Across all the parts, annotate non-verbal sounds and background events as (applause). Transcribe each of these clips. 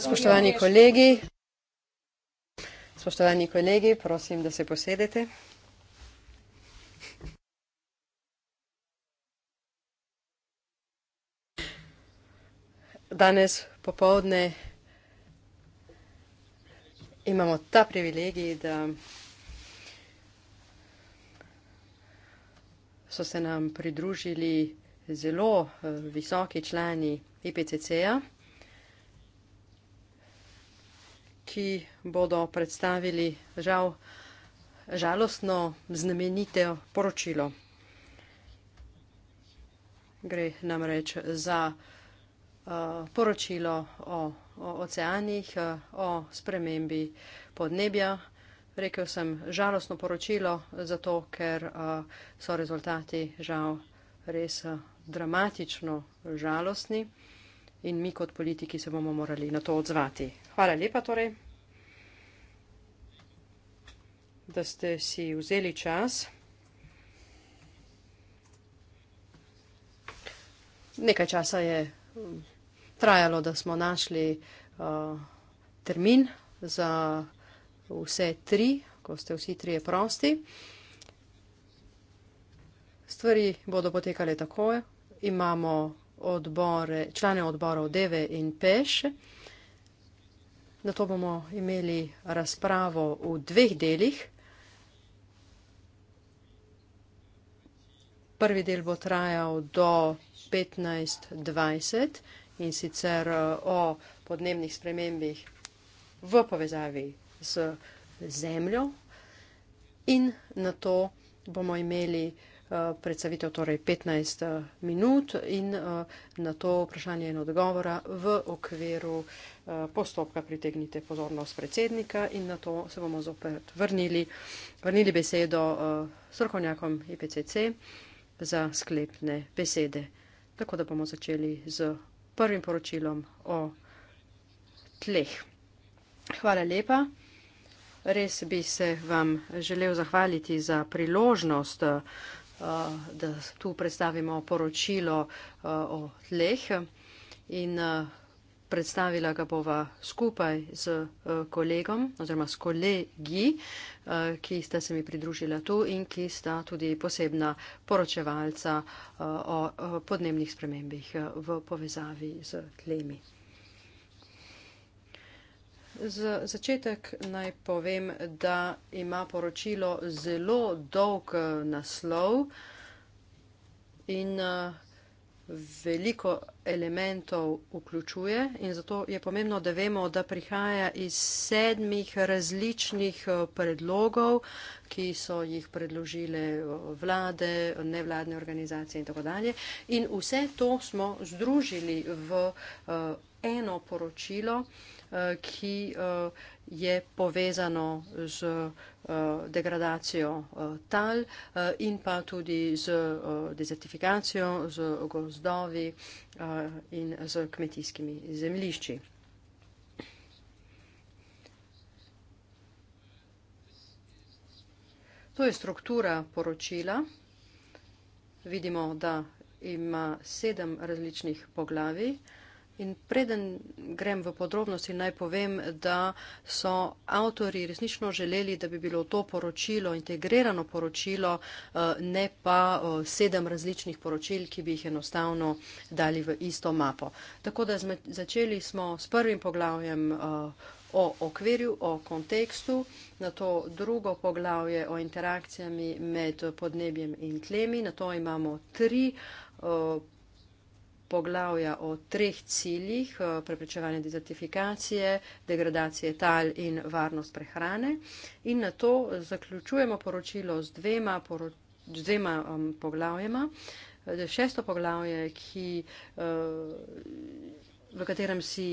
Spoštovani kolegi, spoštovani kolegi, prosim, da se posedete. Danes popovdne imamo ta privilegij, da so se nam pridružili zelo eh, visoki člani IPCC-ja, e ki bodo predstavili žal žalostno znamenite poročilo. Gre namreč za eh, poročilo o oceanih, eh, o spremembi podnebja, rekel sem, žalostno poročilo, zato ker uh, so rezultati žal res uh, dramatično žalostni in mi kot politiki se bomo morali na to odzvati. Hvala lepa torej, da ste si vzeli čas. Nekaj časa je trajalo, da smo našli uh, termin za vse tri, ko ste vsi trije prosti. Stvari bodo potekale tako. Imamo odbore, člane odborov Deve in Peš. Na to bomo imeli razpravo v dveh delih. Prvi del bo trajal do 15.20 in sicer o podnebnih spremembih v povezavi z zemljo in na to bomo imeli eh, predstavitev torej 15 eh, minut in eh, na to vprašanje in odgovora v okviru postopka pritegnite pozornost predsednika in na to se bomo zopet vrnili, vrnili besedo srkonjakom IPCC e za sklepne besede. Tako da bomo začeli z prvim poročilom o tleh. Hvala lepa. Res bi se vam želel zahvaliti za priložnost, eh, da tu predstavimo poročilo eh, o tleh in eh, predstavila ga bova skupaj z kolegom oziroma s kolegi, ki sta se mi pridružila tu in ki sta tudi posebna poročevalca o podnebnih spremembih v povezavi z tlemi. Za začetek naj povem, da ima poročilo zelo dolg eh, naslov in eh, veliko elementov vključuje in zato je pomembno, da vemo, da prihaja iz sedmih različnih eh, predlogov, ki so jih predložile vlade, nevladne organizacije in tako dalje. In vse to smo združili v eno poročilo, ki je vse to združili v eno poročilo, Eh, ki eh, je povezano z eh, degradacijo tal in pa tudi z dezertifikacijo, z gozdovi in z kmetijskimi zemljišči. To je struktura poročila. Vidimo, da ima sedem različnih poglavij. In preden grem v podrobnosti, naj povem, da so avtori resnično želeli, da bi bilo to poročilo, integrirano poročilo, eh, ne pa eh, sedem različnih poročil, ki bi jih enostavno dali v isto mapo. Tako da začeli smo s prvim poglavjem eh, o okvirju, o kontekstu, na to drugo poglavje o interakcijami med podnebjem in tlemi, na to imamo tri poglavje poglavja o treh ciljih eh, preprečevanja dezertifikacije, degradacije tal in varnost prehrane. In na to zaključujemo poročilo z dvema, poro, z dvema um, poglavjema. Eh, šesto poglavje, ki, eh, v katerem si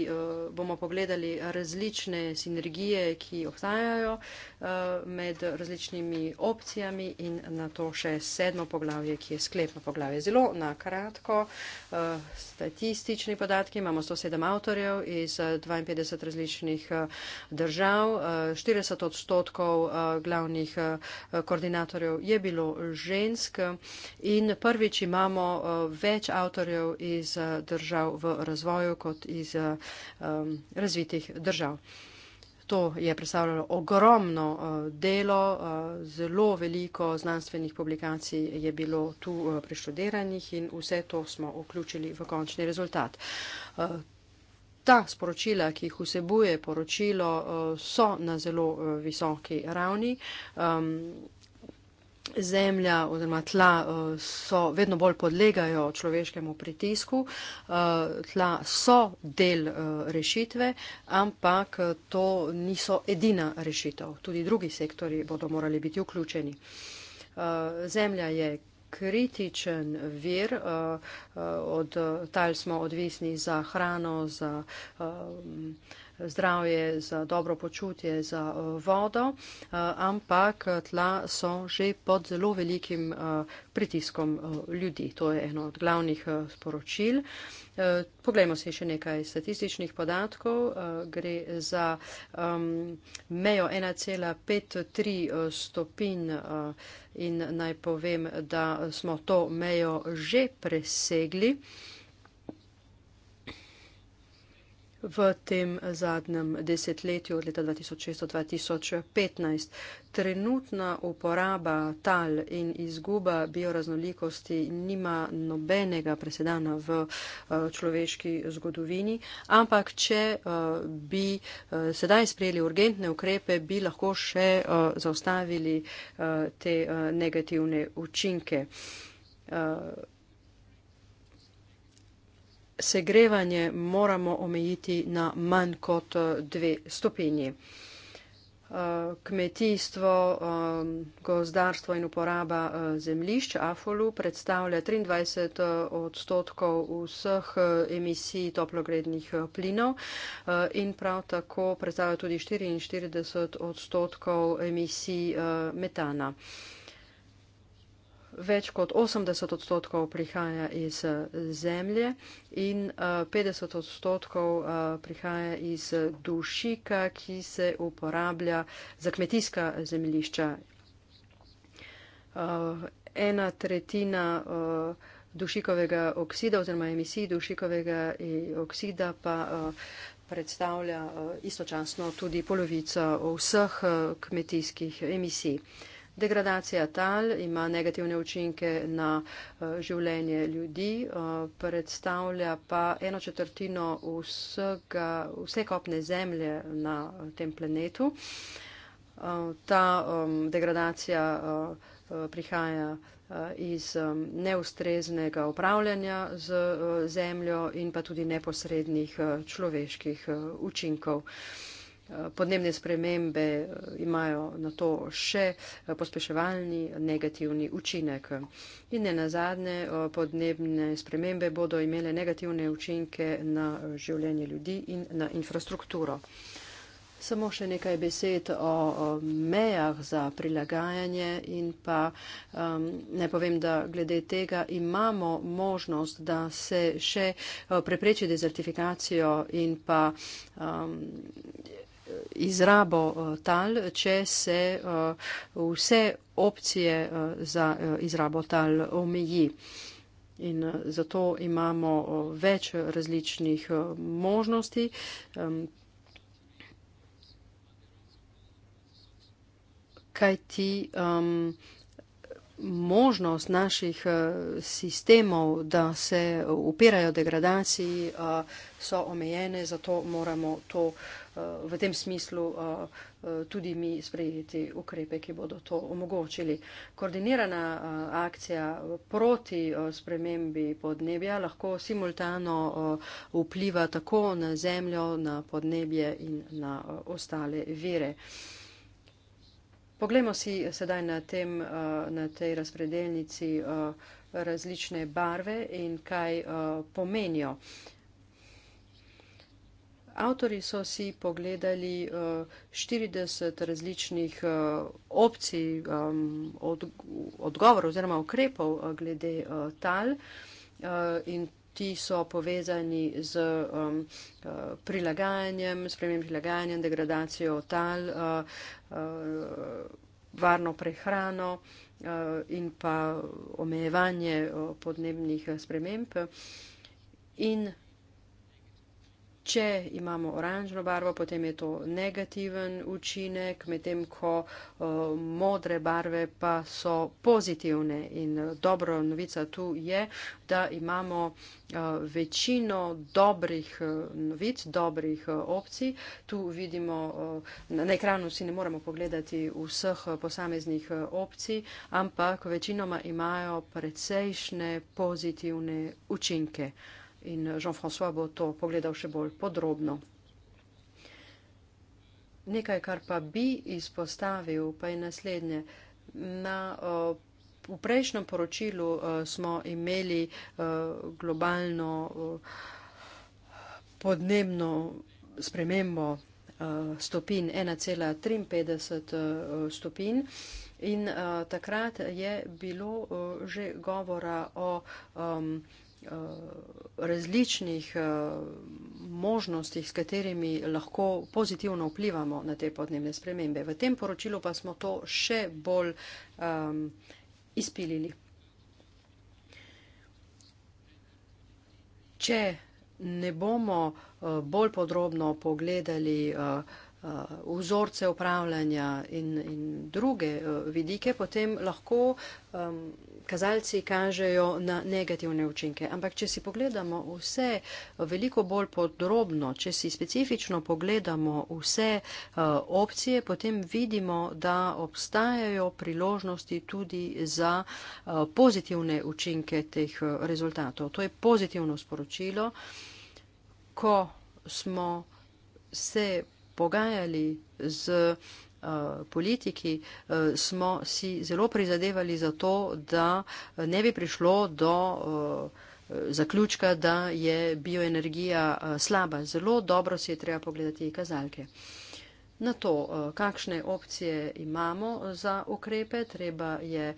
bomo pogledali različne sinergije, ki obstajajo Eh, med različnimi opcijami in na to še sedmo poglavje, ki je sklepno poglavje. Zelo nakratko, eh, statistični podatki, imamo 107 avtorjev iz 52 eh, različnih držav, 40 odstotkov glavnih koordinatorjev je bilo žensk in prvič imamo več avtorjev iz držav v razvoju kot iz razvitih držav. To je predstavljalo ogromno eh, delo, eh, zelo veliko znanstvenih publikacij je bilo tu eh, preštudiranih in vse to smo vključili v končni rezultat. Ta sporočila, ki jih vsebuje poročilo, so na zelo visoki ravni zemlja oziroma tla eh, so, vedno bolj podlegajo človeškemu pritisku, eh, tla so del eh, rešitve, ampak to niso edina rešitev. Tudi drugi sektori bodo morali biti vključeni. Zemlja je kritičen vir, od tal smo odvisni za hrano, za zdravje, za dobro počutje, za eh, vodo, eh, ampak eh, tla so že pod zelo velikim pritiskom ljudi. To je eno od glavnih sporočil. Poglejmo si še nekaj statističnih podatkov. Gre za mejo 1,53 stopin in naj povem, da smo to mejo že presegli. v tem zadnjem desetletju od leta 2006 do 2015. Trenutna uporaba tal in izguba bioraznolikosti nima nobenega presedana v eh, človeški zgodovini, ampak če eh, bi eh, sedaj sprejeli urgentne ukrepe, bi lahko še zaustavili te negativne učinke. Uh segrevanje moramo omejiti na manj kot eh, dve stopinji. Eh, kmetijstvo, eh, gozdarstvo in uporaba zemljišč Afolu predstavlja 23 odstotkov vseh emisij toplogrednih plinov in prav tako predstavlja tudi 44 odstotkov emisij metana več kot 80 odstotkov prihaja iz zemlje in 50 odstotkov prihaja iz dušika, ki se uporablja za kmetijska zemljišča. Ena tretjina dušikovega oksida oziroma emisij dušikovega e, oksida pa predstavlja istočasno tudi polovico vseh kmetijskih emisij. Degradacija tal ima negativne učinke na eh, življenje ljudi, eh, predstavlja pa eno četrtino vsega, vse kopne zemlje na eh, tem planetu. Ta um, degradacija prihaja iz um, neustreznega upravljanja z zemljo in pa tudi neposrednih človeških učinkov. Podnebne spremembe eh, imajo na to še eh, pospeševalni negativni učinek. In ne nazadnje, eh, podnebne spremembe bodo imele negativne učinke na življenje ljudi in na infrastrukturo. Samo še nekaj besed o mejah za prilagajanje in pa um, ne povem, da glede tega imamo možnost, da se še prepreči dezertifikacijo in pa. Um, izrabo eh, tal, če se eh, vse opcije eh, za izrabo tal omeji. In zato imamo več različnih možnosti. Kaj ti um, možnost naših sistemov, da se upirajo degradaciji, uh, so omejene, zato moramo to uh, v tem smislu eh, eh, tudi mi sprejeti ukrepe, ki bodo to omogočili. Koordinirana eh, akcija proti spremembi podnebja lahko simultano vpliva tako na zemljo, na podnebje in na ostale vire. Poglejmo si sedaj na, tem, na tej razpredelnici različne barve in kaj pomenijo. Avtori so si pogledali 40 eh, različnih eh, opcij ehm, odgovorov oziroma ukrepov eh, glede tal in ti so povezani z ehm, prilagajanjem, spremem prilagajanjem, degradacijo tal, varno prehrano in pa omejevanje podnebnih sprememb. In Če imamo oranžno barvo, potem je to negativen učinek, medtem ko uh, modre barve pa so pozitivne. In uh, eh, dobro novica tu je, da imamo uh, večino dobrih uh, novic, dobrih uh, opcij. Tu vidimo, uh, na ekranu si ne moremo pogledati vseh uh, posameznih uh, opcij, ampak večinoma imajo precejšne pozitivne učinke. Uh, in Jean-François bo to pogledal še bolj podrobno. Nekaj, kar pa bi izpostavil, pa je naslednje. Na, o, v prejšnjem poročilu o, smo imeli o, globalno o, podnebno spremembo o, stopin 1,53 stopin in o, takrat je bilo o, že govora o. o Eh, različnih eh, možnostih, s katerimi lahko pozitivno vplivamo na te podnebne spremembe. V tem poročilu pa smo to še bolj um, izpilili. Če ne bomo uh, bolj podrobno pogledali uh, uh, vzorce upravljanja in, in druge uh, vidike, potem lahko um, kazalci kažejo na negativne učinke. Ampak, če si pogledamo vse eh, veliko bolj podrobno, če si specifično pogledamo vse uh, opcije, potem vidimo, da obstajajo priložnosti tudi za uh, pozitivne učinke teh uh, rezultatov. To je pozitivno sporočilo, ko smo se pogajali z eh, politiki, eh, smo si zelo prizadevali za to, da ne bi prišlo do eh, zaključka, da je bioenergija slaba. Zelo dobro si je treba pogledati kazalke na to, eh, kakšne opcije imamo za ukrepe. Treba je eh,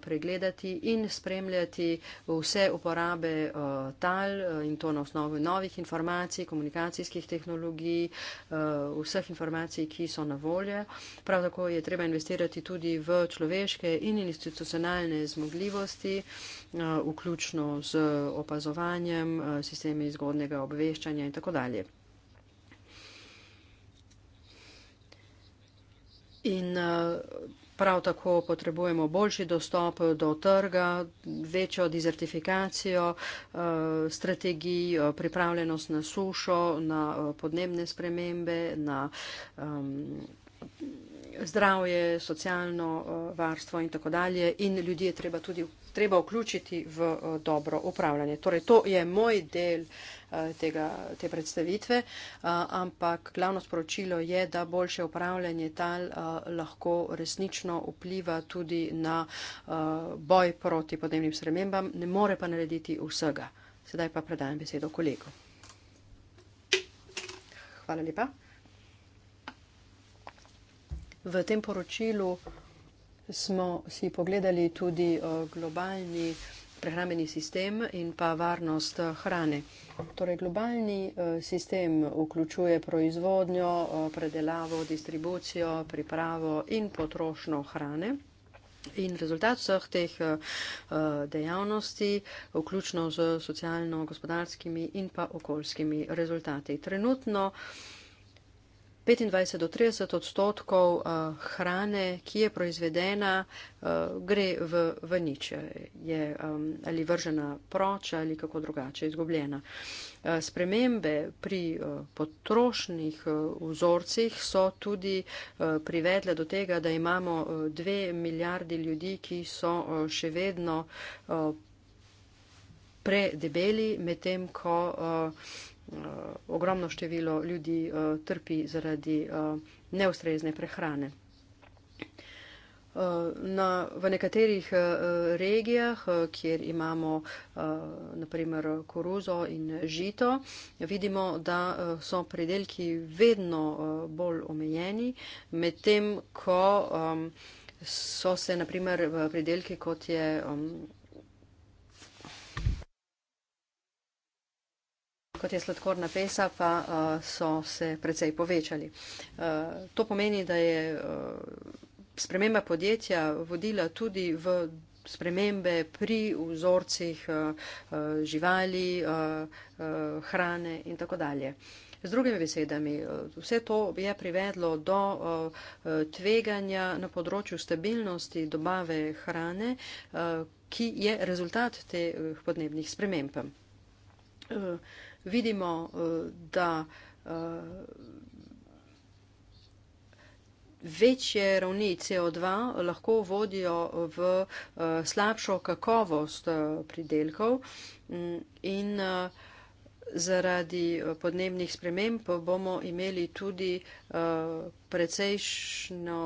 pregledati in spremljati vse uporabe eh, tal in to na osnovi novih informacij, komunikacijskih tehnologij, vseh informacij, ki so na volje. Prav tako je treba investirati tudi v človeške in institucionalne zmogljivosti, vključno z opazovanjem, sistemi zgodnega obveščanja in tako dalje. In eh, prav tako potrebujemo boljši dostop do trga, večjo dizertifikacijo, eh, strategij, eh, pripravljenost na sušo, na podnebne spremembe, na zdravje, socialno varstvo in tako dalje. In ljudje treba tudi treba vključiti v dobro upravljanje. Torej, to je moj del tega, te predstavitve, ampak glavno sporočilo je, da boljše upravljanje tal lahko resnično vpliva tudi na boj proti podnebnim spremembam, ne more pa narediti vsega. Sedaj pa predajam besedo kolegu. Hvala lepa. V tem poročilu smo si pogledali tudi globalni prehrambeni sistem in pa varnost hrane. Torej, globalni eh, sistem vključuje proizvodnjo, eh, predelavo, distribucijo, pripravo in potrošnjo hrane. In rezultat vseh teh eh, dejavnosti, vključno z socialno-gospodarskimi in pa okoljskimi rezultati. Trenutno 25 do 30 odstotkov eh, hrane, ki je proizvedena, eh, gre v, v nič, je eh, ali vržena proč ali kako drugače izgubljena. Spremembe pri potrošnih vzorcih so tudi privedle do tega, da imamo dve milijardi ljudi, ki so še vedno predebeli, medtem ko Eh, ogromno število ljudi eh, trpi zaradi eh, neustrezne prehrane. Na, v nekaterih regijah, kjer imamo naprimer koruzo in žito, vidimo, da so predelki vedno bolj omejeni, medtem ko so se naprimer predelki kot je kot je sladkorna pesa, pa eh, so se precej povečali. Eh, to pomeni, da je eh, sprememba podjetja vodila tudi v spremembe pri vzorcih živali, hrane in tako dalje. Z drugimi besedami, vse to je privedlo do tveganja na področju stabilnosti dobave hrane, ki je rezultat teh podnebnih sprememb. Uh vidimo, eh, da eh, večje ravni CO2 lahko vodijo v eh, slabšo kakovost pridelkov mm, in zaradi podnebnih sprememb bomo imeli tudi precejšno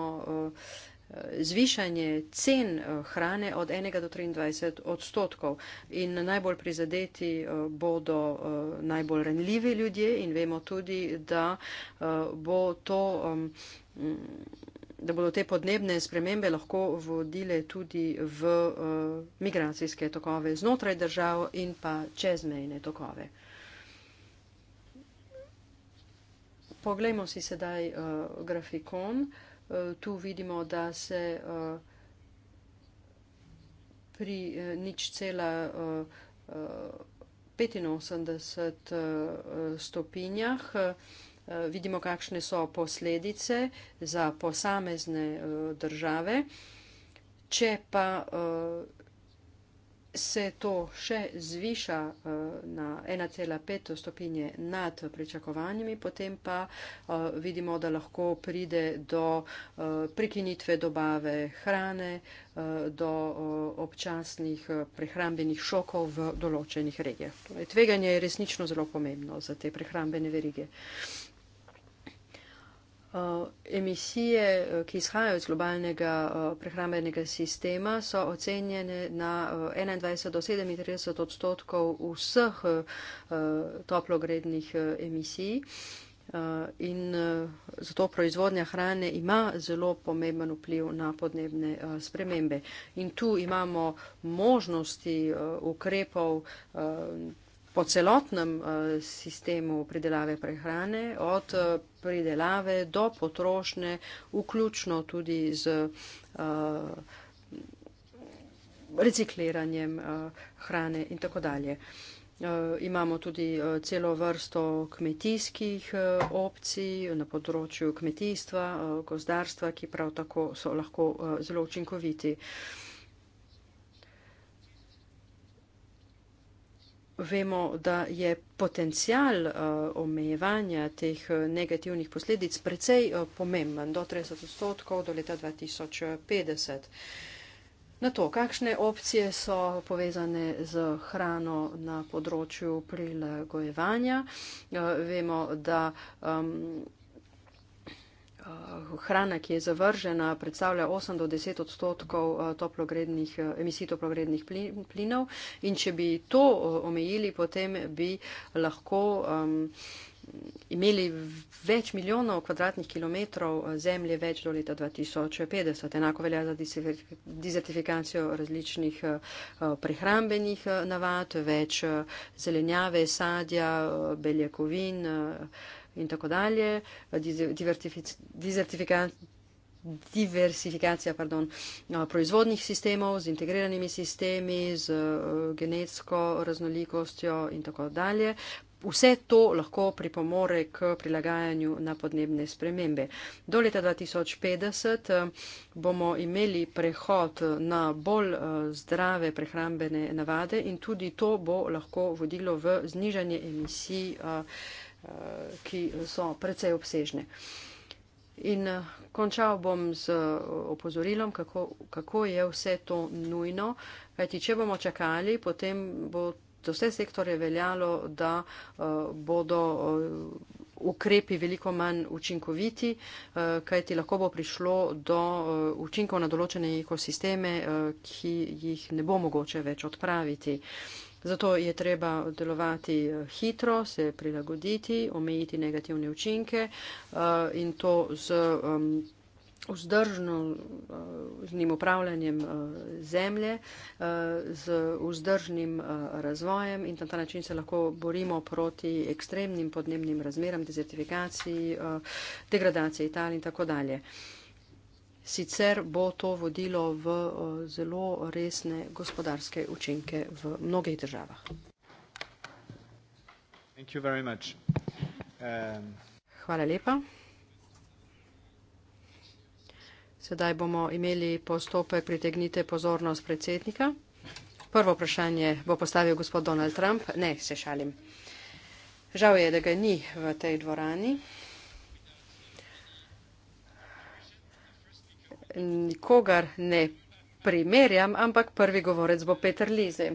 zvišanje cen eh, hrane od 1 do 23 odstotkov in najbolj prizadeti eh, bodo eh, najbolj renljivi ljudje in vemo tudi, da, bo to, mm, da bodo te podnebne spremembe lahko vodile tudi v migracijske tokove znotraj držav in pa čezmejne tokove. Poglejmo si sedaj uh, grafikon. Uh, tu vidimo, da se eh, pri eh, nič cela 85 eh, stopinjah vidimo, kakšne so posledice za posamezne države. Če pa se to še zviša eh, na 1,5 stopinje nad pričakovanjami, potem pa eh, vidimo, da lahko pride do eh, prekinitve dobave hrane, do občasnih prehrambenih šokov v določenih regijah. Torej, tveganje je resnično zelo pomembno za te prehrambene verige. Eh, emisije, eh, ki izhajajo iz globalnega eh, prehrambenega sistema, so ocenjene na 21 do 37 odstotkov vseh toplogrednih emisij. In zato proizvodnja hrane ima zelo pomemben vpliv na podnebne spremembe. In tu imamo možnosti ukrepov po celotnem eh, sistemu predelave prehrane, od eh, predelave do potrošnje, vključno tudi z eh, recikliranjem hrane in tako dalje. Imamo tudi celo vrsto kmetijskih opcij na področju kmetijstva, gozdarstva, ki prav tako so lahko zelo učinkoviti. vemo, da je potencial uh, omejevanja teh eh, negativnih posledic precej uh, pomemben, do 30 odstotkov do leta 2050. Na to, kakšne opcije so povezane z hrano na področju prilagojevanja, uh, vemo, da. Um, Eh, hrana, ki je zavržena, predstavlja 8 do 10 odstotkov eh, toplogrednih, eh, emisij toplogrednih plinov. In če bi to omejili, potem bi lahko um, imeli več milijonov kvadratnih kilometrov zemlje več do leta 2050. Enako velja za dizertifikacijo različnih prehrambenih navad, več zelenjave, sadja, beljakovin. Uh, in tako dalje, diversifikacija pardon, proizvodnih sistemov z integriranimi sistemi, z e, genetsko raznolikostjo in tako dalje. Vse to lahko pripomore k prilagajanju na podnebne spremembe. Do leta 2050 e, bomo imeli prehod na bolj e, zdrave prehrambene navade in tudi to bo lahko vodilo v znižanje emisij. Uh, Eh, ki so precej obsežne. In eh, končal bom z eh, opozorilom, kako, kako je vse to nujno, kajti če bomo čakali, potem bo za vse sektore veljalo, da bodo ukrepi veliko manj učinkoviti, kajti lahko bo prišlo do učinkov na določene ekosisteme, ki jih ne bo mogoče več odpraviti. Zato je treba delovati eh, hitro, se prilagoditi, omejiti negativne učinke eh, in to z vzdržno, eh, z njim upravljanjem zemlje, z vzdržnim razvojem in na ta način se lahko borimo proti ekstremnim podnebnim razmeram, dezertifikaciji, degradaciji tal in tako dalje sicer bo to vodilo v eh, zelo resne gospodarske učinke v mnogih državah. Um... Hvala lepa. Sedaj bomo imeli postopek pritegnite pozornost predsednika. Prvo vprašanje bo postavil gospod Donald Trump. Ne, se šalim. Žal je, da ga ni v tej dvorani. nikogar ne primerjam, ampak prvi govorec bo Peter Lize.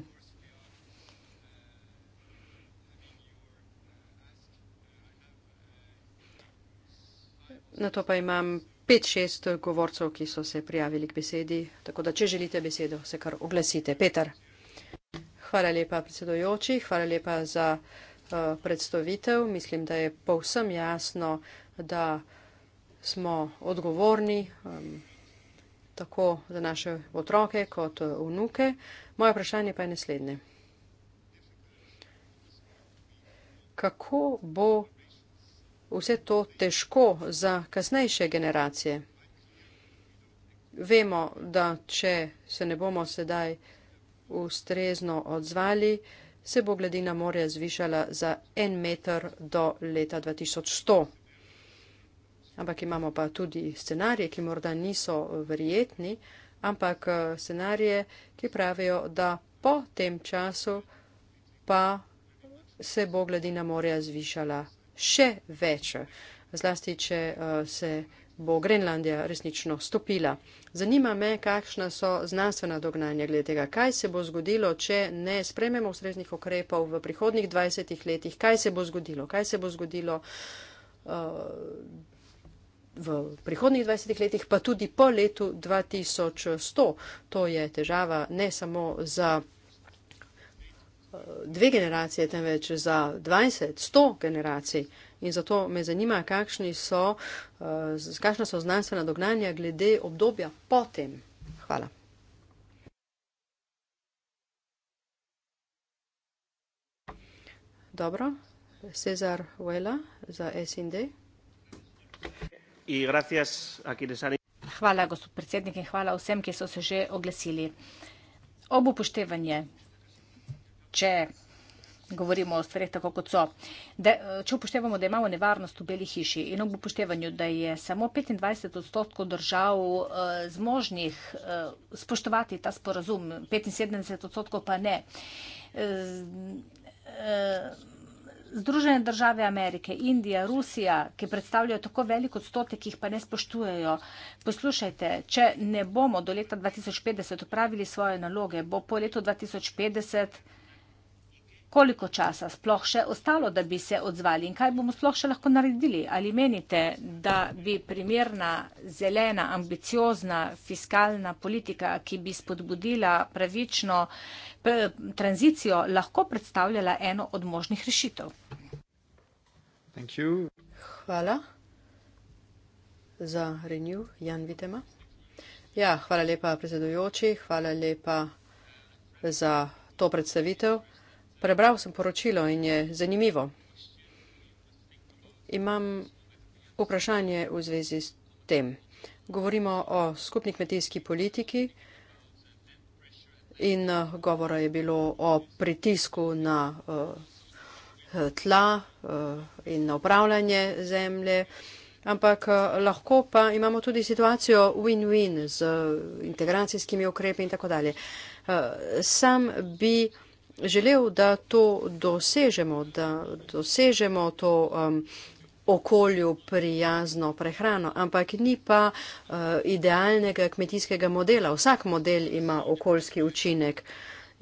Na to pa imam pet, šest govorcev, ki so se prijavili k besedi, tako da če želite besedo, se kar oglasite. Peter. Hvala lepa, predsedojoči, hvala lepa za uh, predstavitev. Mislim, da je povsem jasno, da smo odgovorni. Um, tako za naše otroke kot eh, vnuke. Moje vprašanje pa je naslednje. Kako bo vse to težko za kasnejše generacije? Vemo, da če se ne bomo sedaj ustrezno odzvali, se bo gladina morja zvišala za en meter do leta 2100 ampak imamo pa tudi scenarije, ki morda niso verjetni, ampak eh, scenarije, ki pravijo, da po tem času pa se bo gladina morja zvišala še več, zlasti, če eh, se bo Grenlandija resnično stopila. Zanima me, kakšna so znanstvena dognanja glede tega, kaj se bo zgodilo, če ne sprememo ustreznih okrepov v prihodnih 20 letih, kaj se bo zgodilo, kaj se bo zgodilo. Uh, v prihodnih 20 letih, pa tudi po letu 2100. To je težava ne samo za eh, dve generacije, temveč za 20, 100 generacij. In zato me zanima, so, eh, kakšna so znanstvena dognanja glede obdobja potem. Hvala. Dobro, Cezar Vela za SND. Hvala, gospod predsednik, in hvala vsem, ki so se že oglasili. Ob upoštevanje, če govorimo o stvarih tako, kot so, da, če upoštevamo, da imamo nevarnost v Beli hiši in ob upoštevanju, da je samo 25 odstotkov držav eh, zmožnih eh, spoštovati ta sporazum, 75 odstotkov pa ne. Eh, Združene države Amerike, Indija, Rusija, ki predstavljajo tako velik odstotek, jih pa ne spoštujejo. Poslušajte, če ne bomo do leta 2050 upravili svoje naloge, bo po letu 2050 koliko časa sploh še ostalo, da bi se odzvali in kaj bomo sploh še lahko naredili? Ali menite, da bi primerna, zelena, ambiciozna fiskalna politika, ki bi spodbudila pravično eh, tranzicijo, lahko predstavljala eno od možnih rešitev? Hvala za renew, Jan Vitema. Ja, hvala lepa, predsedujoči, hvala lepa za to predstavitev. Prebral sem poročilo in je zanimivo. Imam vprašanje v zvezi s tem. Govorimo o skupni kmetijski politiki in uh, govora je bilo o pritisku na. Uh, tla eh, in upravljanje zemlje, ampak eh, lahko pa imamo tudi situacijo win-win z integracijskimi ukrepi in tako dalje. Eh, sam bi želel, da to dosežemo, da dosežemo to um, okolju prijazno prehrano, ampak ni pa uh, idealnega kmetijskega modela. Vsak model ima okoljski učinek. Uh,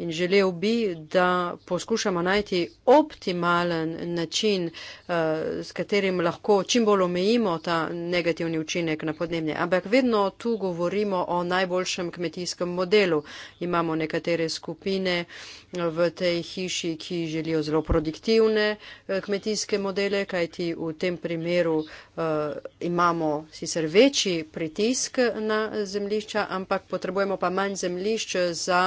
in želel bi, da poskušamo najti optimalen način, eh, s katerim lahko čim bolj omejimo ta negativni učinek na podnebje. Ampak vedno tu govorimo o najboljšem kmetijskem modelu. Imamo nekatere skupine eh, v tej hiši, ki želijo zelo produktivne eh, kmetijske modele, kajti v tem primeru imamo sicer večji pritisk na zemlišča, ampak potrebujemo pa manj zemlišča za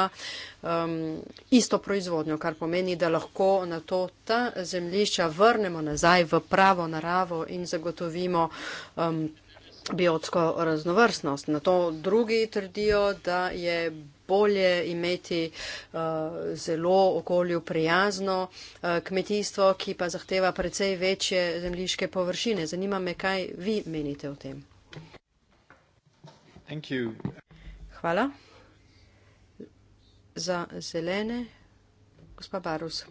um, isto proizvodnjo, kar pomeni, da lahko na to ta zemljišča vrnemo nazaj v pravo naravo in zagotovimo um, biotsko raznovrstnost. Na to drugi trdijo, da je bolje imeti uh, zelo okolju prijazno uh, kmetijstvo, ki pa zahteva precej večje zemljiške površine. Zanima me, kaj vi menite o tem. Thank you. Hvala za zelene. Gospa Barus.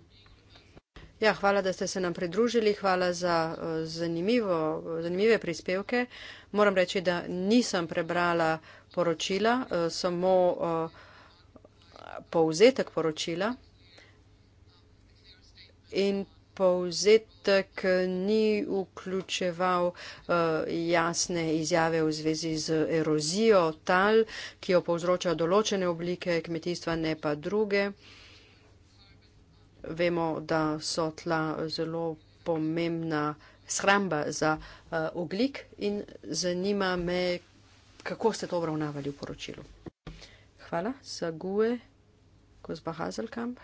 Ja, hvala, da ste se nam pridružili. Hvala za eh, zanimive prispevke. Moram reči, da nisem prebrala poročila, eh, samo eh, povzetek poročila. In povzetek ni vključeval uh, jasne izjave v zvezi z erozijo tal, ki jo povzroča določene oblike kmetijstva, ne pa druge. Vemo, da so tla zelo pomembna shramba za uh, oglik in zanima me, kako ste to obravnavali v poročilu. Hvala. Zague, gospa Hazelkamp.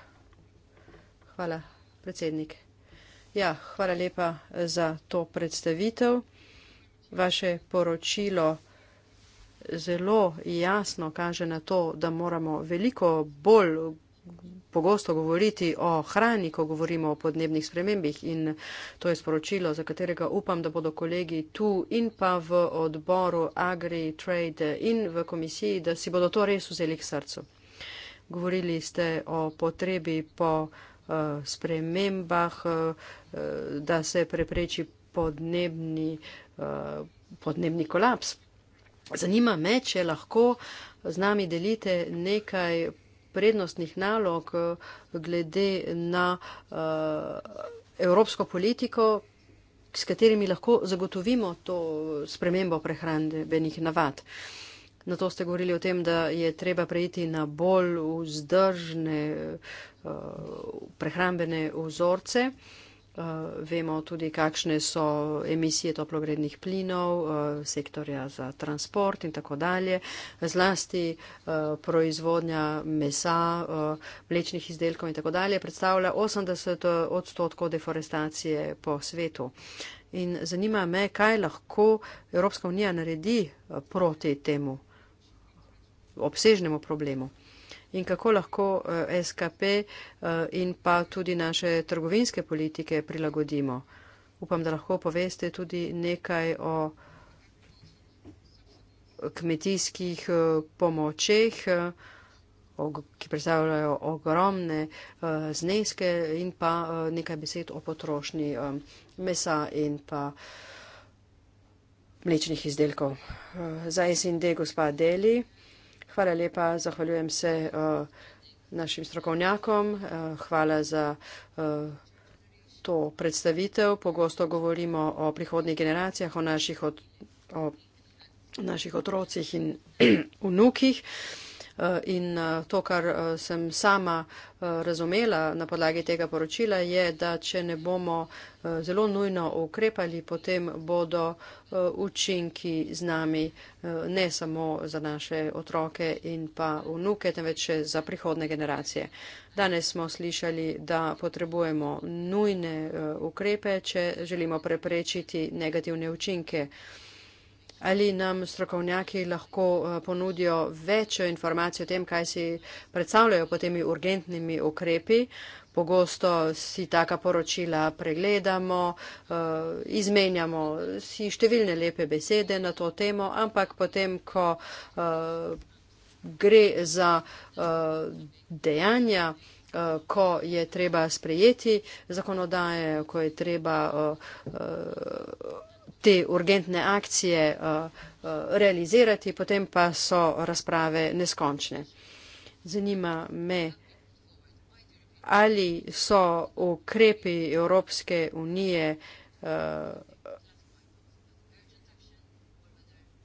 Hvala, predsednik. Ja, hvala lepa eh, za to predstavitev. Vaše poročilo eh, zelo jasno kaže na to, da moramo veliko bolj pogosto govoriti o hrani, ko govorimo o podnebnih spremembih in to je sporočilo, za katerega upam, da bodo kolegi tu in pa v odboru Agri Trade in v komisiji, da si bodo to res vzeli k srcu. Govorili ste o potrebi po Eh, spremembah, eh, eh, da se prepreči podnebni, podnebni kolaps. Zanima me, če lahko z nami delite nekaj prednostnih nalog glede na evropsko politiko, s katerimi lahko zagotovimo to spremembo prehrambenih navad. Na to ste govorili o tem, da je treba preiti na bolj vzdržne eh, prehrambene vzorce. Eh, vemo tudi, kakšne so emisije toplogrednih plinov, eh, sektorja za transport in tako dalje. Zlasti proizvodnja mesa, mlečnih izdelkov in tako dalje predstavlja 80 odstotkov deforestacije po svetu. In zanima me, kaj lahko Evropska unija naredi proti temu obsežnemu problemu. In kako lahko eh, SKP eh, in pa tudi naše trgovinske politike prilagodimo? Upam, da lahko poveste tudi nekaj o kmetijskih eh, pomočeh, ki predstavljajo ogromne zneske in pa nekaj besed o potrošnji mesa in pa mlečnih izdelkov. Za SND gospa Deli hvala lepa, zahvaljujem se uh, našim strokovnjakom, uh, hvala za uh, to predstavitev. Pogosto govorimo o prihodnih generacijah, o naših, od, o naših otrocih in (clears throat) vnukih. Eh, in eh, to, kar eh, sem sama razumela na podlagi tega poročila, je, da če ne bomo zelo nujno ukrepali, potem bodo učinki z nami ne samo za naše otroke in pa vnuke, temveč za prihodne generacije. Danes smo slišali, da potrebujemo nujne ukrepe, če želimo preprečiti negativne učinke. Ali nam strokovnjaki lahko eh, ponudijo več informacij o tem, kaj si predstavljajo pod temi urgentnimi ukrepi? Pogosto si taka poročila pregledamo, eh, izmenjamo si številne lepe besede na to temo, ampak potem, ko eh, gre za dejanja, ko je treba sprejeti zakonodaje, ko je treba te urgentne akcije uh, uh, realizirati, potem pa so razprave neskončne. Zanima me, ali so ukrepi Evropske unije uh,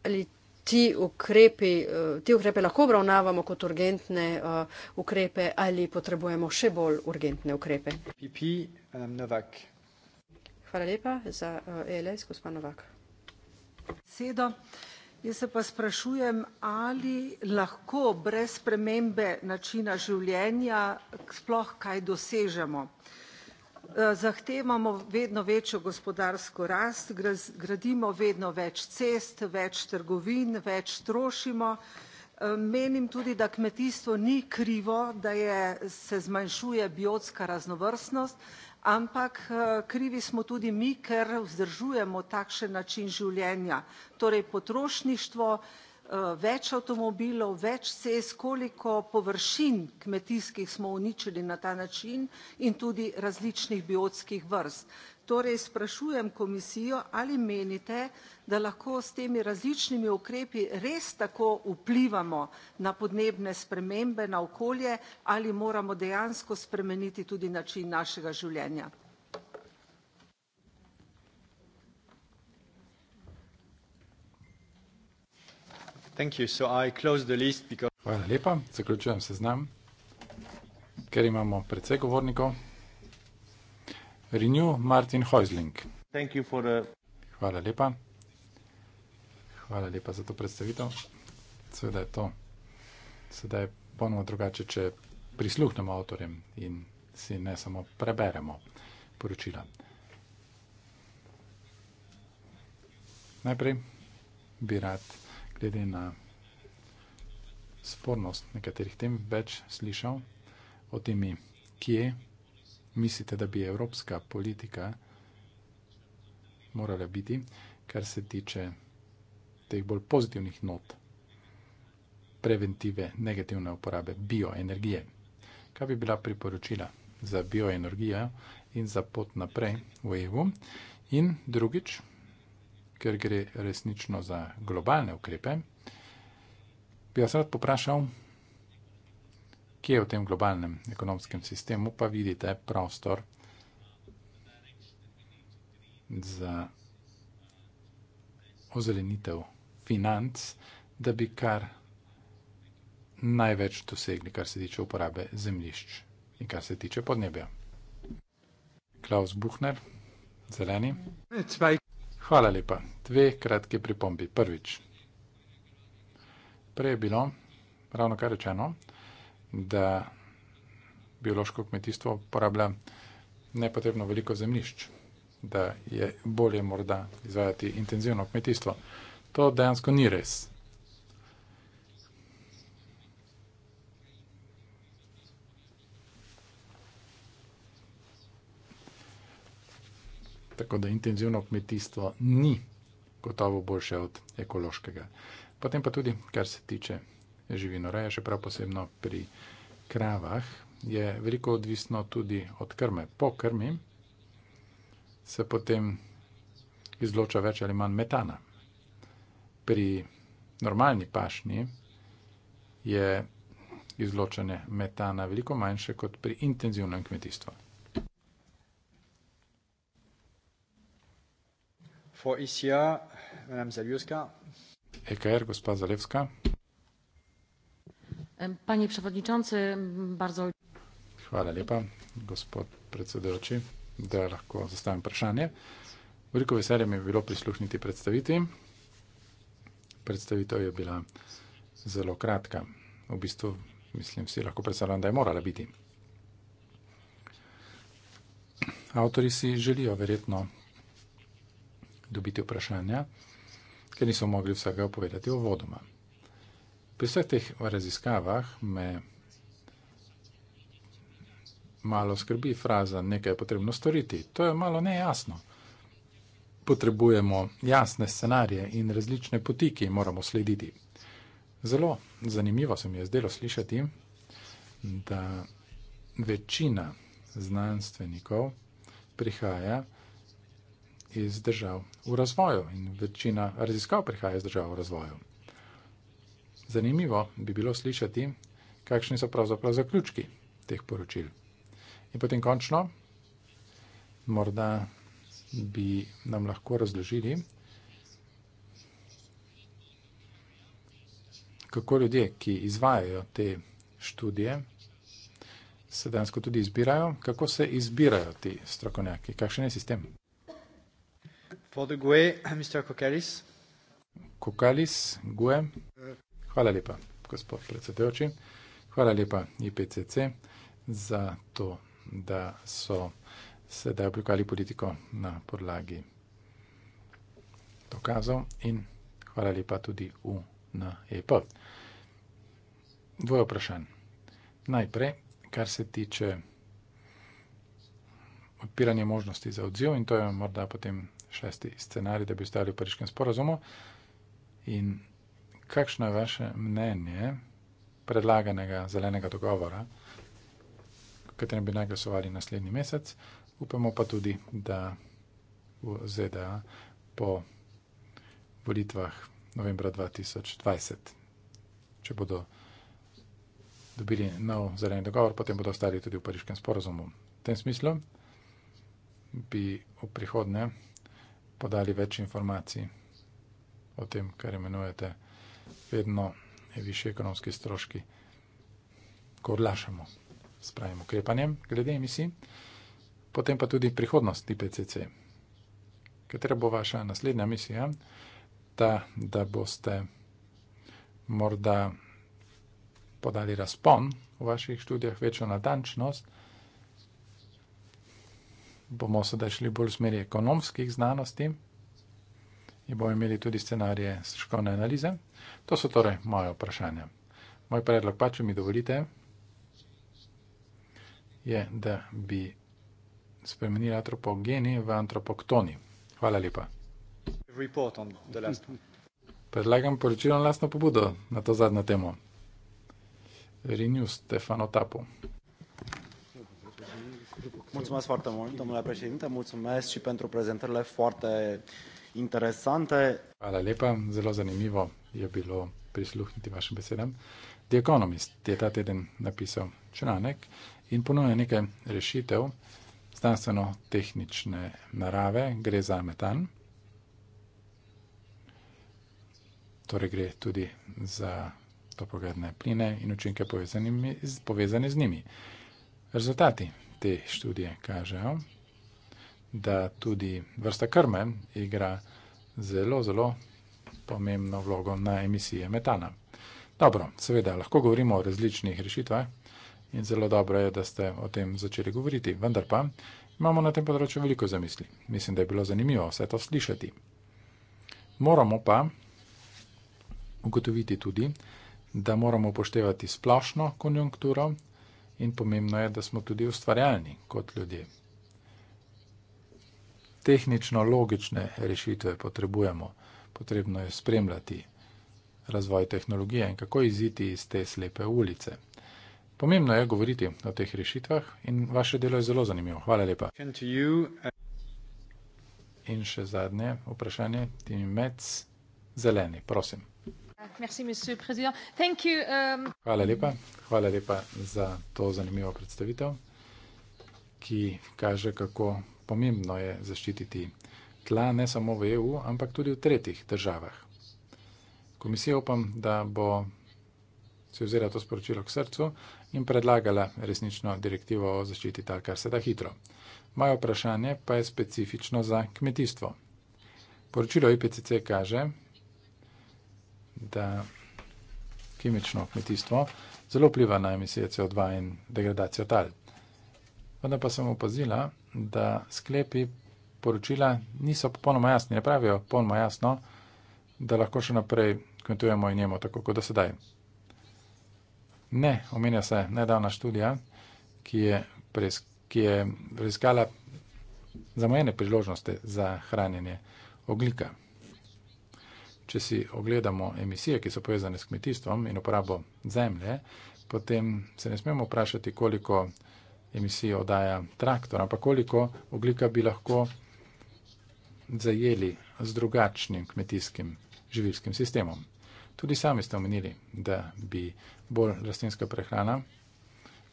ali ti, ukrepi, ti ukrepe lahko obravnavamo kot urgentne ukrepe ali potrebujemo še bolj urgentne ukrepe. PP, um, Hvala lepa. Za ELS, eh, e gospa Novak. Sedo. Jaz se pa sprašujem, ali lahko brez spremembe načina življenja sploh kaj dosežemo. Eh, zahtevamo vedno večjo gospodarsko rast, gradimo vedno več cest, več trgovin, več trošimo. Eh, menim tudi, da kmetijstvo ni krivo, da je, se zmanjšuje biotska raznovrstnost, ampak eh, krivi smo tudi mi ker vzdržujemo takšen način življenja torej potrošništvo eh, več avtomobilov več cest koliko površin kmetijskih smo uničili na ta način in tudi različnih biotskih vrst. Torej sprašujem komisijo, ali menite, da lahko s temi različnimi ukrepi res tako vplivamo na podnebne spremembe, na okolje, ali moramo dejansko spremeniti tudi način našega življenja? Hvala lepa. Zaključujem seznam. Ker imamo precej govornikov... Renew Martin Heusling. Hvala lepa. Hvala lepa za to predstavitev. Seveda je to. Sedaj je ponovno drugače, če prisluhnemo avtorjem in si ne samo preberemo poročila. Najprej bi rad glede na spornost nekaterih tem več slišal o temi, kje mislite, da bi evropska politika morala biti, kar se tiče teh bolj pozitivnih not, preventive negativne uporabe bioenergije. Kaj bi bila priporočila za bioenergijo in za pot naprej v EU? In drugič, ker gre resnično za globalne ukrepe, bi vas rad poprašal, kje v tem globalnem ekonomskem sistemu pa vidite prostor za ozelenitev financ, da bi kar največ dosegli, kar se tiče uporabe zemljišč in kar se tiče podnebja. Klaus Buchner, zeleni. Hvala lepa. Dve kratke pripombi. Prvič. Prej je bilo ravno kar rečeno, da biološko kmetijstvo porablja nepotrebno veliko zemljišč, da je bolje morda izvajati intenzivno kmetijstvo. To dejansko ni res. Tako da intenzivno kmetijstvo ni gotovo boljše od ekološkega. Potem pa tudi, kar se tiče živinoreje, še prav posebno pri kravah, je veliko odvisno tudi od krme. Po krmi se potem izloča več ali manj metana. Pri normalni pašni je izločanje metana veliko manjše kot pri intenzivnem kmetijstvu. For ECR, Madame Zalewska. EKR, gospa Zalewska. Panie przewodniczący, bardzo. Hvala lepa, gospod predsedujoči, da lahko zastavim vprašanje. Veliko veselje mi je bilo prisluhniti predstaviti. Predstavitev je bila zelo kratka. V bistvu, mislim, vsi lahko predstavljam, da je morala biti. Avtori si želijo verjetno dobiti vprašanja, ker niso mogli vsega povedati o vodoma. Pri vseh teh raziskavah me malo skrbi fraza nekaj je potrebno storiti. To je malo nejasno. Potrebujemo jasne scenarije in različne poti, ki moramo slediti. Zelo zanimivo se mi je zdelo slišati, da večina znanstvenikov prihaja iz držav v razvoju in večina raziskav prihaja iz držav v razvoju. Zanimivo bi bilo slišati, kakšni so pravzaprav zaključki teh poročil. In potem končno, morda bi nam lahko razložili, kako ljudje, ki izvajajo te študije, se dansko tudi izbirajo, kako se izbirajo ti strokovnjaki, kakšen je sistem. For the Gue, Mr. Kokalis. Kokalis, Gue. Uh, eh, Hvala lepa, gospod predsedujoči. Hvala lepa IPCC za to, da so sedaj oblikali politiko na podlagi dokazov in hvala lepa tudi UNEP. Dvoje vprašanj. Najprej, kar se tiče odpiranja možnosti za odziv in to je morda potem šesti scenarij, da bi ostali v pariškem sporazumu in kakšno je vaše mnenje predlaganega zelenega dogovora, katerem bi naj glasovali naslednji mesec. Upamo pa tudi, da v ZDA po volitvah novembra 2020, če bodo dobili nov zeleni dogovor, potem bodo ostali tudi v pariškem sporozumu. V tem smislu bi v prihodnje podali več informacij o tem, kar imenujete vedno više ekonomski stroški, ko odlašamo s pravim ukrepanjem glede emisij, potem pa tudi prihodnost IPCC. Katera bo vaša naslednja misija? Ta, da boste morda podali razpon v vaših študijah, večjo natančnost, bomo sedaj šli bolj v smeri ekonomskih znanosti, in bomo imeli tudi scenarije stroškovne analize? To so torej moje vprašanja. Moj predlog pa, če mi dovolite, je, da bi spremenili antropogeni v antropoktoni. Hvala lepa. Predlagam poročilo na lastno pobudo na to zadnjo temo. Rinju Stefano Tapu. Mulțumesc foarte mult, domnule președinte, mulțumesc și pentru prezentările foarte uh, interesante. Hvala lepa, zelo zanimivo je bilo prisluhniti vašim besedam. The Economist je ta teden napisal članek in ponuja nekaj rešitev znanstveno-tehnične narave, gre za metan, torej gre tudi za topogradne pline in učinke povezani z, povezani z njimi. Rezultati te študije kažejo, da tudi vrsta krme igra zelo, zelo pomembno vlogo na emisije metana. Dobro, seveda lahko govorimo o različnih rešitvah in zelo dobro je, da ste o tem začeli govoriti, vendar pa imamo na tem področju veliko zamisli. Mislim, da je bilo zanimivo vse to slišati. Moramo pa ugotoviti tudi, da moramo upoštevati splošno konjunkturo in pomembno je, da smo tudi ustvarjalni kot ljudje tehnično logične rešitve potrebujemo. Potrebno je spremljati razvoj tehnologije in kako iziti iz te slepe ulice. Pomembno je govoriti o teh rešitvah in vaše delo je zelo zanimivo. Hvala lepa. In še zadnje vprašanje, Tim Mec, zeleni, prosim. Um, Hvala lepa. Hvala lepa za to zanimivo predstavitev, ki kaže, kako pomembno je zaščititi tla ne samo v EU, ampak tudi v tretjih državah. Komisija upam, da bo se vzela to sporočilo k srcu in predlagala resnično direktivo o zaščiti tal, kar se da hitro. Moje vprašanje pa je specifično za kmetijstvo. Poročilo IPCC kaže, da kemično kmetijstvo zelo pliva na emisije CO2 in degradacijo tal. Vendar pa sem opazila, da sklepi poročila niso popolnoma jasni, ne pravijo popolnoma jasno, da lahko še naprej kmetujemo in jemo tako kot do sedaj. Ne, omenja se nedavna študija, ki je, pres, ki je preiskala zamojene priložnosti za hranjenje oglika. Če si ogledamo emisije, ki so povezane s kmetijstvom in uporabo zemlje, potem se ne smemo vprašati, koliko emisijo oddaja traktor, ampak koliko oglika bi lahko zajeli z drugačnim kmetijskim živilskim sistemom. Tudi sami ste omenili, da bi bolj rastlinska prehrana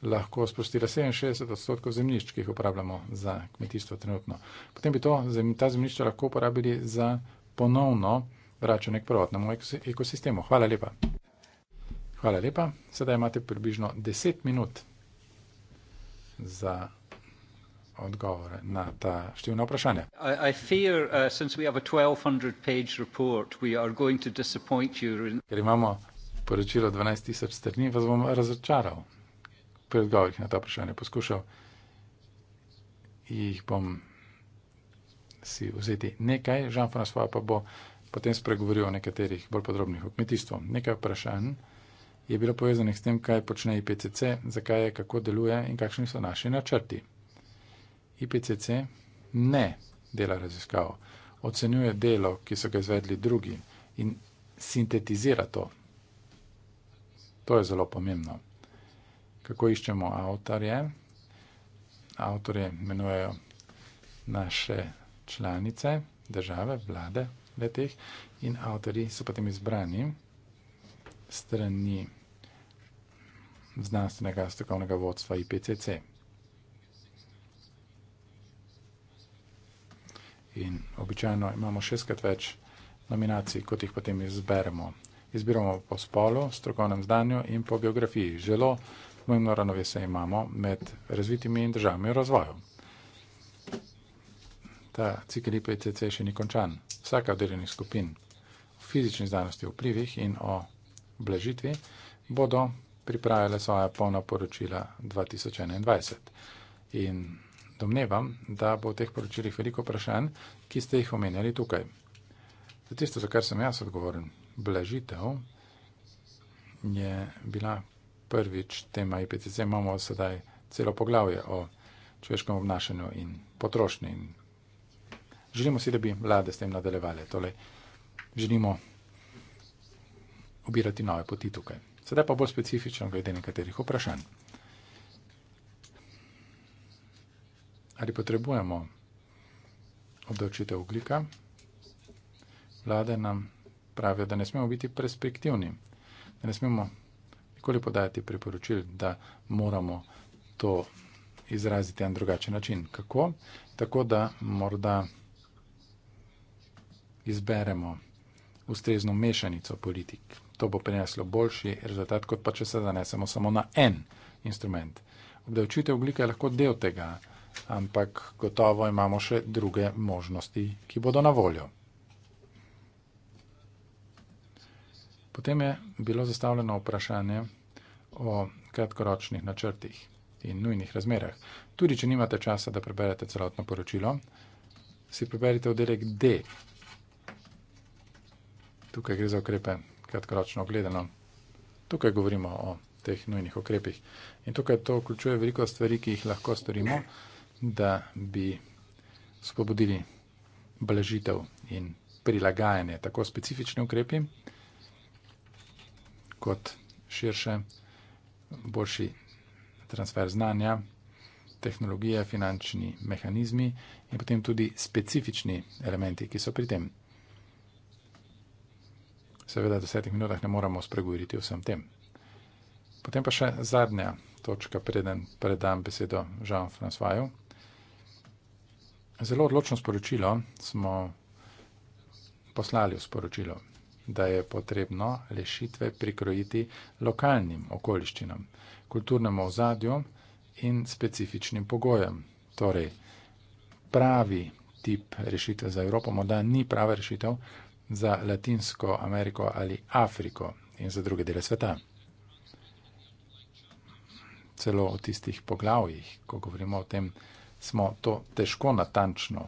lahko sprostila 67 odstotkov zemljišč, ki jih uporabljamo za kmetijstvo trenutno. Potem bi to, ta zemljišča lahko uporabili za ponovno vračanje k prvotnemu ekosistemu. Hvala lepa. Hvala lepa. Sedaj imate približno 10 minut za odgovore na ta številna vprašanja. I, I fear, uh, report, Ker imamo poročilo 12 tisoč strani, vas bom razočaral pri odgovorih na ta vprašanja. Poskušal jih bom si vzeti nekaj, Jean-François pa bo potem spregovoril o nekaterih bolj podrobnih o kmetijstvu. Nekaj vprašanj je bilo povezanih s tem, kaj počne IPCC, zakaj je, kako deluje in kakšni so naši načrti. IPCC ne dela raziskav, ocenjuje delo, ki so ga izvedli drugi in sintetizira to. To je zelo pomembno. Kako iščemo avtorje? Avtorje imenujejo naše članice, države, vlade, le teh, in avtori so potem izbrani strani znanstvenega strokovnega vodstva IPCC. In običajno imamo šestkrat več nominacij, kot jih potem izberemo. Izbiramo po spolu, strokovnem znanju in po geografiji. Želo pomembno ravnovesje imamo med razvitimi in državami v razvoju. Ta cikel IPCC še ni končan. Vsaka od delenih skupin v fizični znanosti o vplivih in o blažitvi, bodo pripravile svoje polna poročila 2021. In domnevam, da bo v teh poročilih veliko vprašanj, ki ste jih omenjali tukaj. Za tisto, za kar sem jaz odgovoren, blažitev je bila prvič tema IPCC. Imamo sedaj celo poglavje o človeškem obnašanju in potrošnji. In želimo si, da bi vlade s tem nadaljevale. Tole želimo obirati nove poti tukaj. Sedaj pa bolj specifično glede nekaterih vprašanj. Ali potrebujemo obdavčitev oglika? Vlade nam pravijo, da ne smemo biti perspektivni, da ne smemo nikoli podajati priporočil, da moramo to izraziti na drugačen način. Kako? Tako, da morda izberemo ustrezno mešanico politik. To bo prineslo boljši rezultat, kot pa če se zanesemo samo na en instrument. Obdavčitev oglika je lahko del tega, ampak gotovo imamo še druge možnosti, ki bodo na voljo. Potem je bilo zastavljeno vprašanje o kratkoročnih načrtih in nujnih razmerah. Tudi, če nimate časa, da preberete celotno poročilo, si preberite v delek D Tukaj gre za ukrepe kratkoročno gledano. Tukaj govorimo o teh nujnih ukrepih. In tukaj to vključuje veliko stvari, ki jih lahko storimo, da bi spobodili blažitev in prilagajanje tako specifični ukrepi, kot širše, boljši transfer znanja, tehnologije, finančni mehanizmi in potem tudi specifični elementi, ki so pri tem seveda v desetih minutah ne moremo spregovoriti o vsem tem. Potem pa še zadnja točka, preden predam besedo Jean-François. Zelo odločno sporočilo smo poslali v sporočilo, da je potrebno rešitve prikrojiti lokalnim okoliščinam, kulturnemu ozadju in specifičnim pogojem. Torej, pravi tip rešitve za Evropo morda ni prava rešitev, za Latinsko Ameriko ali Afriko in za druge dele sveta. Celo v tistih poglavjih, ko govorimo o tem, smo to težko natančno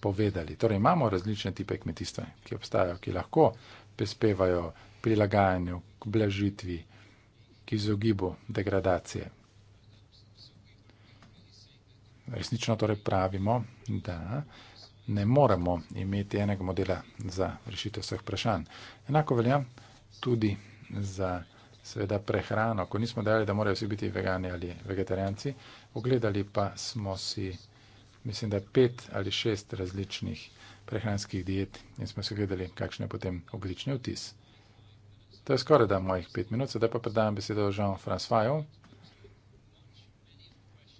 povedali. Torej imamo različne tipe kmetijstva, ki obstajajo, ki lahko prispevajo prilagajanju, k blažitvi, k izogibu degradacije. Resnično torej pravimo, da ne moremo imeti enega modela za rešitev vseh vprašanj. Enako velja tudi za seveda prehrano, ko nismo dejali, da morajo vsi biti vegani ali vegetarijanci, ogledali pa smo si, mislim, da pet ali šest različnih prehranskih diet in smo si ogledali, kakšen je potem oglični vtis. To je skoraj da mojih pet minut, zdaj pa predajam besedo Jean-François.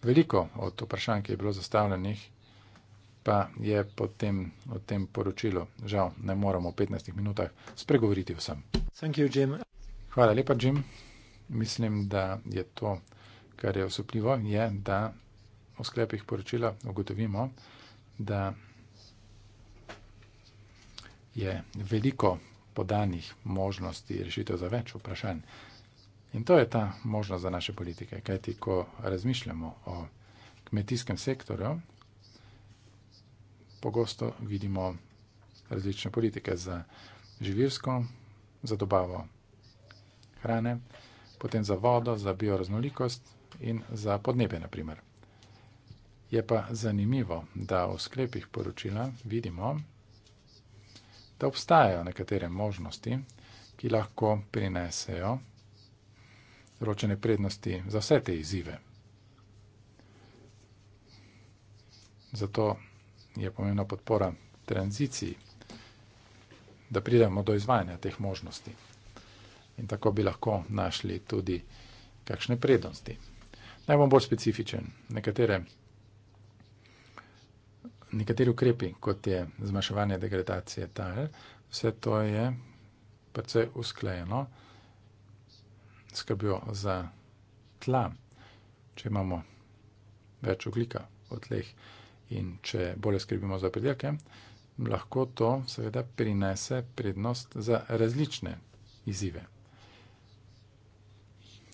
Veliko od vprašanj, ki je bilo zastavljenih, pa je potem o tem poročilu, žal, ne moremo v 15 minutah spregovoriti vsem. You, Hvala lepa, Jim. Mislim, da je to, kar je osupljivo, je, da v sklepih poročila ugotovimo, da je veliko podanih možnosti rešitev za več vprašanj. In to je ta možnost za naše politike, kajti ko razmišljamo o kmetijskem sektorju, pogosto vidimo različne politike za živilsko, za dobavo hrane, potem za vodo, za bioraznolikost in za podnebje, naprimer. Je pa zanimivo, da v sklepih poročila vidimo, da obstajajo nekatere možnosti, ki lahko prinesejo določene prednosti za vse te izzive. Zato je pomembna podpora tranziciji, da pridemo do izvajanja teh možnosti. In tako bi lahko našli tudi kakšne prednosti. Naj bom bolj specifičen. Nekatere, nekateri ukrepi, kot je zmanjševanje degradacije tal, vse to je predvsej usklajeno skrbjo za tla, če imamo več oglika v tleh. In če bolje skrbimo za pridelke, lahko to seveda prinese prednost za različne izzive.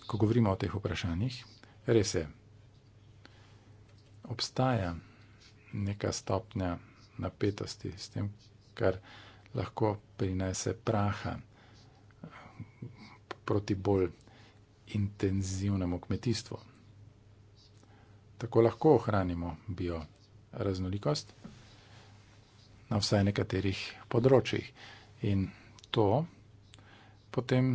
Ko govorimo o teh vprašanjih, res je, obstaja neka stopnja napetosti s tem, kar lahko prinese praha proti bolj intenzivnemu kmetijstvu. Tako lahko ohranimo bio raznolikost na vsaj nekaterih področjih. In to potem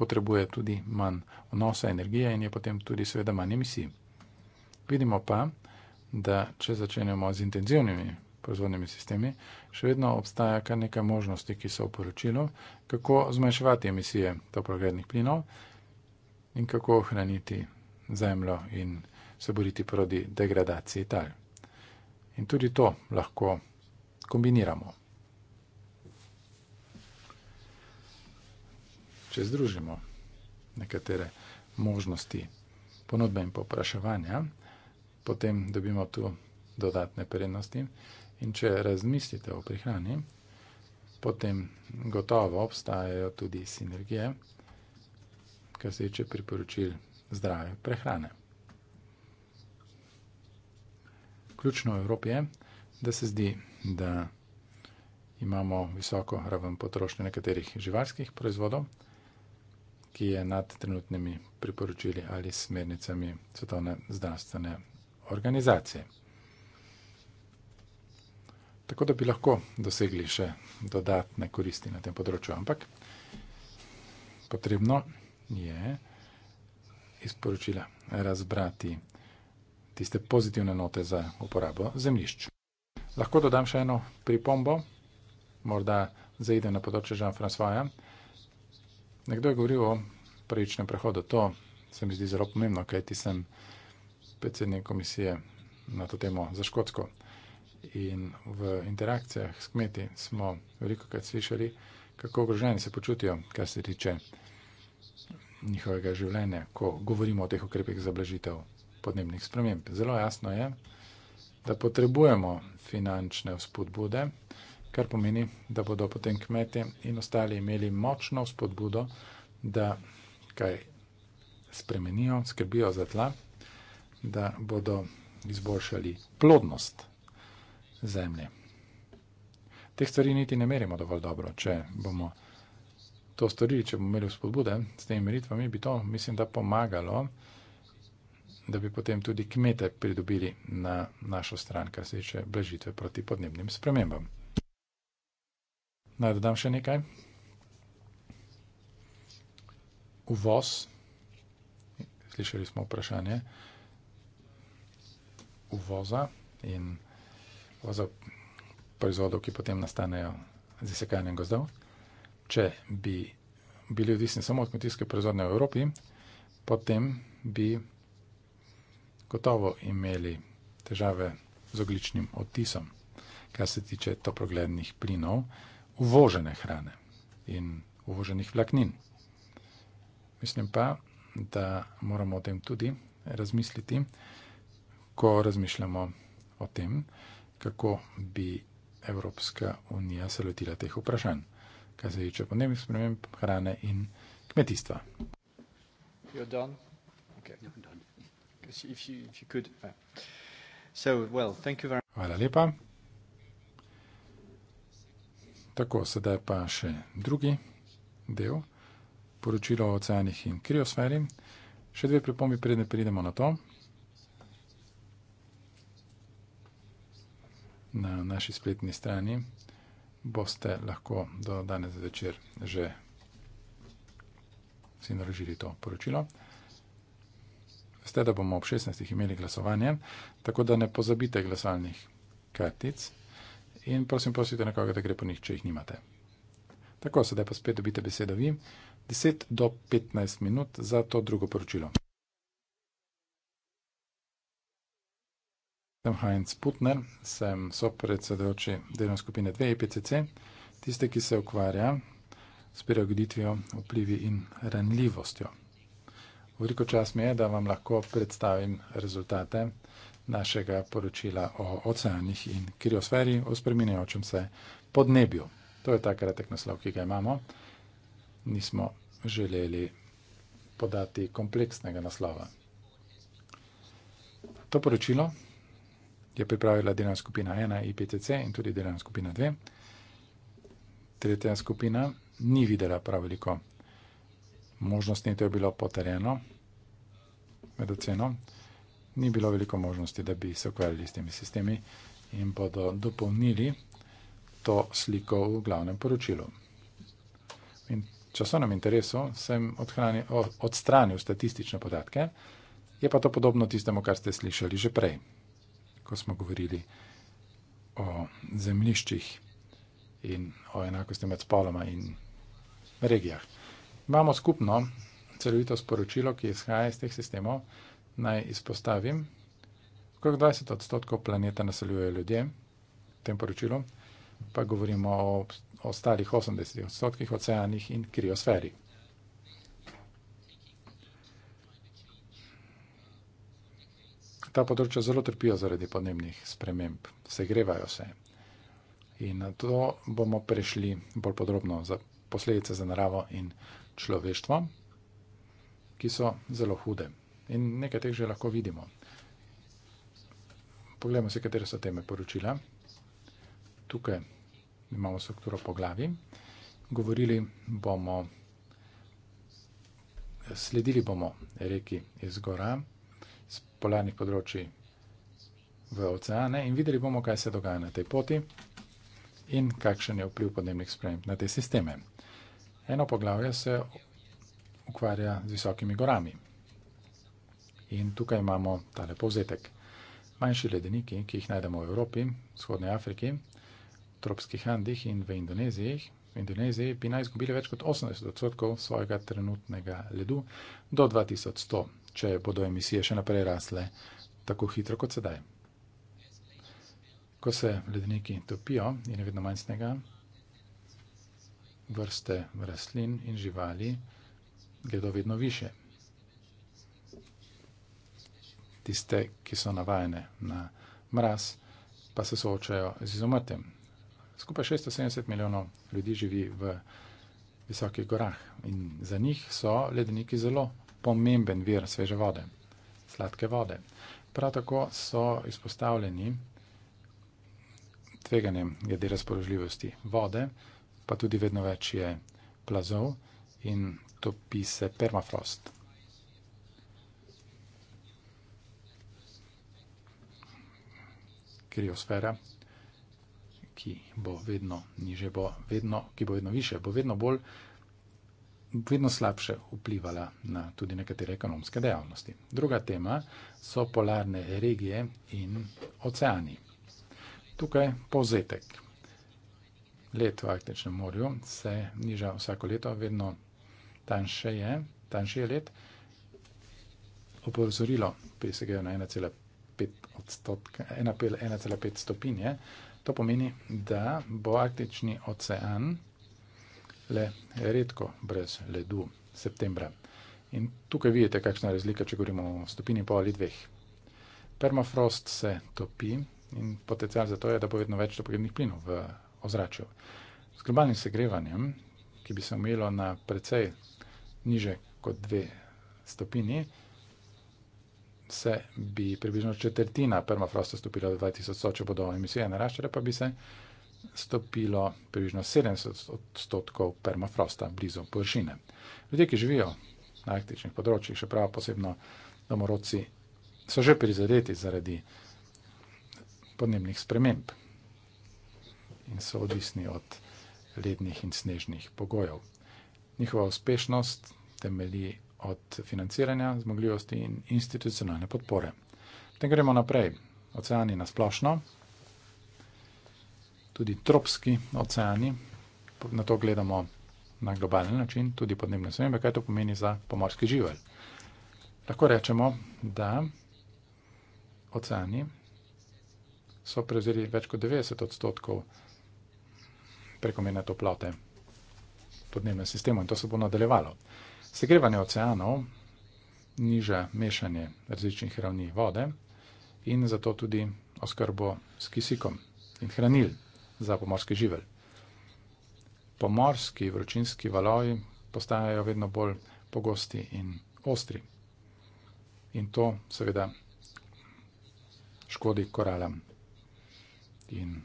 potrebuje tudi manj vnosa energije in je potem tudi seveda manj emisij. Vidimo pa, da če začenjamo z intenzivnimi proizvodnimi sistemi, še vedno obstaja kar nekaj možnosti, ki so v poročilu, kako zmanjševati emisije toplogrednih plinov in kako ohraniti zemljo in zemljo se boriti proti degradaciji tal. In tudi to lahko kombiniramo. Če združimo nekatere možnosti ponudbe in popraševanja, potem dobimo tu dodatne prednosti. In če razmislite o prihrani, potem gotovo obstajajo tudi sinergije, kar se tiče priporočil zdrave prehrane. ključno v Evropi je, da se zdi, da imamo visoko raven potrošnje nekaterih živalskih proizvodov, ki je nad trenutnimi priporočili ali smernicami Svetovne zdravstvene organizacije. Tako da bi lahko dosegli še dodatne koristi na tem področju, ampak potrebno je iz poročila razbrati tiste pozitivne note za uporabo zemljišč. Lahko dodam še eno pripombo, morda zaidem na področje Jean-François. Nekdo je govoril o prvičnem prehodu. To se mi zdi zelo pomembno, kaj ti sem predsednik komisije na to temo za Škotsko. In v interakcijah s kmeti smo veliko krat slišali, kako ogroženi se počutijo, kar se tiče njihovega življenja, ko govorimo o teh ukrepih za blažitev podnebnih sprememb. Zelo jasno je, da potrebujemo finančne vzpodbude, kar pomeni, da bodo potem kmete in ostali imeli močno vzpodbudo, da kaj spremenijo, skrbijo za tla, da bodo izboljšali plodnost zemlje. Teh stvari niti ne merimo dovolj dobro. Če bomo to storili, če bomo imeli vzpodbude s temi meritvami, bi to, mislim, da pomagalo da bi potem tudi kmete pridobili na našo stran, kar se tiče blažitve proti podnebnim spremembam. Naj dodam še nekaj. Uvoz, slišali smo vprašanje, uvoza in uvoza proizvodov, ki potem nastanejo z izsekanjem gozdov. Če bi bili odvisni samo od kmetijske proizvodnje v Evropi, potem bi gotovo imeli težave z ogličnim odtisom, kar se tiče toproglednih plinov, uvožene hrane in uvoženih vlaknin. Mislim pa, da moramo o tem tudi razmisliti, ko razmišljamo o tem, kako bi Evropska unija se lotila teh vprašanj, kar se tiče podnebnih sprememb hrane in kmetijstva. You're done? Okay. You're done. Hvala lepa. Tako, sedaj pa še drugi del poročila o oceanih in kriosferi. Še dve pripombi, predne pridemo na to. Na naši spletni strani boste lahko do danes večer že si naložili to poročilo. Veste, da bomo ob 16. imeli glasovanje, tako da ne pozabite glasovalnih kartic in prosim, prosite nekoga, da gre po njih, če jih nimate. Tako, sedaj pa spet dobite besedo vi. 10 do 15 minut za to drugo poročilo. Sem Heinz Putner, sem sopredsedujoči delovne skupine 2 IPCC, e tiste, ki se ukvarja s preugoditvijo, vplivi in ranljivostjo. Veliko čas mi je, da vam lahko predstavim rezultate našega poročila o oceanih in kriosferi v spreminjajočem se podnebju. To je ta kratek naslov, ki ga imamo. Nismo želeli podati kompleksnega naslova. To poročilo je pripravila delovna skupina 1 IPCC in tudi delovna skupina 2. Tretja skupina ni videla prav veliko možnosti, to je bilo potrjeno med oceno. Ni bilo veliko možnosti, da bi se ukvarjali s temi sistemi in bodo dopolnili to sliko v glavnem poročilu. In časovnem interesu sem odhranil, odstranil statistične podatke, je pa to podobno tistemu, kar ste slišali že prej, ko smo govorili o zemljiščih in o enakosti med spoloma in regijah. Imamo skupno celovito sporočilo, ki izhaja iz teh sistemov, naj izpostavim, kako 20 odstotkov planeta naseljujejo ljudje, v tem poročilu, pa govorimo o ostalih 80 odstotkih oceanih in kriosferi. Ta področja zelo trpijo zaradi podnebnih sprememb, segrevajo se. In na to bomo prešli bolj podrobno za posledice za naravo in človeštvo ki so zelo hude. In nekaj teh že lahko vidimo. Poglejmo si, katere so teme poročila. Tukaj imamo strukturo po glavi. Govorili bomo, sledili bomo reki iz gora, iz polarnih področji v oceane in videli bomo, kaj se dogaja na tej poti in kakšen je vpliv podnebnih sprememb na te sisteme. Eno poglavje se ukvarja z visokimi gorami. In tukaj imamo tale povzetek. Manjši ledeniki, ki jih najdemo v Evropi, vzhodnji Afriki, tropskih Andih in v Indoneziji, v Indoneziji bi naj izgubili več kot 80 odstotkov svojega trenutnega ledu do 2100, če bodo emisije še naprej rasle tako hitro kot sedaj. Ko se ledeniki topijo in je vedno manj snega, vrste rastlin in živali gredo vedno više. Tiste, ki so navajene na mraz, pa se soočajo z izumrtem. Skupaj 670 milijonov ljudi živi v visokih gorah in za njih so ledeniki zelo pomemben vir sveže vode, sladke vode. Prav tako so izpostavljeni tveganjem glede razpoložljivosti vode, pa tudi vedno več je plazov in topisse permafrost. Kriosfera, ki bo vedno niže, bo vedno, ki bo vedno više, bo vedno bolj, vedno slabše vplivala na tudi nekatere ekonomske dejavnosti. Druga tema so polarne regije in oceani. Tukaj povzetek. Leto v Arktičnem morju se niža vsako leto, vedno tanjše je, tanjše je led, opozorilo PSG na 1,5 odstotka, 1,5 stopinje, to pomeni, da bo arktični ocean le redko brez ledu septembra. In tukaj vidite, kakšna je razlika, če govorimo o stopini pol ali dveh. Permafrost se topi in potencial za to je, da bo vedno več topogenih plinov v ozračju. Z globalnim segrevanjem, ki bi se omejilo na precej niže kot dve stopinji, se bi približno četrtina permafrosta stopila do 2000 odstotkov, če bodo emisije naraščale, pa bi se stopilo približno 70 odstotkov permafrosta blizu površine. Ljudje, ki živijo na arktičnih področjih, še prav posebno domorodci, so že prizadeti zaradi podnebnih sprememb in so odvisni od lednih in snežnih pogojev njihova uspešnost temelji od financiranja, zmogljivosti in institucionalne podpore. Potem gremo naprej. Oceani na splošno, tudi tropski oceani, na to gledamo na globalen način, tudi podnebne spremembe, kaj to pomeni za pomorski živelj. Lahko rečemo, da oceani so prevzeli več kot 90 odstotkov prekomerne toplote podnebnem sistemu in to se bo nadaljevalo. Segrevanje oceanov niža mešanje različnih ravni vode in zato tudi oskrbo s kisikom in hranil za pomorski živelj. Pomorski vročinski valovi postajajo vedno bolj pogosti in ostri. In to seveda škodi koralam in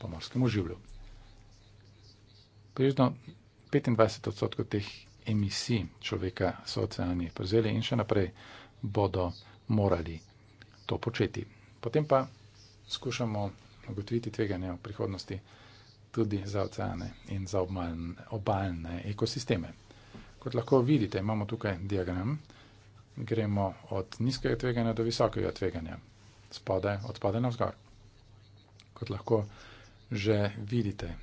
pomorskemu življenju. Približno 25 odstotkov teh emisij človeka so oceani prevzeli in še naprej bodo morali to početi. Potem pa skušamo ugotoviti tveganje v prihodnosti tudi za oceane in za obmalne, obaljne ekosisteme. Kot lahko vidite, imamo tukaj diagram, gremo od nizkega tveganja do visokega tveganja, spode, od spode na vzgor. Kot lahko že vidite,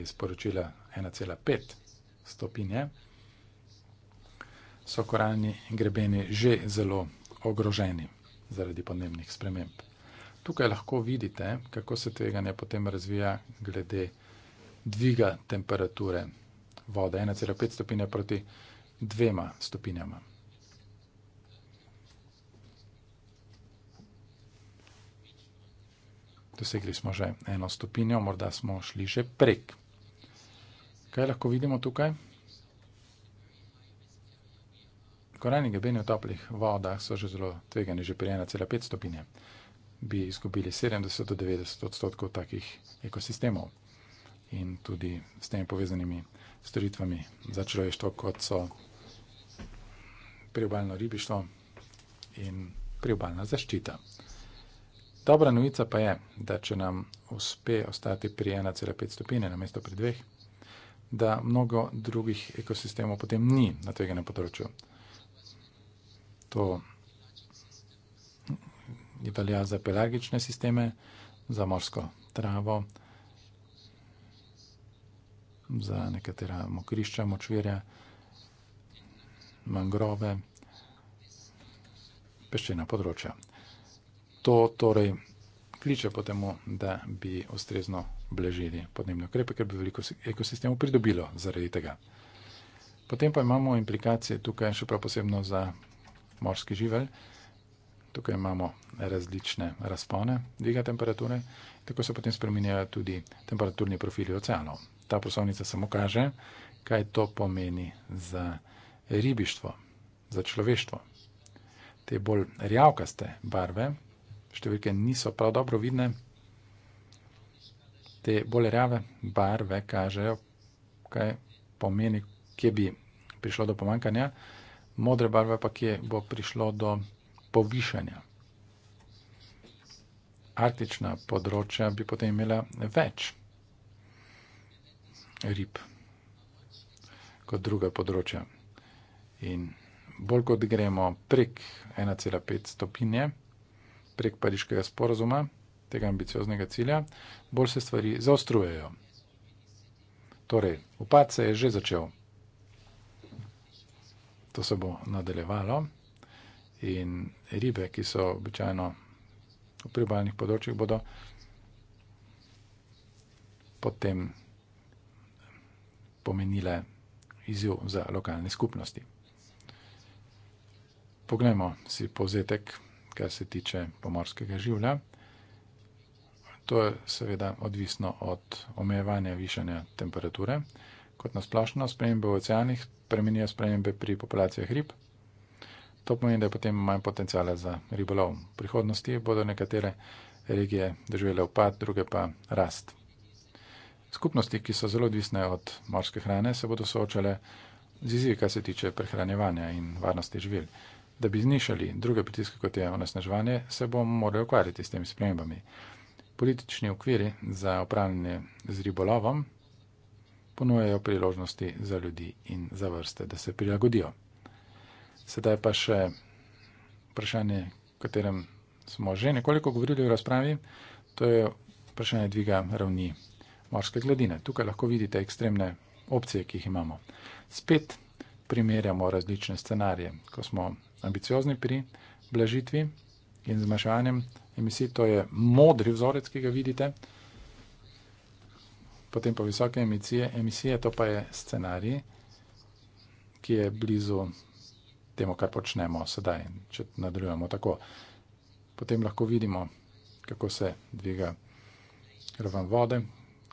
iz poročila 1,5 stopinje, so koralni grebeni že zelo ogroženi zaradi podnebnih sprememb. Tukaj lahko vidite, kako se tveganje potem razvija glede dviga temperature vode 1,5 stopinje proti dvema stopinjama. Dosegli smo že eno stopinjo, morda smo šli že prek. Kaj lahko vidimo tukaj? Koreni gebeni v toplih vodah so že zelo tvegani, že pri 1,5 stopinje. Bi izgubili 70 do 90 odstotkov takih ekosistemov in tudi s temi povezanimi storitvami za človeštvo, kot so priobalno ribištvo in priobalna zaščita. Dobra novica pa je, da če nam uspe ostati pri 1,5 stopinje namesto pri dveh, da mnogo drugih ekosistemov potem ni na tega na področju. To je velja za pelagične sisteme, za morsko travo, za nekatera mokrišča, močvirja, mangrove, peščena področja. To torej kliče po tem, da bi ustrezno blažili podnebne ukrepe, ker bi veliko ekosistemov pridobilo zaradi tega. Potem pa imamo implikacije tukaj, še prav posebno za morski živelj. Tukaj imamo različne razpone dviga temperature, tako se potem spremenjajo tudi temperaturni profili oceanov. Ta poslovnica samo kaže, kaj to pomeni za ribištvo, za človeštvo. Te bolj rjavkaste barve, številke niso prav dobro vidne. Te bolj rjave barve kažejo, kaj pomeni, kje bi prišlo do pomankanja, modre barve pa kje bo prišlo do povišanja. Arktična področja bi potem imela več rib kot druga področja. In bolj kot gremo prek 1,5 stopinje, prek pariškega sporozuma, tega ambicioznega cilja, bolj se stvari zaostrujejo. Torej, upad se je že začel. To se bo nadaljevalo in ribe, ki so običajno v priobalnih področjih, bodo potem pomenile izjiv za lokalne skupnosti. Poglejmo si povzetek kar se tiče pomorskega življa. To je seveda odvisno od omejevanja višanja temperature. Kot nasplošno, spremembe v oceanih premenijo spremembe pri populacijah rib. To pomeni, da je potem manj potencijala za ribolov. V prihodnosti bodo nekatere regije doživele upad, druge pa rast. Skupnosti, ki so zelo odvisne od morske hrane, se bodo soočale z izzivi, kar se tiče prehranjevanja in varnosti življenja da bi znišali druge pritiske, kot je onesnaževanje, se bomo morali ukvarjati s temi spremembami. Politični okviri za upravljanje z ribolovom ponujejo priložnosti za ljudi in za vrste, da se prilagodijo. Sedaj pa še vprašanje, o katerem smo že nekoliko govorili v razpravi, to je vprašanje dviga ravni morske gladine. Tukaj lahko vidite ekstremne opcije, ki jih imamo. Spet primerjamo različne scenarije, ko smo ambiciozni pri blažitvi in zmanjševanju emisij, to je modri vzorec, ki ga vidite, potem pa visoke emisije, emisije to pa je scenarij, ki je blizu temu, kar počnemo sedaj, če nadaljujemo tako. Potem lahko vidimo, kako se dviga raven vode,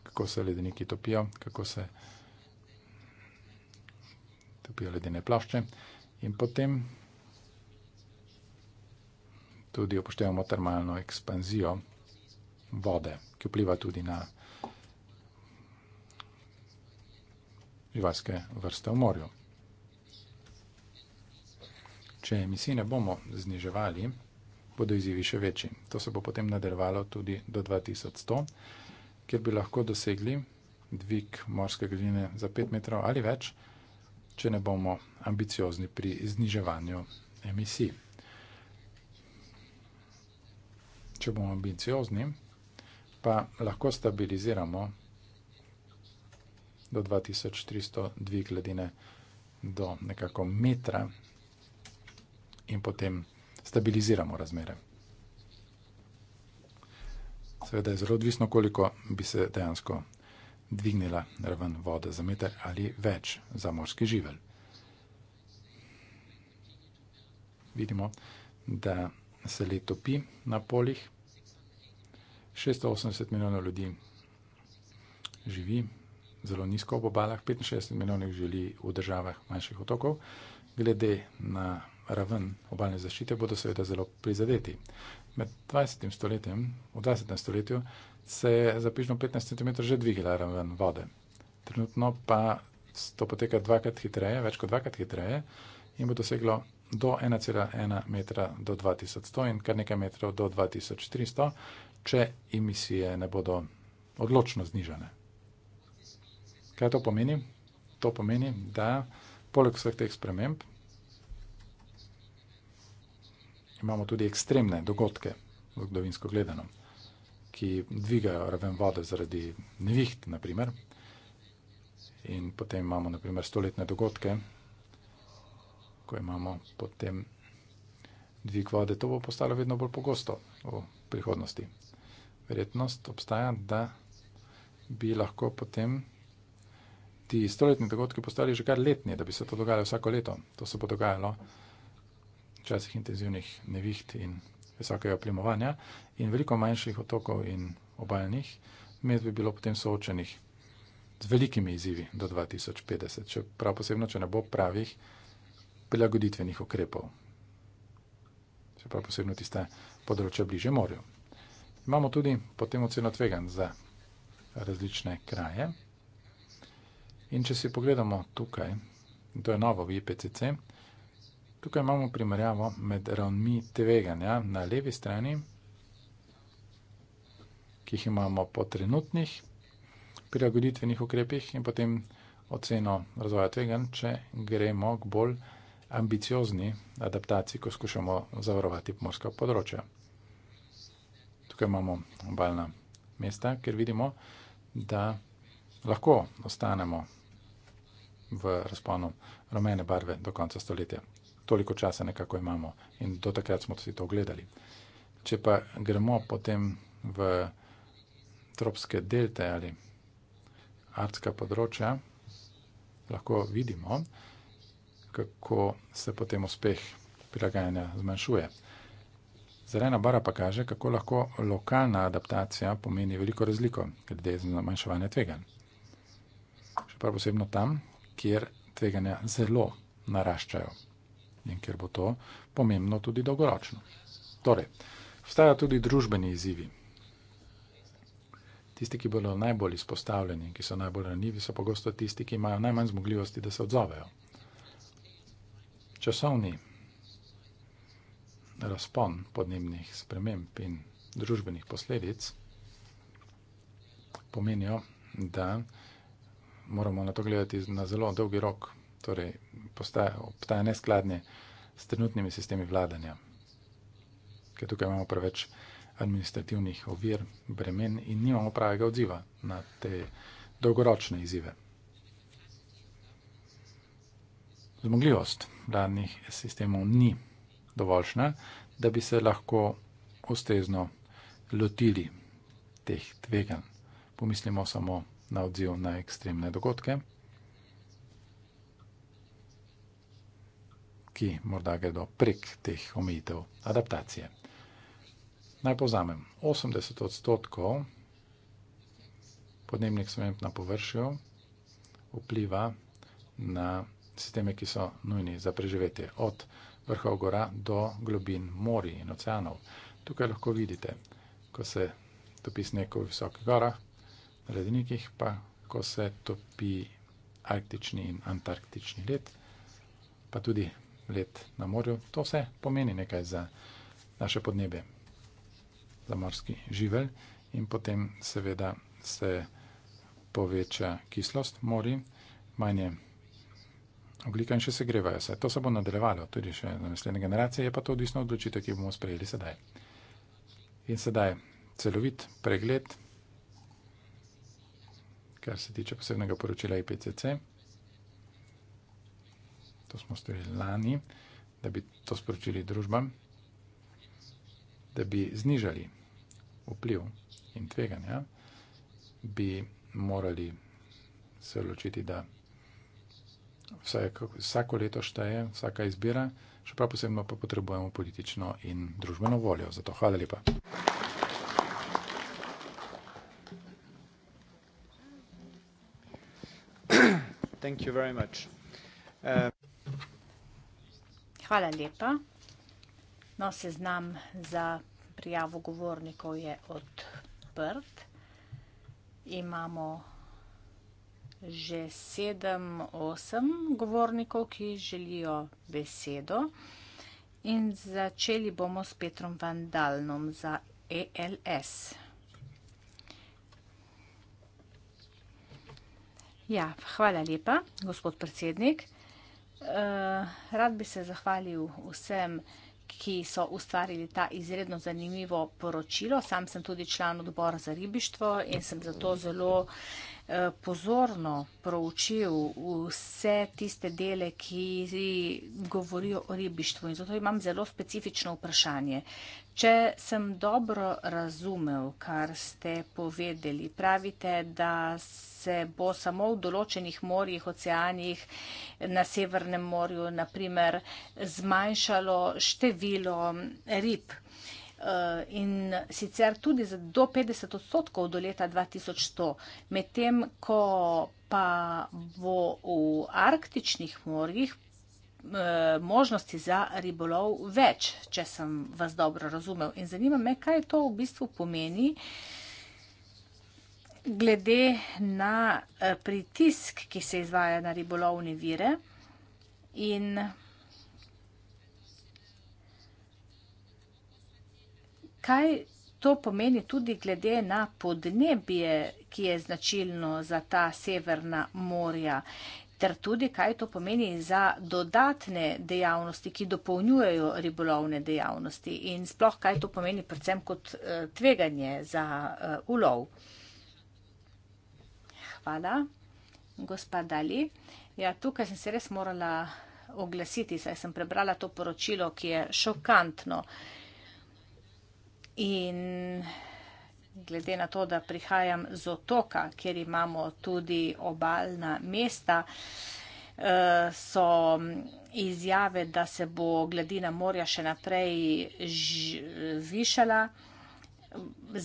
kako se ledeniki topijo, kako se topijo ledene plošče in potem tudi upoštevamo termalno ekspanzijo vode, ki vpliva tudi na živalske vrste v morju. Če emisije ne bomo zniževali, bodo izzivi še večji. To se bo potem nadaljevalo tudi do 2100, kjer bi lahko dosegli dvig morske gline za 5 metrov ali več, če ne bomo ambiciozni pri zniževanju emisij. če bomo ambiciozni, pa lahko stabiliziramo do 2302 gladine do nekako metra in potem stabiliziramo razmere. Seveda je zelo odvisno, koliko bi se dejansko dvignila raven vode za meter ali več za morski živelj. Vidimo, da se le topi na poljih. 680 milijonov ljudi živi zelo nizko ob obalah, 65 milijonov živi v državah manjših otokov. Glede na raven obalne zaščite bodo seveda zelo prizadeti. Med 20. stoletjem, v 20. stoletju se je za pižno 15 cm že dvigila raven vode. Trenutno pa to poteka dvakrat hitreje, več kot dvakrat hitreje in bo doseglo do 1,1 metra do 2100 in kar nekaj metrov do 2400, če emisije ne bodo odločno znižane. Kaj to pomeni? To pomeni, da poleg vseh teh sprememb imamo tudi ekstremne dogodke, zgodovinsko gledano, ki dvigajo raven vode zaradi neviht, naprimer. In potem imamo, naprimer, stoletne dogodke, ko imamo potem dvig vode, to bo postalo vedno bolj pogosto v prihodnosti. Verjetnost obstaja, da bi lahko potem ti stoletni dogodki postali že kar letni, da bi se to dogajalo vsako leto. To se bo dogajalo včasih intenzivnih neviht in visokega plimovanja in veliko manjših otokov in obaljnih med bi bilo potem soočenih z velikimi izzivi do 2050, čeprav posebno, če ne bo pravih prilagoditvenih ukrepov, še pa posebno tiste področja bliže morju. Imamo tudi potem oceno tvegan za različne kraje. In če si pogledamo tukaj, in to je novo v IPCC, tukaj imamo primerjavo med ravnmi tveganja na levi strani, ki jih imamo po trenutnih prilagoditvenih ukrepih in potem oceno razvoja tvegan, če gremo k bolj ambiciozni adaptaciji, ko skušamo zavarovati pomorska področja. Tukaj imamo obaljna mesta, ker vidimo, da lahko ostanemo v razponu rumene barve do konca stoletja. Toliko časa nekako imamo in do takrat smo si to ogledali. Če pa gremo potem v tropske delte ali artska področja, lahko vidimo, da kako se potem uspeh prilagajanja zmanjšuje. Zelena bara pa kaže, kako lahko lokalna adaptacija pomeni veliko razliko glede zmanjševanja tveganj. Še prav posebno tam, kjer tveganja zelo naraščajo in kjer bo to pomembno tudi dolgoročno. Torej, vstajajo tudi družbeni izzivi. Tisti, ki bodo najbolj izpostavljeni, ki so najbolj ranljivi, so pogosto tisti, ki imajo najmanj zmogljivosti, da se odzovejo časovni razpon podnebnih sprememb in družbenih posledic pomenijo, da moramo na to gledati na zelo dolgi rok, torej postaja, obstaja neskladnje s trenutnimi sistemi vladanja, ker tukaj imamo preveč administrativnih ovir, bremen in nimamo pravega odziva na te dolgoročne izzive. zmogljivost vladnih sistemov ni dovoljšna, da bi se lahko ustrezno lotili teh tveganj. Pomislimo samo na odziv na ekstremne dogodke, ki morda gredo prek teh omejitev adaptacije. Naj povzamem, 80 odstotkov podnebnih sprememb na površju vpliva na sisteme, ki so nujni za preživetje, od vrhov gora do globin morij in oceanov. Tukaj lahko vidite, ko se topi sneg v visokih gorah, na ledenikih pa, ko se topi arktični in antarktični led, pa tudi led na morju. To vse pomeni nekaj za naše podnebje, za morski živelj in potem seveda se poveča kislost morij, manje oglika in še se grevajo. Vse. To se bo nadaljevalo tudi še na naslednje generacije, je pa to odvisno odločitev, ki bomo sprejeli sedaj. In sedaj celovit pregled, kar se tiče posebnega poročila IPCC. To smo storili lani, da bi to sporočili družbam, da bi znižali vpliv in tveganja, bi morali se odločiti, da vse, vsako leto šteje, vsaka izbira, še prav posebno pa potrebujemo politično in družbeno voljo. Zato hvala lepa. Eh, hvala lepa. No, seznam za prijavo govornikov je odprt. Imamo že sedem, osem govornikov, ki želijo besedo. In začeli bomo s Petrom Vandalnom za ELS. Ja, hvala lepa, gospod predsednik. Eh, rad bi se zahvalil vsem, ki so ustvarili ta izredno zanimivo poročilo. Sam sem tudi član odbora za ribištvo in sem zato zelo Eh, pozorno proučil vse tiste dele, ki govorijo o ribištvu in zato imam zelo specifično vprašanje. Če sem dobro razumel, kar ste povedali, pravite, da se bo samo v določenih morjih, oceanih, na Severnem morju, naprimer, zmanjšalo število rib. Eh, in sicer tudi za do 50 odstotkov do leta 2100. Medtem, ko pa bo v arktičnih morjih eh, možnosti za ribolov več, če sem vas dobro razumel. In zanima me, kaj to v bistvu pomeni glede na eh, pritisk, ki se izvaja na ribolovne vire in pritisk, kaj to pomeni tudi glede na podnebje, ki je značilno za ta severna morja, ter tudi kaj to pomeni za dodatne dejavnosti, ki dopolnjujejo ribolovne dejavnosti in sploh kaj to pomeni predvsem kot eh, tveganje za eh, ulov. Hvala, gospod Dali. Ja, tukaj sem se res morala oglasiti, saj sem prebrala to poročilo, ki je šokantno. Uh, In glede na to, da prihajam z otoka, kjer imamo tudi obaljna mesta, eh, so izjave, da se bo gladina morja še naprej zvišala,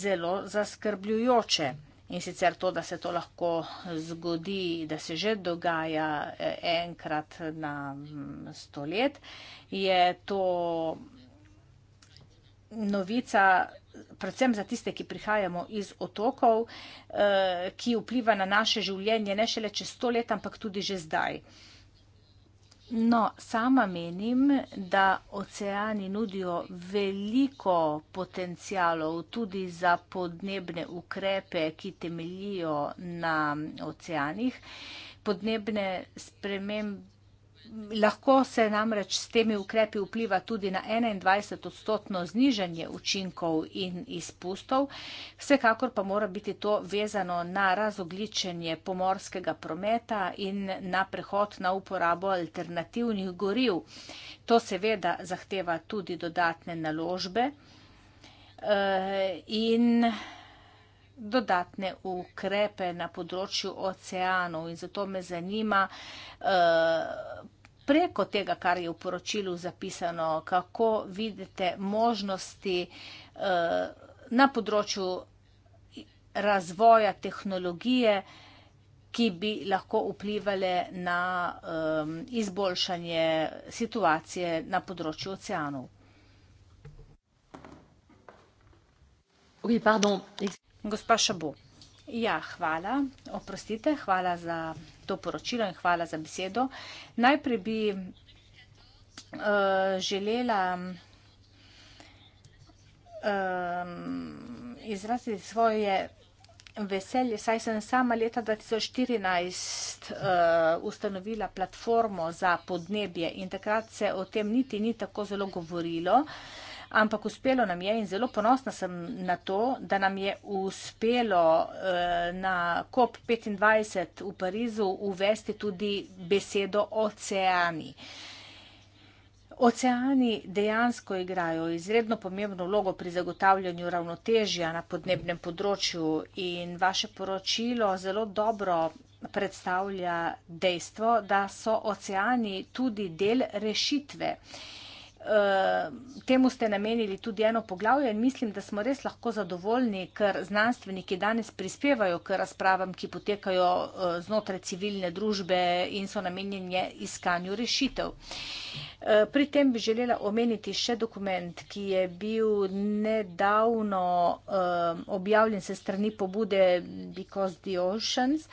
zelo zaskrbljujoče. In sicer to, da se to lahko zgodi, da se že dogaja eh, enkrat na mm, stolet, je to novica, predvsem za tiste, ki prihajamo iz otokov, eh, ki vpliva na naše življenje ne šele čez sto let, ampak tudi že zdaj. No, sama menim, da oceani nudijo veliko potencijalov tudi za podnebne ukrepe, ki temelijo na oceanih. Podnebne spremembe Lahko se namreč s temi ukrepi vpliva tudi na 21 odstotno znižanje učinkov in izpustov, vsekakor pa mora biti to vezano na razogličenje pomorskega prometa in na prehod na uporabo alternativnih goriv. To seveda zahteva tudi dodatne naložbe eh, in dodatne ukrepe na področju oceanov in zato me zanima, eh, preko tega, kar je v poročilu zapisano, kako vidite možnosti eh, na področju razvoja tehnologije, ki bi lahko vplivali na eh, izboljšanje situacije na področju oceanov. Oui, Gospa Šabo. Ja, hvala. Oprostite, hvala za to poročilo in hvala za besedo. Najprej bi uh, želela uh, izraziti svoje veselje. Saj sem sama leta 2014 uh, eh, ustanovila platformo za podnebje in takrat se o tem niti ni tako zelo govorilo. Uh, ampak uspelo nam je in zelo ponosna sem na to, da nam je uspelo eh, na COP25 v Parizu uvesti tudi besedo oceani. Oceani dejansko igrajo izredno pomembno vlogo pri zagotavljanju ravnotežja na podnebnem področju in vaše poročilo zelo dobro predstavlja dejstvo, da so oceani tudi del rešitve. Eh, temu ste namenili tudi eno poglavje in mislim, da smo res lahko zadovoljni, ker znanstveniki danes prispevajo k razpravam, ki potekajo eh, znotraj civilne družbe in so namenjeni iskanju rešitev. Eh, pri tem bi želela omeniti še dokument, ki je bil nedavno objavljen se strani pobude Because the Oceans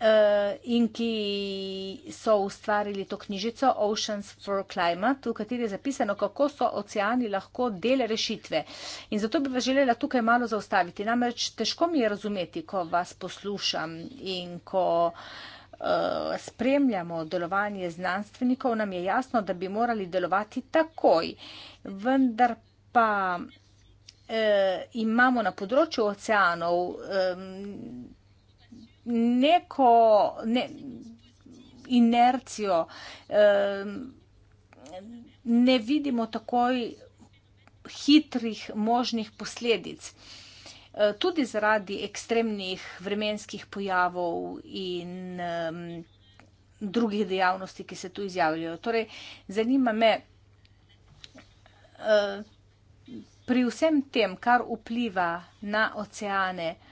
uh, in ki so ustvarili to knjižico Oceans for Climate, v kateri je zapisano, kako so oceani lahko del rešitve. In zato bi vas želela tukaj malo zaustaviti. Namreč težko mi je razumeti, ko vas poslušam in ko. Eh, spremljamo delovanje znanstvenikov, nam je jasno, da bi morali delovati takoj. Vendar pa eh, imamo na področju oceanov eh, neko ne, inercijo, ne vidimo takoj hitrih možnih posledic. E, tudi zaradi ekstremnih vremenskih pojavov in um, drugih dejavnosti, ki se tu izjavljajo. Torej, zanima me, uh, pri vsem tem, kar vpliva na oceane, uh,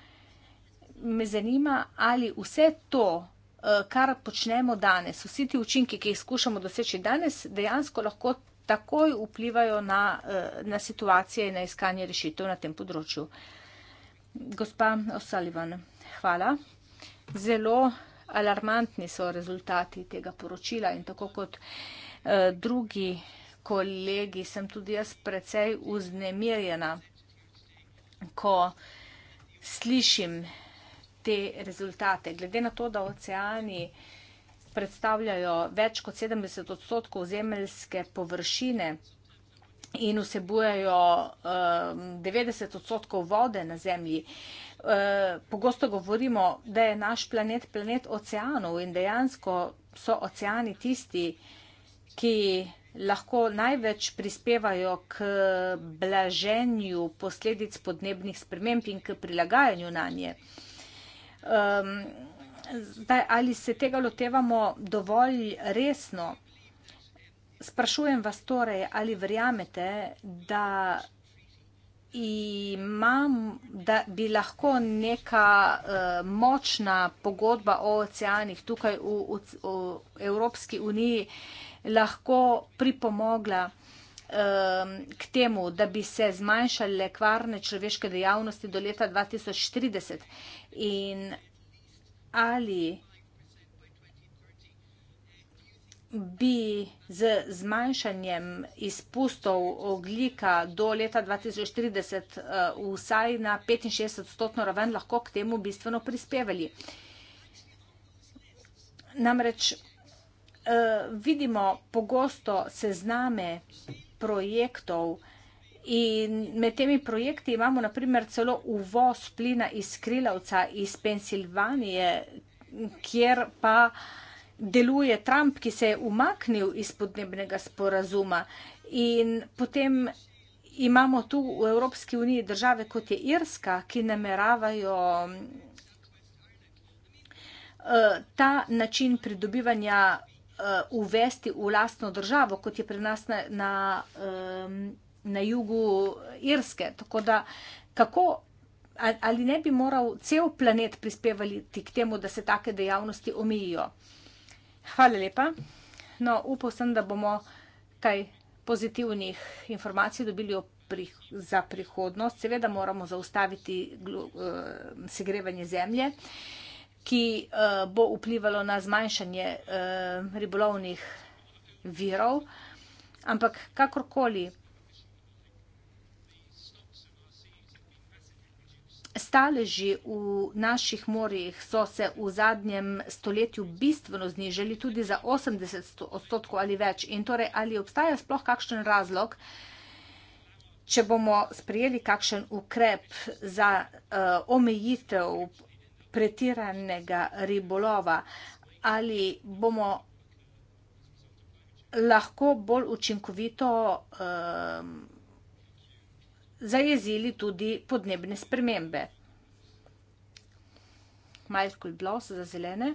me zanima, ali vse to, eh, kar počnemo danes, vsi ti učinki, ki jih skušamo doseči danes, dejansko lahko takoj vplivajo na, eh, na situacije in na iskanje rešitev na tem področju. Gospa O'Sullivan, hvala. Zelo alarmantni so rezultati tega poročila in tako kot eh, drugi kolegi sem tudi jaz precej uznemirjena, ko slišim te rezultate. Glede na to, da oceani predstavljajo več kot 70 odstotkov zemeljske površine in vsebujejo 90 um, odstotkov vode na zemlji, uh, pogosto govorimo, da je naš planet planet oceanov in dejansko so oceani tisti, ki lahko največ prispevajo k blaženju posledic podnebnih sprememb in k prilagajanju na nje. Um, zdaj, ali se tega lotevamo dovolj resno? Sprašujem vas torej, ali verjamete, da, imam, da bi lahko neka uh, močna pogodba o oceanih tukaj v, v, v Evropski uniji lahko pripomogla k temu, da bi se zmanjšale kvarne človeške dejavnosti do leta 2030 in ali bi z zmanjšanjem izpustov oglika do leta 2030 eh, vsaj na 65 stotno raven lahko k temu bistveno prispevali. Namreč eh, vidimo pogosto sezname projektov, In med temi projekti imamo naprimer celo uvoz plina iz Krilovca iz Pensilvanije, kjer pa deluje Trump, ki se je umaknil iz podnebnega sporazuma. In potem imamo tu v Evropski uniji države, kot je Irska, ki nameravajo eh, ta način pridobivanja eh, uvesti v lastno državo, kot je pri nas na, na um, na jugu Irske. Tako da, kako, ali ne bi moral cel planet prispevati k temu, da se take dejavnosti omejijo? Hvala lepa. No, upal sem, da bomo kaj pozitivnih informacij dobili o. Za prihodnost, seveda, moramo zaustaviti eh, segrevanje zemlje, ki eh, bo vplivalo na zmanjšanje eh, ribolovnih virov. Ampak, kakorkoli, Staleži v naših morjih so se v zadnjem stoletju bistveno znižali tudi za 80 odstotkov ali več. In torej, ali obstaja sploh kakšen razlog, če bomo sprejeli kakšen ukrep za uh, omejitev pretiranega ribolova, ali bomo lahko bolj učinkovito. Uh, zajezili tudi podnebne spremembe. Michael Bloss za zelene.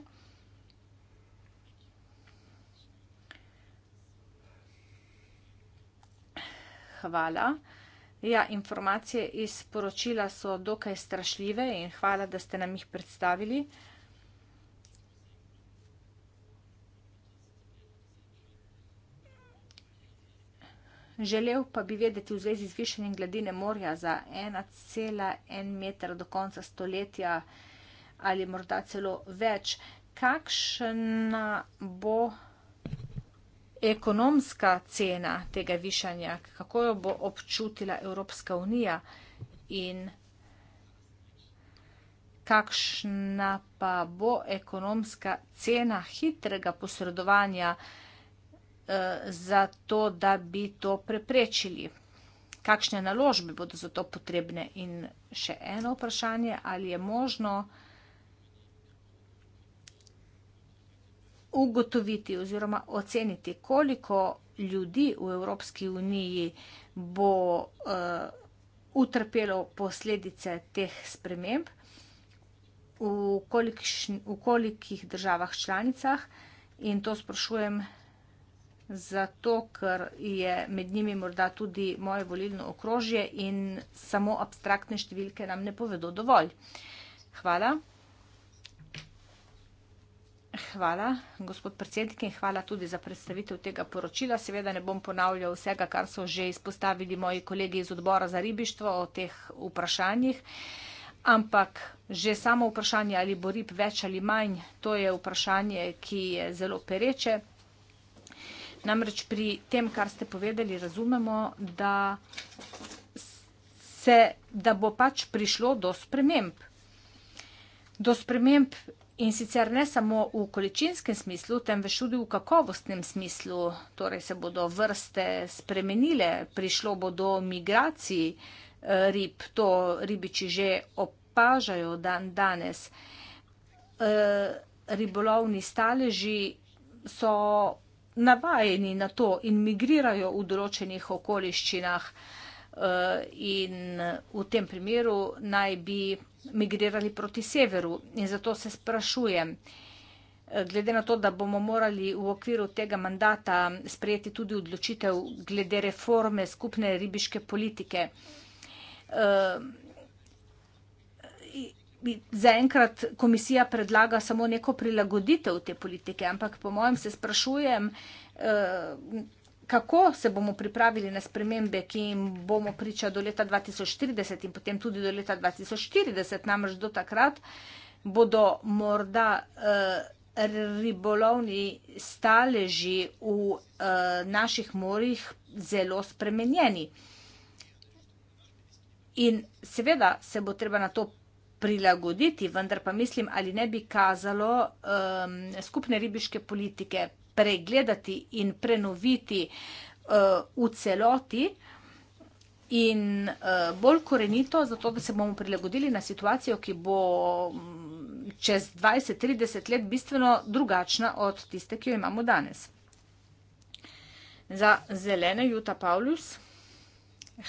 Hvala. Ja, informacije iz poročila so dokaj strašljive in hvala, da ste nam jih predstavili. Želel pa bi vedeti v zvezi z višenjem gladine morja za 1,1 metra do konca stoletja ali morda celo več. Kakšna bo ekonomska cena tega višanja, kako jo bo občutila Evropska unija in kakšna pa bo ekonomska cena hitrega posredovanja? Eh, za to, da bi to preprečili. Kakšne naložbe bodo za to potrebne? In še eno vprašanje, ali je možno ugotoviti oziroma oceniti, koliko ljudi v Evropski uniji bo uh, utrpelo posledice teh sprememb, v, kolikš, v kolikih državah članicah. In to sprašujem zato ker je med njimi morda tudi moje volilno okrožje in samo abstraktne številke nam ne povedo dovolj. Hvala. Hvala, gospod predsednik, in hvala tudi za predstavitev tega poročila. Seveda ne bom ponavljal vsega, kar so že izpostavili moji kolegi iz odbora za ribištvo o teh vprašanjih, ampak že samo vprašanje, ali bo rib več ali manj, to je vprašanje, ki je zelo pereče. Namreč pri tem, kar ste povedali, razumemo, da, se, da bo pač prišlo do sprememb. Do sprememb in sicer ne samo v količinskem smislu, temveč tudi v kakovostnem smislu. Torej se bodo vrste spremenile, prišlo bo do migracij eh, rib, to ribiči že opažajo dan danes. Eh, ribolovni staleži so navajeni na to in migrirajo v določenih okoliščinah. Eh, in v tem primeru naj bi migrirali proti severu. In zato se sprašujem, eh, glede na to, da bomo morali v okviru tega mandata sprejeti tudi odločitev glede reforme skupne ribiške politike. Eh, zaenkrat komisija predlaga samo neko prilagoditev te politike, ampak po mojem se sprašujem, eh, kako se bomo pripravili na spremembe, ki jim bomo priča do leta 2030 in potem tudi do leta 2040, namreč do takrat bodo morda eh, ribolovni staleži v eh, naših morjih zelo spremenjeni. In seveda se bo treba na to pripraviti prilagoditi, vendar pa mislim, ali ne bi kazalo um, skupne ribiške politike pregledati in prenoviti uh, v celoti in uh, bolj korenito, zato da se bomo prilagodili na situacijo, ki bo mm, čez 20-30 let bistveno drugačna od tiste, ki jo imamo danes. Za zelene Juta Paulus,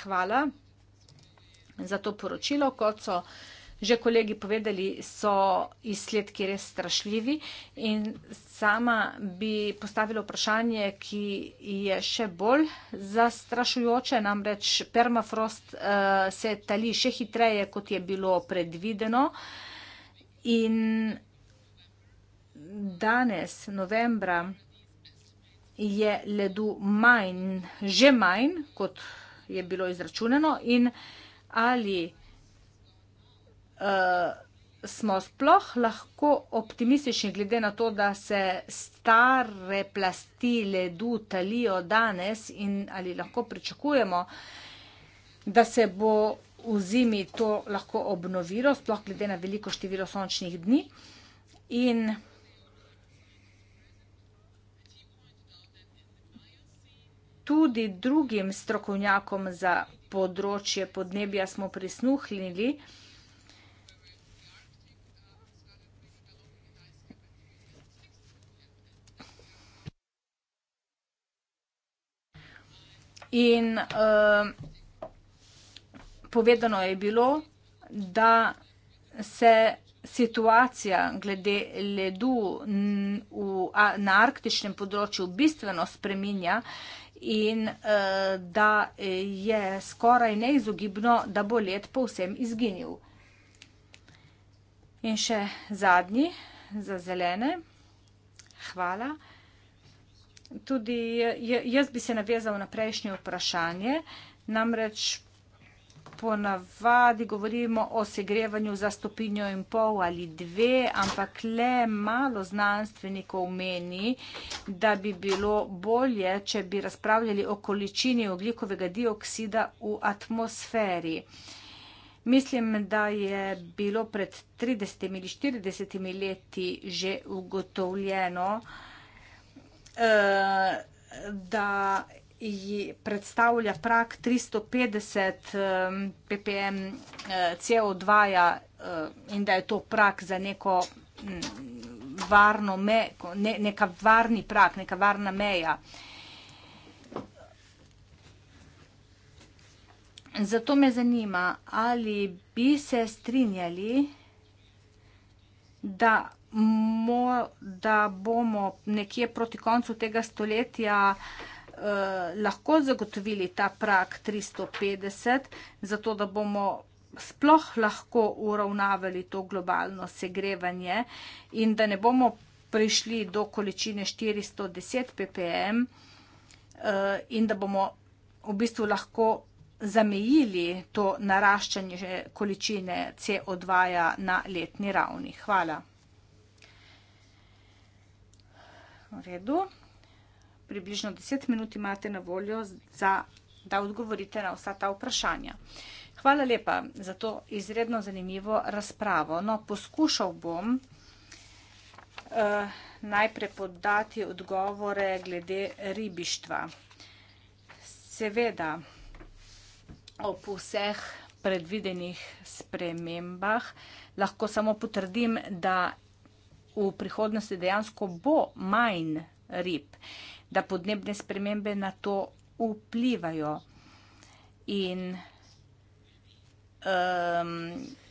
hvala za to poročilo, kot so uh, že kolegi povedali, so izsledki res strašljivi in sama bi postavila vprašanje, ki je še bolj zastrašujoče, namreč permafrost uh, se tali še hitreje, kot je bilo predvideno in danes, novembra, je ledu manj, že manj, kot je bilo izračunano in ali uh, smo sploh lahko optimistični glede na to, da se stare plasti ledu talijo danes in ali lahko pričakujemo, da se bo v zimi to lahko obnovilo, sploh glede na veliko število sončnih dni. In tudi drugim strokovnjakom za področje podnebja smo prisluhnili, uh, In uh, povedano je bilo, da se situacija glede ledu v, na arktičnem področju bistveno spreminja in uh, da je skoraj neizogibno, da bo led povsem izginil. In še zadnji za zelene. Hvala tudi jaz bi se navezal na prejšnje vprašanje, namreč ponavadi govorimo o segrevanju za stopinjo in pol ali dve, ampak le malo znanstvenikov meni, da bi bilo bolje, če bi razpravljali o količini oglikovega dioksida v atmosferi. Mislim, da je bilo pred 30 ali 40 leti že ugotovljeno, da ji predstavlja prak 350 ppm eh, CO2 -ja eh, in da je to prak za neko mm, varno mejo, ne, neka varni prak, neka varna meja. Zato me zanima, ali bi se strinjali, da mo, da bomo nekje proti koncu tega stoletja eh, lahko zagotovili ta prak 350, zato da bomo sploh lahko uravnavali to globalno segrevanje in da ne bomo prišli do količine 410 ppm eh, in da bomo v bistvu lahko zamejili to naraščanje količine CO2 ja na letni ravni. Hvala. v redu. Približno 10 minut imate na voljo, za, da odgovorite na vsa ta vprašanja. Hvala lepa za to izredno zanimivo razpravo. No, poskušal bom eh, najprej podati odgovore glede ribištva. Seveda, ob vseh predvidenih spremembah lahko samo potrdim, da v prihodnosti dejansko bo manj rib, da podnebne spremembe na to vplivajo. In um,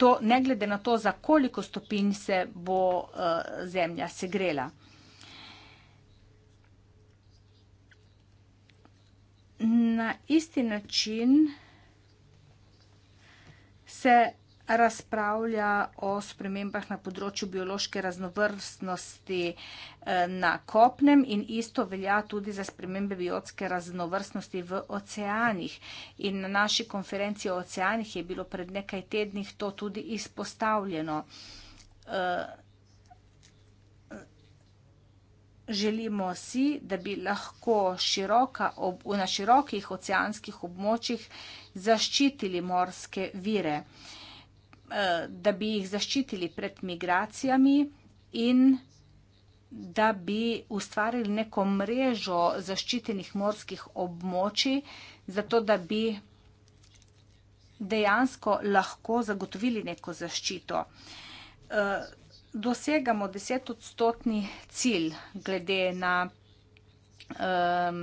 to, ne glede na to, za koliko stopinj se bo uh, zemlja segrela. Na isti način se razpravlja o spremembah na področju biološke raznovrstnosti eh, na kopnem in isto velja tudi za spremembe biotske raznovrstnosti v oceanih. In na naši konferenci o oceanih je bilo pred nekaj tednih to tudi izpostavljeno. Eh, želimo si, da bi lahko široka, na širokih oceanskih območjih zaščitili morske vire. Eh, da bi jih zaščitili pred migracijami in da bi ustvarili neko mrežo zaščitenih morskih območij, zato da bi dejansko lahko zagotovili neko zaščito. Eh, dosegamo desetodstotni cilj glede na um,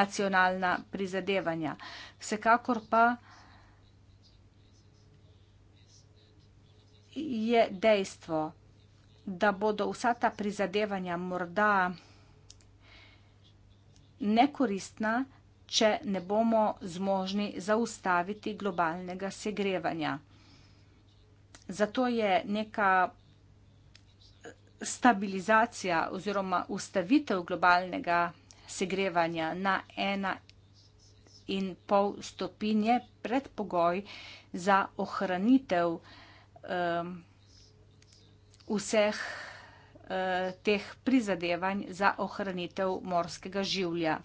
nacionalna prizadevanja. Vsekakor pa je dejstvo, da bodo vsa ta prizadevanja morda nekoristna, če ne bomo zmožni zaustaviti globalnega segrevanja. Zato je neka stabilizacija oziroma ustavitev globalnega segrevanja na ena in pol stopinje predpogoj za ohranitev um, vseh uh, teh prizadevanj za ohranitev morskega življa.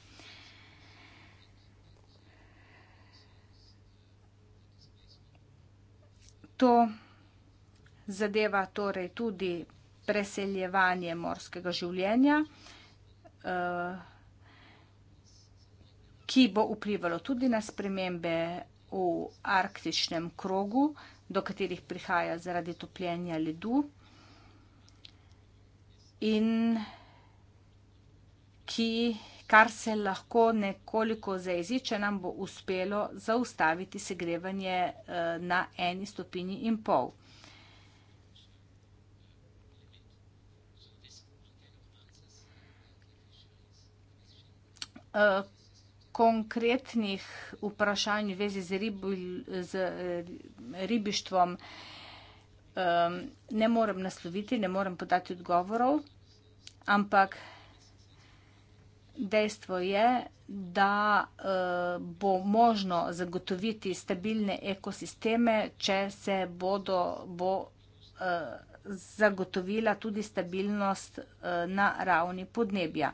To zadeva torej tudi preseljevanje morskega življenja, uh, ki bo vplivalo tudi na spremembe v arktičnem krogu, do katerih prihaja zaradi topljenja ledu in ki, kar se lahko nekoliko zaezi, če nam bo uspelo zaustaviti segrevanje eh, na eni stopinji in pol. Eh, konkretnih vprašanj v vezi z, ribu, z eh, ribištvom um, ne morem nasloviti, ne morem podati odgovorov, ampak dejstvo je, da uh, bo možno zagotoviti stabilne ekosisteme, če se bodo, bo uh, zagotovila tudi stabilnost uh, na ravni podnebja.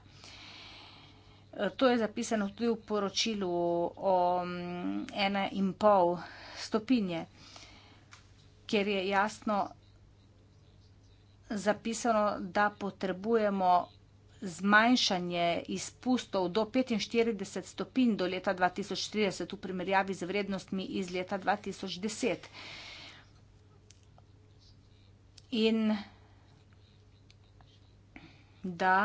To je zapisano tudi v poročilu o mm, ena in pol stopinje, kjer je jasno zapisano, da potrebujemo zmanjšanje izpustov do 45 stopinj do leta 2030 v primerjavi z vrednostmi iz leta 2010. In da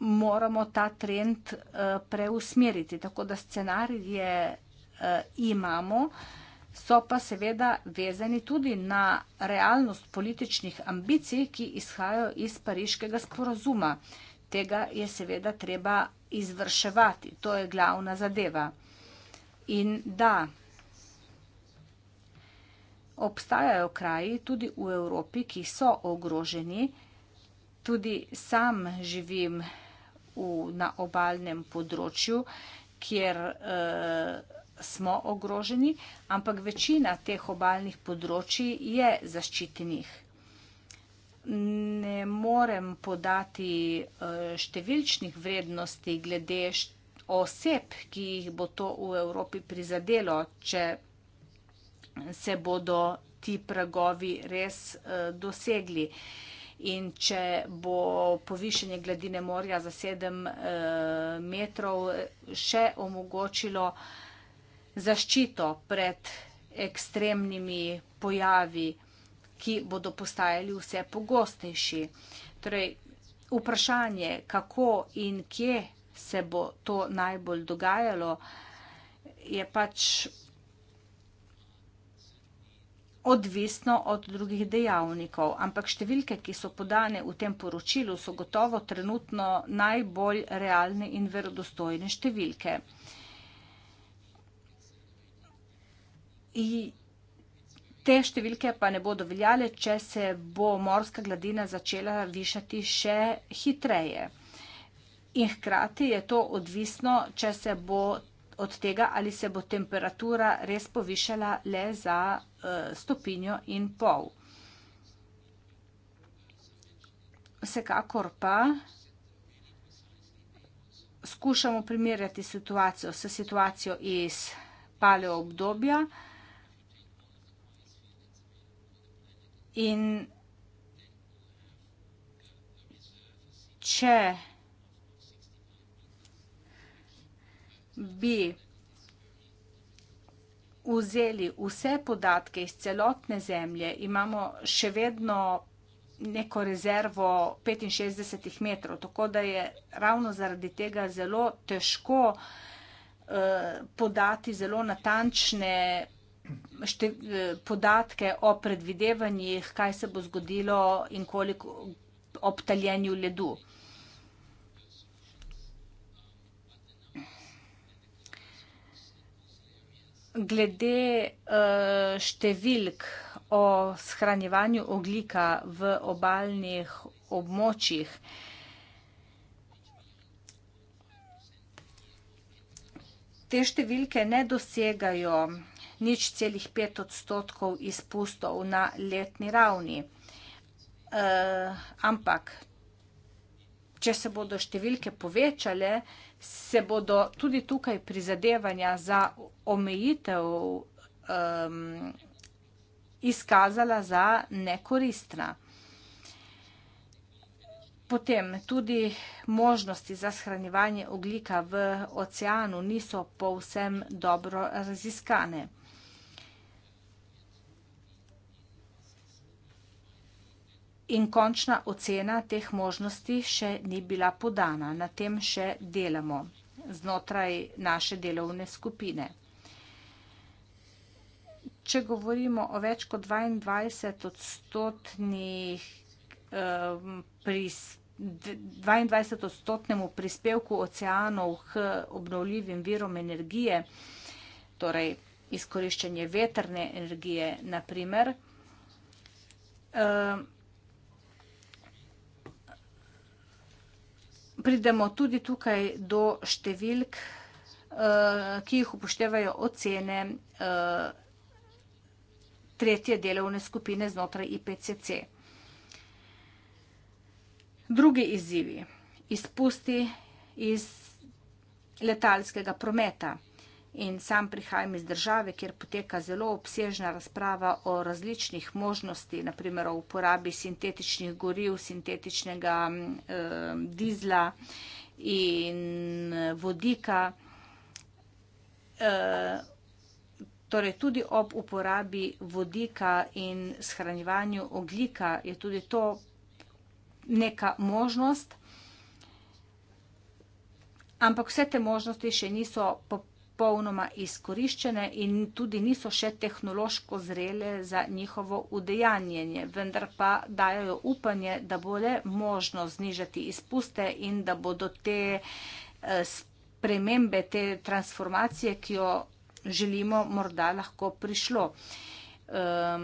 moramo ta trend uh, preusmeriti. Tako da scenarije uh, imamo, so pa seveda vezani tudi na realnost političnih ambicij, ki izhajajo iz pariškega sporozuma. Tega je seveda treba izvrševati, to je glavna zadeva. In da, obstajajo kraji tudi v Evropi, ki so ogroženi. Tudi sam živim v, na obalnem področju, kjer uh, smo ogroženi, ampak večina teh obalnih področji je zaščitenih. Ne morem podati uh, številčnih vrednosti glede oseb, ki jih bo to v Evropi prizadelo, če se bodo ti pragovi res uh, dosegli. Uh, in če bo povišenje gladine morja za 7 eh, metrov eh, še omogočilo zaščito pred ekstremnimi pojavi, ki bodo postajali vse pogostejši. Torej, vprašanje, kako in kje se bo to najbolj dogajalo, je pač odvisno od drugih dejavnikov. Ampak številke, ki so podane v tem poročilu, so gotovo trenutno najbolj realne in verodostojne številke. In Te številke pa ne bodo veljale, če se bo morska gladina začela višati še hitreje. In hkrati je to odvisno, če se bo od tega ali se bo temperatura res povišala le za stopinjo in pol. Vsekakor pa skušamo primerjati situacijo s situacijo iz paleo obdobja in če bi vzeli vse podatke iz celotne zemlje, imamo še vedno neko rezervo 65 metrov, tako da je ravno zaradi tega zelo težko eh, podati zelo natančne eh, podatke o predvidevanjih, kaj se bo zgodilo in koliko obtaljenju ledu. glede uh, številk o shranjevanju oglika v obaljnih območjih. Te številke ne dosegajo nič celih pet odstotkov izpustov na letni ravni. Uh, ampak, če se bodo številke povečale, se bodo tudi tukaj prizadevanja za omejitev um, izkazala za nekoristna. Potem tudi možnosti za shranjevanje oglika v oceanu niso povsem dobro raziskane. in končna ocena teh možnosti še ni bila podana. Na tem še delamo znotraj naše delovne skupine. Če govorimo o več kot 22 odstotnih prispevkih, 22 odstotnemu prispevku oceanov k obnovljivim virom energije, torej izkoriščanje veterne energije, naprimer, pridemo tudi tukaj do številk, eh, ki jih upoštevajo ocene eh, tretje delovne skupine znotraj IPCC. Drugi izzivi. Izpusti iz letalskega prometa in sam prihajam iz države, kjer poteka zelo obsežna razprava o različnih možnostih, naprimer o uporabi sintetičnih goriv, sintetičnega eh, dizla in eh, vodika. Eh, Torej, tudi ob uporabi vodika in shranjevanju oglika je tudi to neka možnost, ampak vse te možnosti še niso popolnoma popolnoma izkoriščene in tudi niso še tehnološko zrele za njihovo udejanjenje, vendar pa dajo upanje, da bo le možno znižati izpuste in da bodo te eh, spremembe, te transformacije, ki jo želimo, morda lahko prišlo. Um,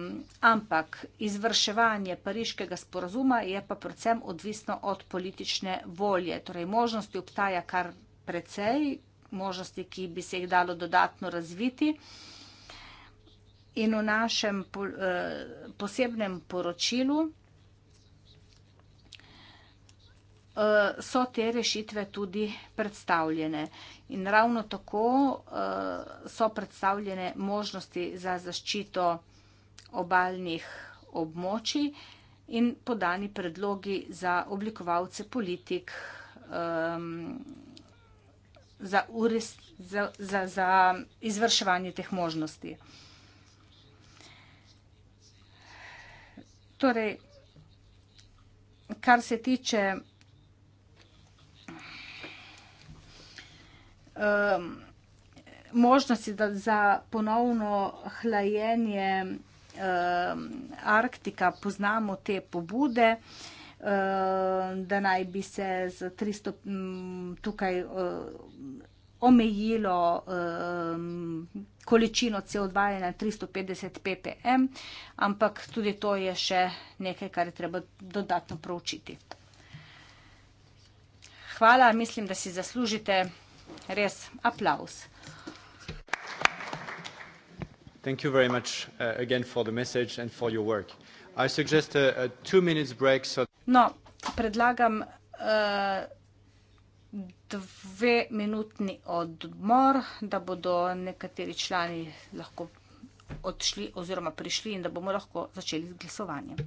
ampak izvrševanje pariškega sporazuma je pa predvsem odvisno od politične volje. Torej, možnosti obstaja kar precej, možnosti, ki bi se jih dalo dodatno razviti. In v našem eh, posebnem poročilu eh, so te rešitve tudi predstavljene. In ravno tako eh, so predstavljene možnosti za zaščito obaljnih območij in podani predlogi za oblikovalce politik ehm, za, ures, za, za, za izvrševanje teh možnosti. Torej, kar se tiče um, možnosti da, za ponovno hlajenje um, Arktika, poznamo te pobude. Um, da naj bi se z 300 tukaj eh, omejilo eh, količino CO2 na 350 ppm, ampak tudi to je še nekaj, kar je treba dodatno proučiti. Hvala, mislim, da si zaslužite res aplaus. Thank you very much uh, again for the message and for your work. I suggest a, a two minutes break so No, predlagam uh, eh, dve minutni odmor, da bodo nekateri člani lahko odšli oziroma prišli in da bomo lahko začeli z glasovanjem.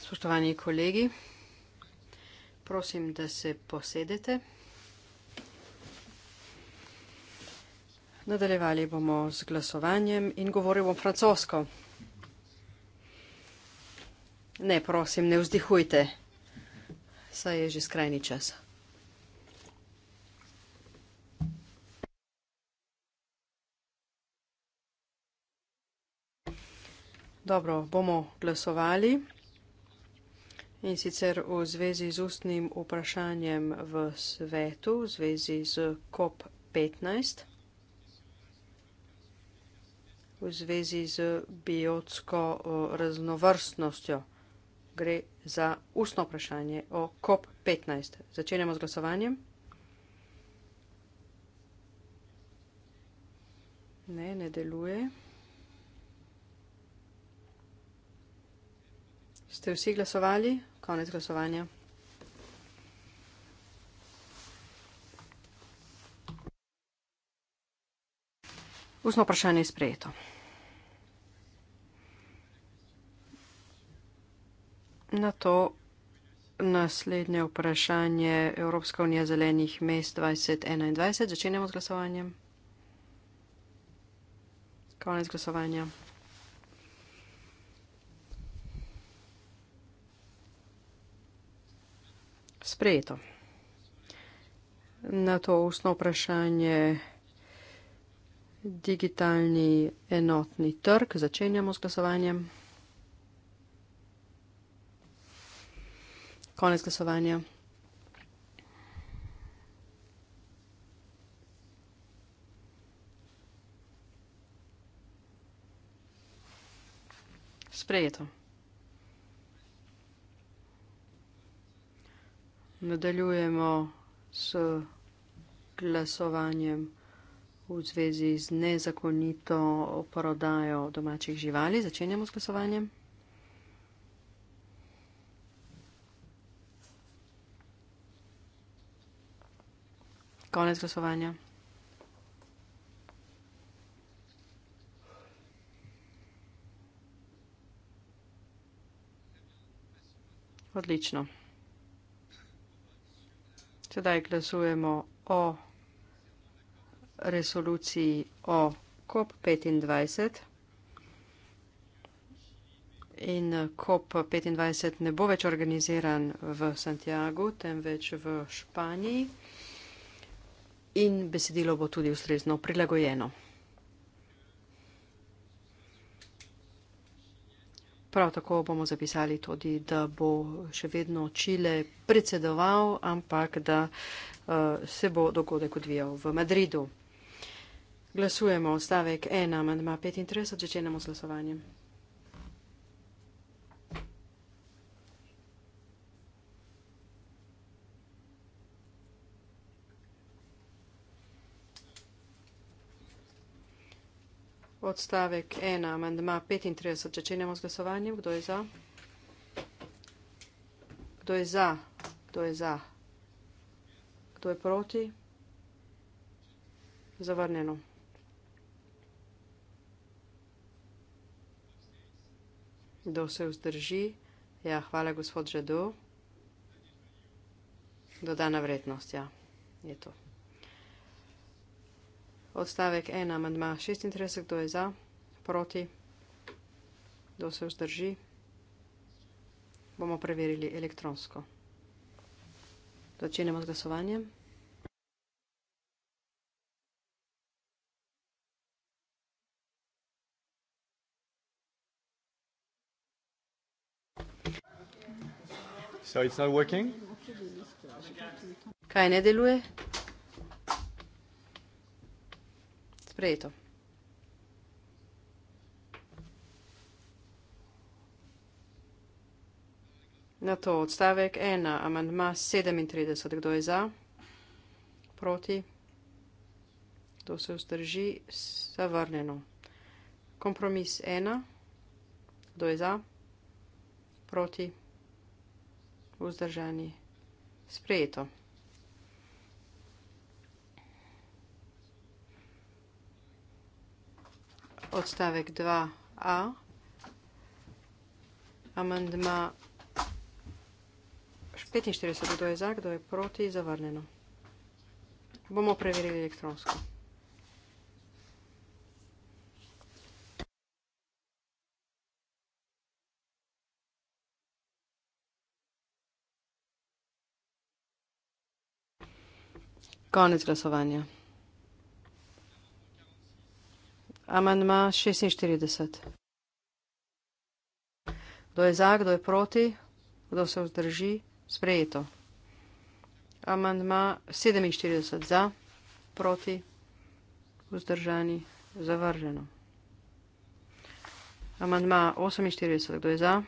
Spoštovani kolegi, prosim, da se posedete. Nadaljevali bomo z glasovanjem in govorimo francosko. Ne, prosim, ne vzdihujte. Saj je že skrajni čas. Dobro, bomo glasovali in sicer v zvezi z ustnim vprašanjem v svetu, v zvezi z COP15, v zvezi z biotsko raznovrstnostjo. Gre za ustno vprašanje o COP15. Začenjamo z glasovanjem. Ne, ne deluje. Ste vsi glasovali? Konec glasovanja. Usno vprašanje je sprejeto. Na to naslednje vprašanje Evropska unija zelenih mest 2021. Začenjamo z glasovanjem. Konec glasovanja. sprejeto. Na to ustno vprašanje digitalni enotni trg začenjamo s glasovanjem. Konec glasovanja. Sprejeto. Nadaljujemo s glasovanjem v zvezi z nezakonito oporodajo domačih živali. Začenjamo s glasovanjem. Konec glasovanja. Odlično. Sedaj glasujemo o resoluciji o COP25 in COP25 ne bo več organiziran v Santiago, temveč v Španiji in besedilo bo tudi ustrezno prilagojeno. Prav tako bomo zapisali tudi, da bo še vedno Čile predsedoval, ampak da uh, se bo dogodek odvijal v Madridu. Glasujemo stavek 1, amandma 35, začenjamo s glasovanjem. Odstavek 1, amandma 35. Začenjamo z glasovanjem. Kdo je za? Kdo je za? Kdo je za? Kdo je proti? Zavrnjeno. Kdo se vzdrži? Ja, hvala, gospod Žedo. Dodana vrednost, ja, je to. Odstavek 1, amandma 36, kdo je za, proti, kdo se vzdrži, bomo preverili elektronsko. Začenjamo z glasovanjem. So it's not working? Kaj ne deluje? Sprejeto. Na to odstavek ena, amandma 37, kdo je za, proti, kdo se vzdrži, zavrneno. Kompromis ena, kdo je za, proti, vzdržani, sprejeto. odstavek 2a, amendma 45, kdo je za, kdo je proti, zavrnjeno. Bomo preverili elektronsko. Konec glasovanja. Amandma 46. Kdo je za, kdo je proti, kdo se vzdrži, sprejeto. Amandma 47 za, proti, vzdržani, zavrženo. Amandma 48, kdo je za,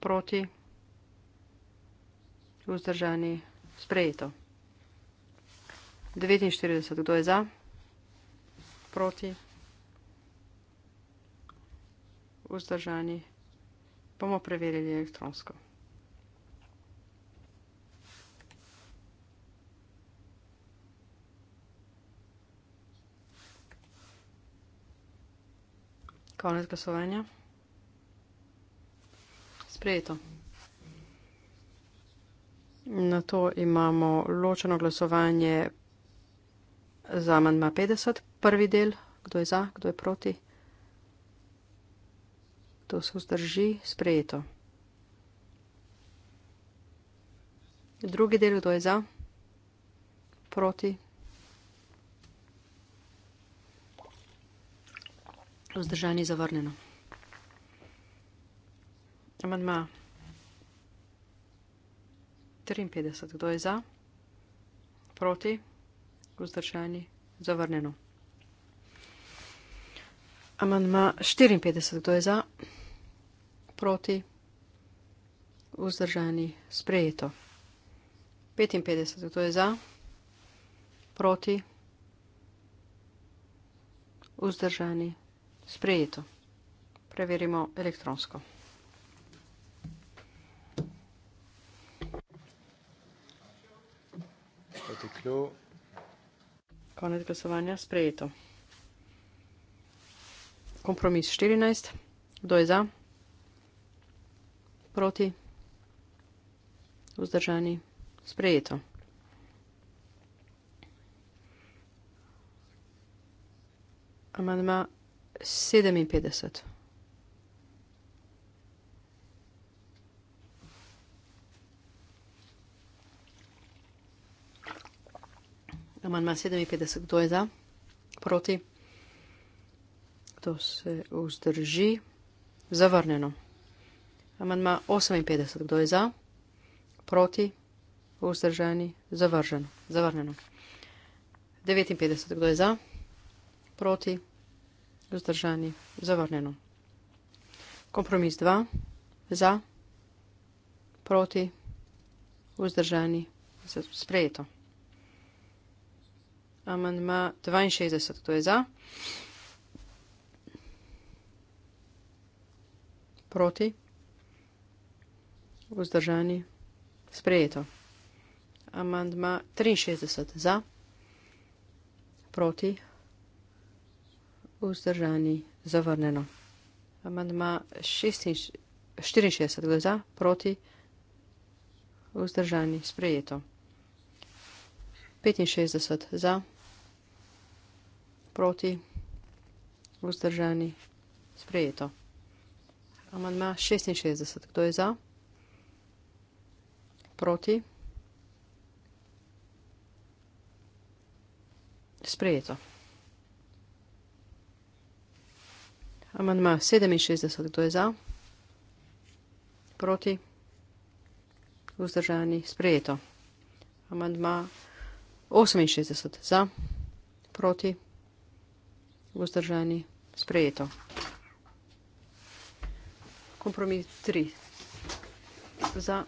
proti, vzdržani, sprejeto. 49, kdo je za, proti. Vzdržani. Bomo preverili elektronsko. Konec glasovanja. Sprejeto. Na to imamo ločeno glasovanje za manjma 50 prvi del, kdo je za, kdo je proti. To se vzdrži, sprejeto. Drugi del, kdo je za, proti. Vzdržanje je zavrnjeno. Amandma 53, kdo je za, proti, vzdržanje je zavrnjeno. Amandma 54, kdo je za? Proti? Vzdržani? Sprejeto. 55, kdo je za? Proti? Vzdržani? Sprejeto. Preverimo elektronsko. Konec glasovanja sprejeto kompromis 14. Kdo je za? Proti? Vzdržani? Sprejeto. Amandma 57. Amandma 57. Kdo je za? Proti? to se vzdrži. Zavrnjeno. Amandma 58. Kdo je za? Proti? Vzdržani? Zavrženo. Zavrnjeno. 59. Kdo je za? Proti? Vzdržani? Zavrnjeno. Kompromis 2. Za? Proti? Vzdržani? Sprejeto. Amandma 62. Kdo je za? Proti? Proti? Vzdržani? Sprejeto. Amandma 63 za. Proti? Vzdržani? Zavrneno. Amandma 64 glede za. Proti? Vzdržani? Sprejeto. 65 za. Proti? Vzdržani? Sprejeto. Amandma 66. Kdo je za? Proti? Sprejeto. Amandma 67. Kdo je za? Proti? Vzdržani? Sprejeto. Amandma 68. Za? Proti? Vzdržani? Sprejeto kompromis 3 za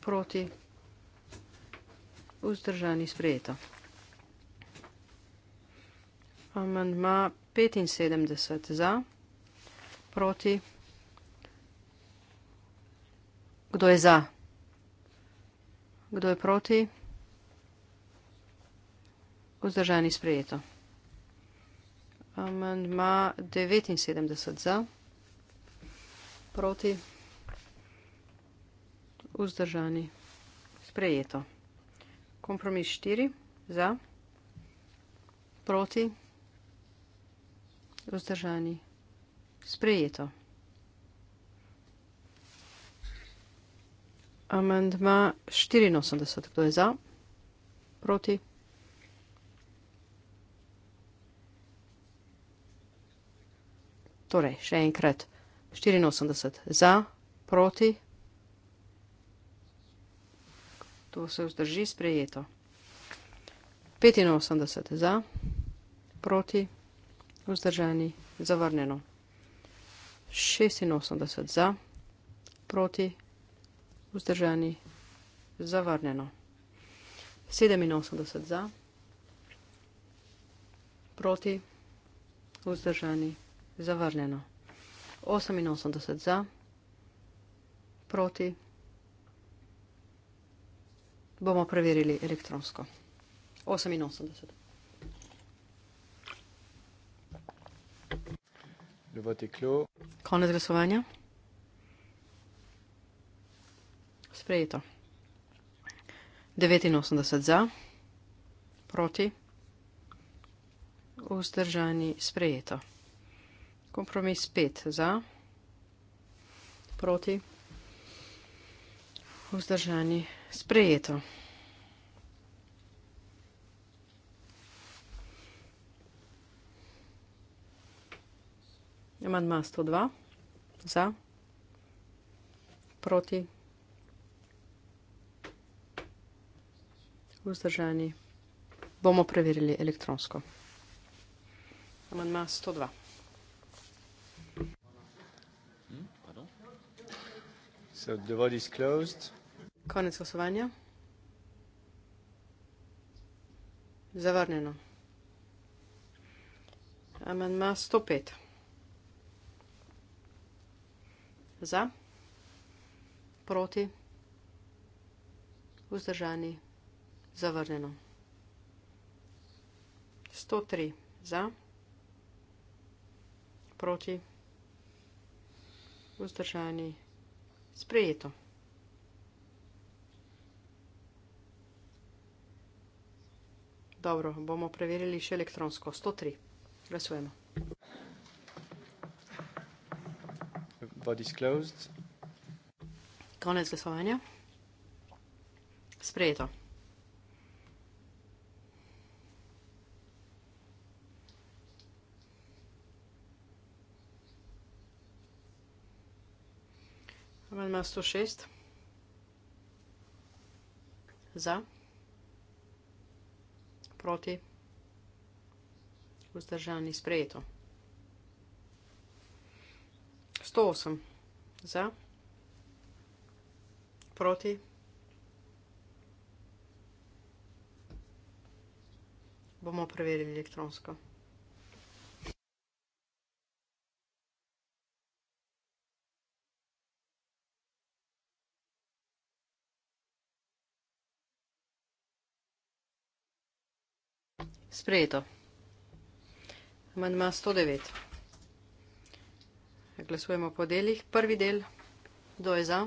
proti vzdržani sprejeto. Amandma 75 za proti. Kdo je za? Kdo je proti? Vzdržani sprejeto. Amandma 79 za proti. Proti. Vzdržani. Sprejeto. Kompromis štiri. Za. Proti. Vzdržani. Sprejeto. Amendma 84. Kdo je za? Proti. Torej, še enkrat. 84 za, proti. To se vzdrži sprejeto. 85 za, proti, vzdržani, zavrnjeno. 86 za, proti, vzdržani, zavrnjeno. 87 za, proti, vzdržani, zavrnjeno. 88 za, proti. Bomo preverili elektronsko. 88. Konec glasovanja. Sprejeto. 89 za, proti. Vzdržani sprejeto. Kompromis pet za, proti, vzdržani, sprejeto. Amandma 102 za, proti, vzdržani, bomo preverili elektronsko. Amandma 102. So the vote is closed. Konec glasovanja. Zavrnjeno. Amendma 105. Za. Proti. Vzdržani. Zavrnjeno. 103. Za. Proti. Vzdržani. Zavrnjeno. Sprejeto. Dobro, bomo preverili še elektronsko. 103. Glasujemo. Konec glasovanja. Sprejeto. 106. Za. Proti. Vzdržani sprejeto. 108. Za. Proti. Bomo preverili elektronsko. Sprejeto. Amandma 109. Glasujemo po delih. Prvi del, kdo je za?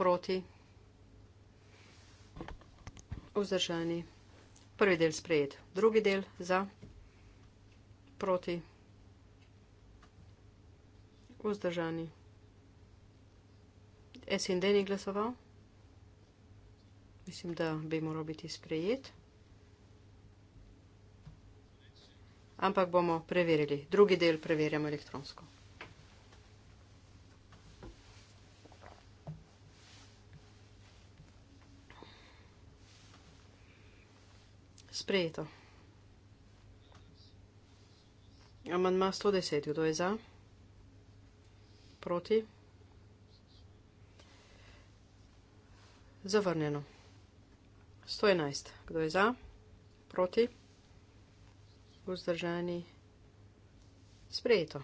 Proti? Vzdržani. Prvi del sprejet. Drugi del za? Proti? Vzdržani. SND ni glasoval. Mislim, da bi moral biti sprejet. ampak bomo preverili. Drugi del preverjamo elektronsko. Sprejeto. Amandma 110. Kdo je za? Proti? Zavrnjeno. 111. Kdo je za? Proti? vzdržani, sprejeto.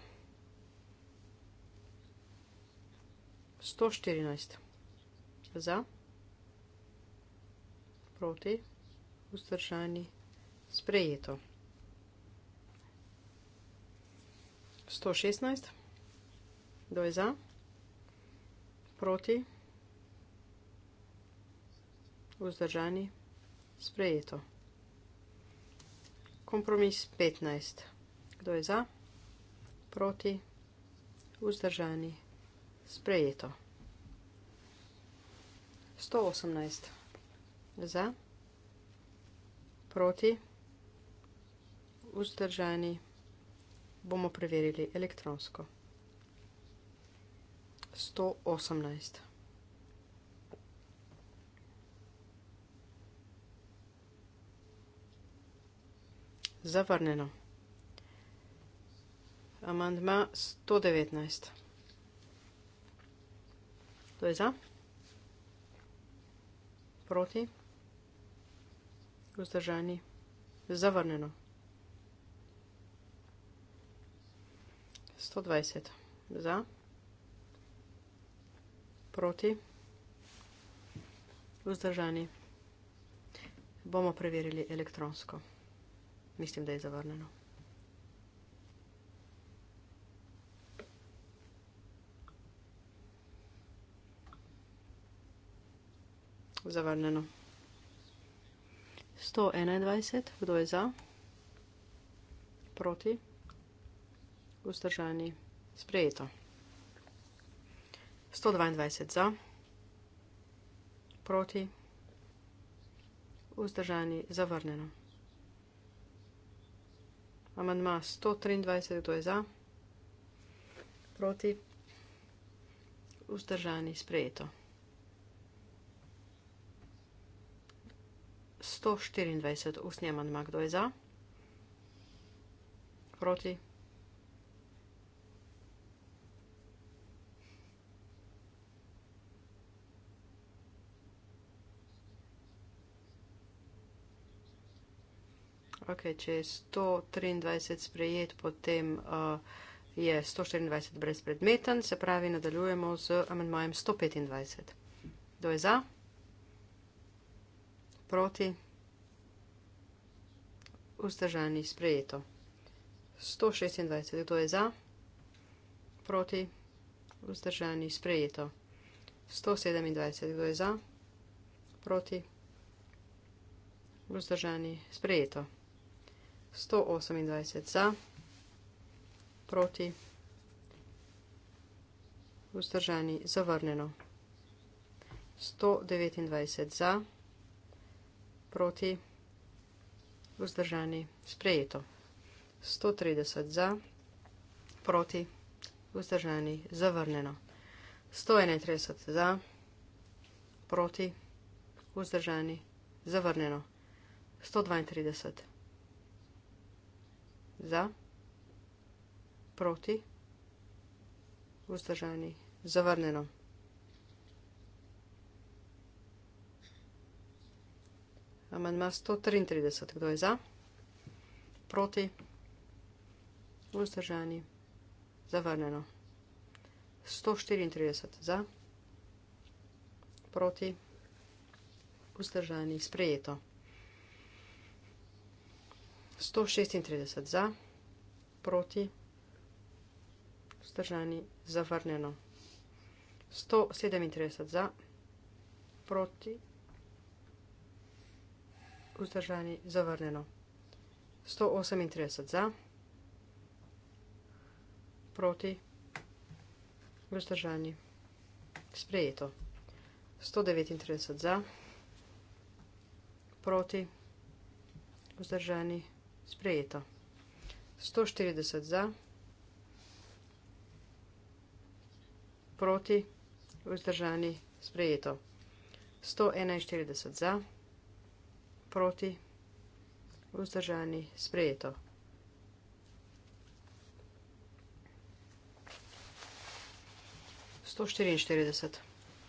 114 za, proti, vzdržani, sprejeto. 116, doj za, proti, vzdržani, sprejeto. 117 kompromis 15. Kdo je za? Proti? Vzdržani? Sprejeto. 118. Za? Proti? Vzdržani? Bomo preverili elektronsko. 118. 118. zavrnjeno. Amandma 119. To je za. Proti. Vzdržani. Zavrnjeno. 120. Za. Proti. Vzdržani. Bomo preverili elektronsko. Mislim, da je zavrnjeno. Zavrnjeno. 121, kdo je za? Proti? Vzdržani? Sprejeto. 122 za? Proti? Vzdržani? Zavrnjeno. Amandma 123, kdo je za? Proti? Vzdržani, sprejeto. 124, ustni amandma, kdo je za? Proti? okay, če je 123 sprejet, potem uh, je 124 brezpredmeten, se pravi, nadaljujemo z amendmajem 125. Kdo je za? Proti? Vzdržani sprejeto. 126. Kdo je za? Proti? Vzdržani sprejeto. 127. Kdo je za? Proti? Vzdržani sprejeto. 128 za, proti, vzdržani, zavrnjeno. 129 za, proti, vzdržani, sprejeto. 130 za, proti, vzdržani, zavrnjeno. 131 za, proti, vzdržani, zavrnjeno. 132 za za, proti, vzdržani, zavrnjeno. Amandma 133, kdo je za, proti, vzdržani, zavrnjeno. 134 za, proti, vzdržani, sprejeto. 136 za, proti, vzdržani, zavrnjeno. 137 za, proti, vzdržani, zavrnjeno. 138 za, proti, vzdržani, sprejeto. 139 za, proti, vzdržani, zavrnjeno. Sprejeto. 140 za, proti, vzdržani, sprejeto. 141 za, proti, vzdržani, sprejeto. Sto štiriinštirideset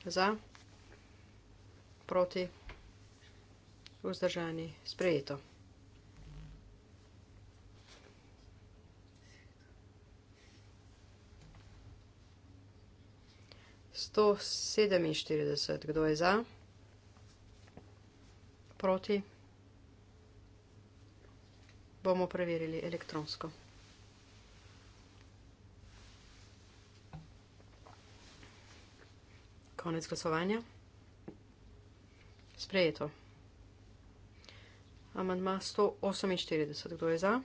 za, proti, vzdržani, sprejeto. 147, kdo je za, proti. Bomo preverili elektronsko. Konec glasovanja. Sprejeto. Amandma 148, kdo je za,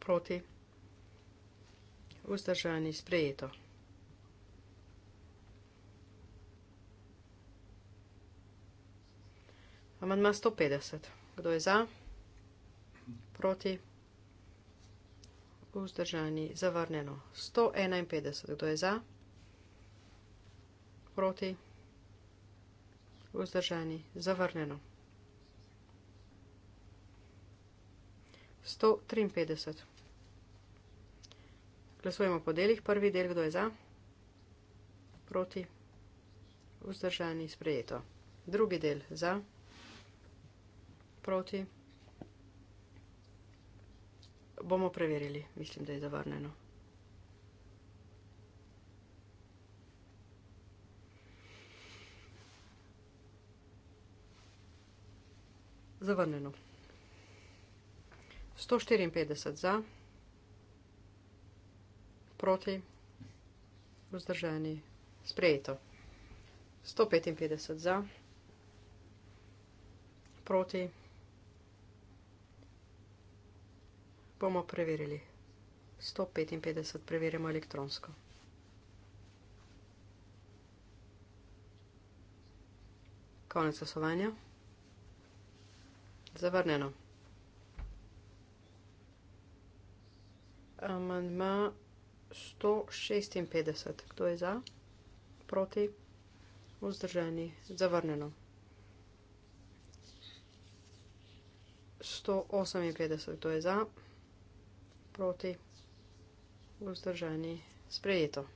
proti, vzdržani, sprejeto. Amandma 150. Kdo je za? Proti? Vzdržani. Zavrnjeno. 151. Kdo je za? Proti? Vzdržani. Zavrnjeno. 153. Glasujemo po delih. Prvi del, kdo je za? Proti? Vzdržani. Sprejeto. Drugi del za? Proti? proti. Bomo preverili, mislim, da je zavrneno. Zavrneno. 154 za, proti, vzdržani, sprejeto. 155 za, proti, vzdržani. bomo preverili. 155 preverimo elektronsko. Konec glasovanja. Zavrnjeno. Amandma 156. Kdo je za? Proti? Vzdržani? Zavrnjeno. 158. Kdo je za? proti, vzdržani, sprejeto.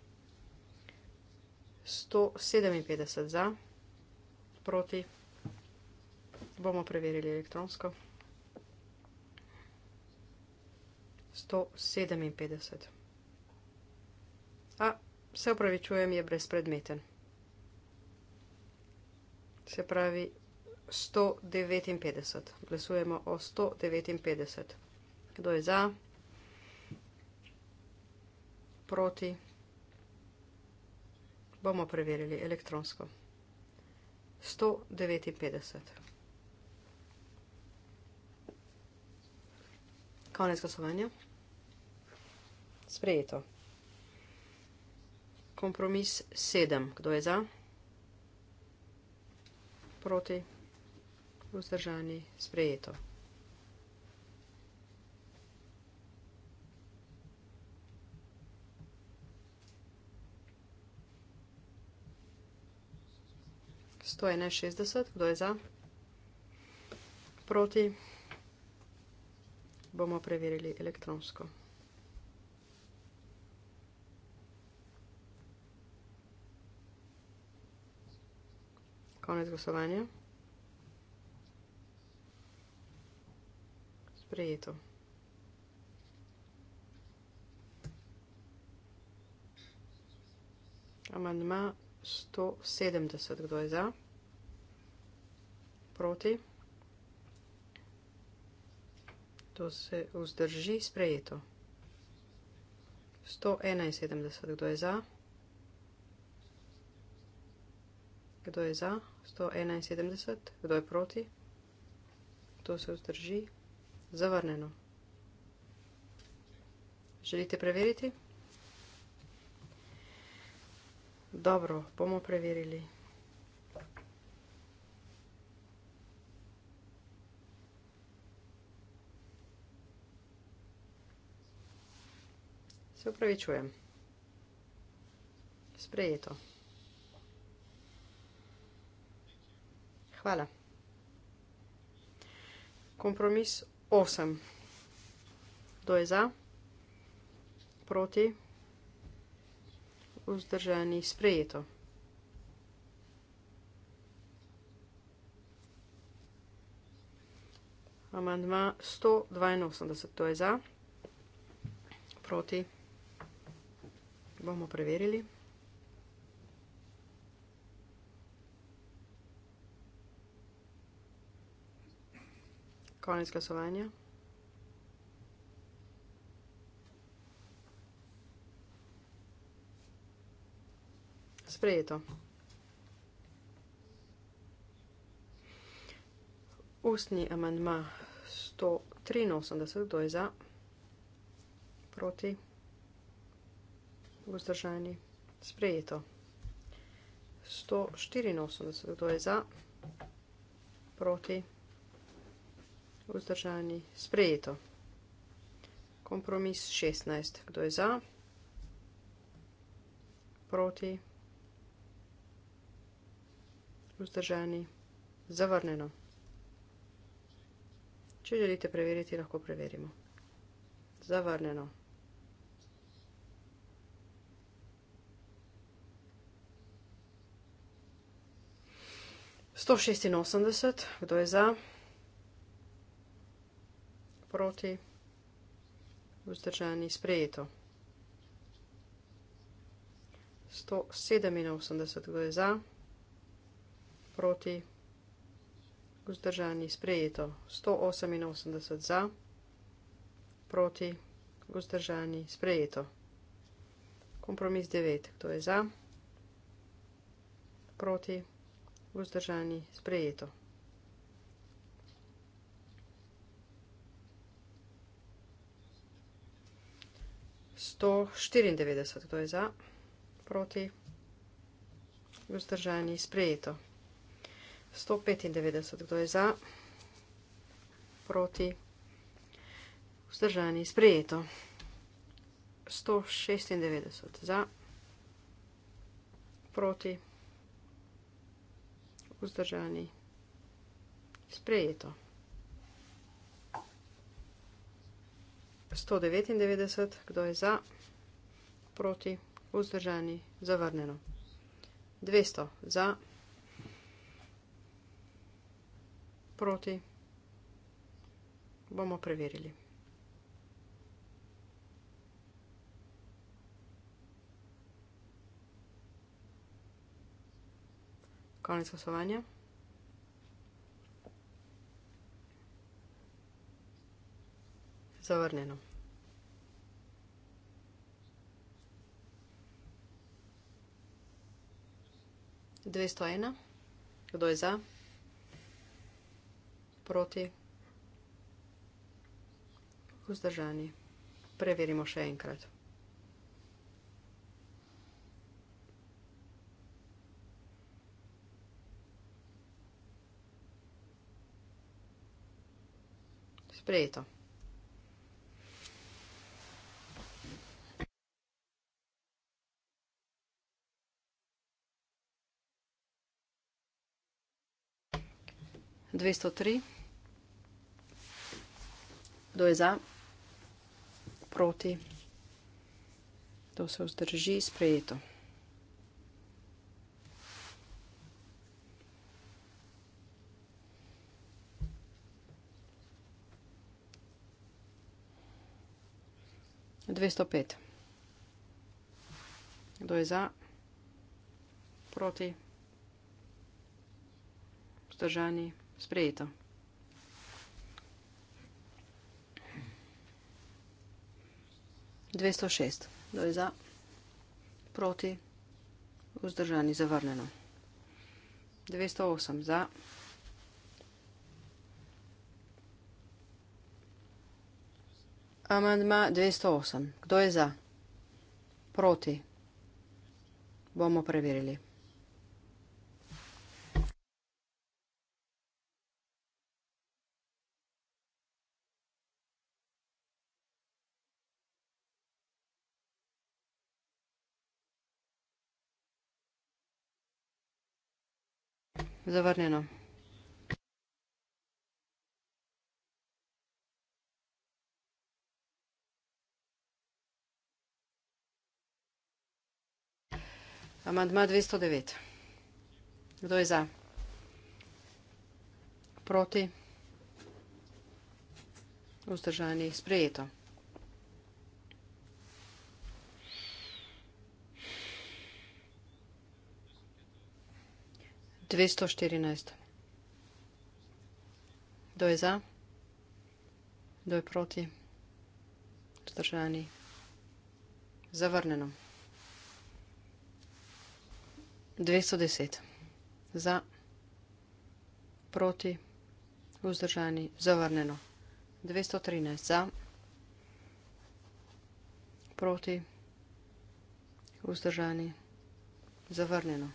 157 za, proti, bomo preverili elektronsko. 157. A, se upravičujem, je brezpredmeten. Se pravi 159. Glasujemo o 159. Kdo je za? proti. Bomo preverili elektronsko. 159. Konec glasovanja. Sprejeto. Kompromis 7. Kdo je za? Proti. Vzdržani. Sprejeto. 161, kdo je za? Proti. Bomo preverili elektronsko. Konec glasovanja. Sprejeto. Amandma 170, kdo je za? proti. To se vzdrži sprejeto. 171, kdo je za? Kdo je za? 171, kdo je proti? To se vzdrži. Zavrneno. Želite preveriti? Dobro, bomo preverili. Se upravičujem. Sprejeto. Hvala. Kompromis 8. Kdo je za? Proti? Vzdržani? Sprejeto. Amandma 182. Kdo je za? Proti? bomo preverili. Konec glasovanja. Sprejeto. Ustni amandma 183, kdo je za? Proti vzdržani, sprejeto. 184, kdo je za, proti, vzdržani, sprejeto. Kompromis 16, kdo je za, proti, vzdržani, zavrneno. Če želite preveriti, lahko preverimo. Zavrneno. 186, kdo je za? Proti? Vzdržani sprejeto. 187, kdo je za? Proti? Vzdržani sprejeto. 188 za? Proti? Vzdržani sprejeto. Kompromis 9, kdo je za? Proti? vzdržani sprejeto. Sto štirindevedeset, kdo je za, proti, vzdržani sprejeto. Sto petindevedeset, kdo je za, proti, vzdržani sprejeto. Sto šestindevedeset, za, proti, vzdržani sprejeto vzdržani. Sprejeto. 199, kdo je za, proti, vzdržani, zavrneno. 200, za, proti, bomo preverili. Konec glasovanja. Zavrnjeno. Dvesto ena. Kdo je za? Proti? Vzdržani. Preverimo še enkrat. Sprejeto. Dvesto tri. Kdo je za? Proti. Kdo se vzdrži? Sprejeto. 205. Kdo je za? Proti? Vzdržani? Sprejeto. Dvesto šest. Kdo je za? Proti? Vzdržani? Zavrneno. Dvesto osem. Za? Proti? Amandma 208. Kdo je za? Proti? Bomo preverili. Zavrnjeno. Amandma 209. Kdo je za? Proti? Vzdržani? Sprejeto. Dvesto štirinajst. Kdo je za? Kdo je proti? Vzdržani? Zavrneno. 210. Za, proti, vzdržani, zavrneno. 213. Za, proti, vzdržani, zavrneno.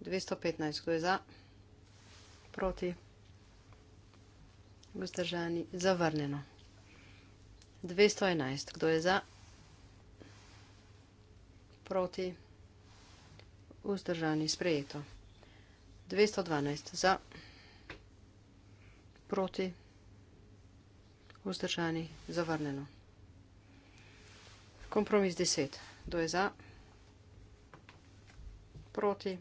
215. Kdo je za, proti, vzdržani, zavrneno. 211. Kdo je za, proti, vzdržani, zavrneno vzdržani sprejeto. 212 za, proti, vzdržani, zavrneno. Kompromis 10. Do je za, proti,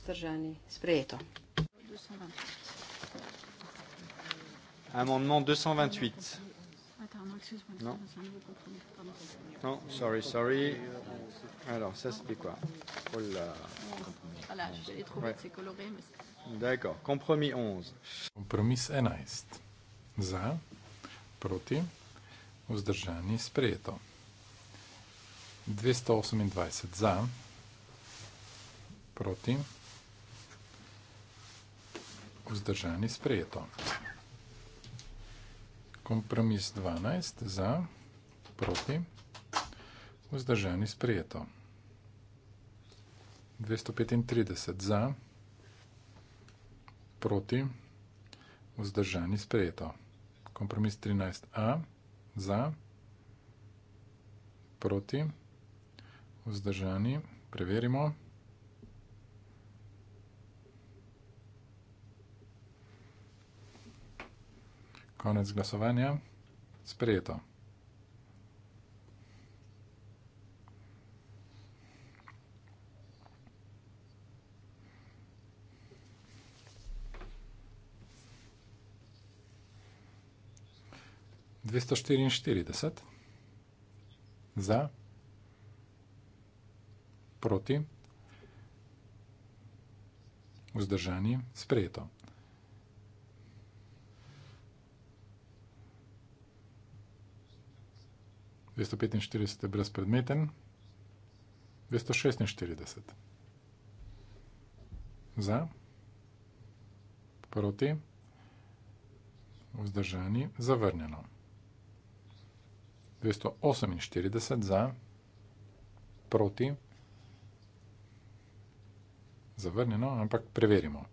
vzdržani, sprejeto. Amendement 228. Non. Non, sorry, sorry. Alors, ça, c'était quoi oh là. Voilà, je l'ai trouvé, ouais. c'est coloré. Mais... D'accord, compromis 11. Compromis 11. Za, proti, vzdržani, sprejeto. 228 za, proti, vzdržani, sprejeto kompromis 12 za, proti, vzdržani sprejeto. 235 za, proti, vzdržani sprejeto. Kompromis 13a za, proti, vzdržani, preverimo. 235 za, proti. Konec glasovanja. Sprejeto. Dvesto štiriinštirideset za, proti, vzdržani, sprejeto. 245 je brezpredmeten, 246 za proti, vzdržani, zavrnjeno. 248 za proti, zavrnjeno, ampak preverimo.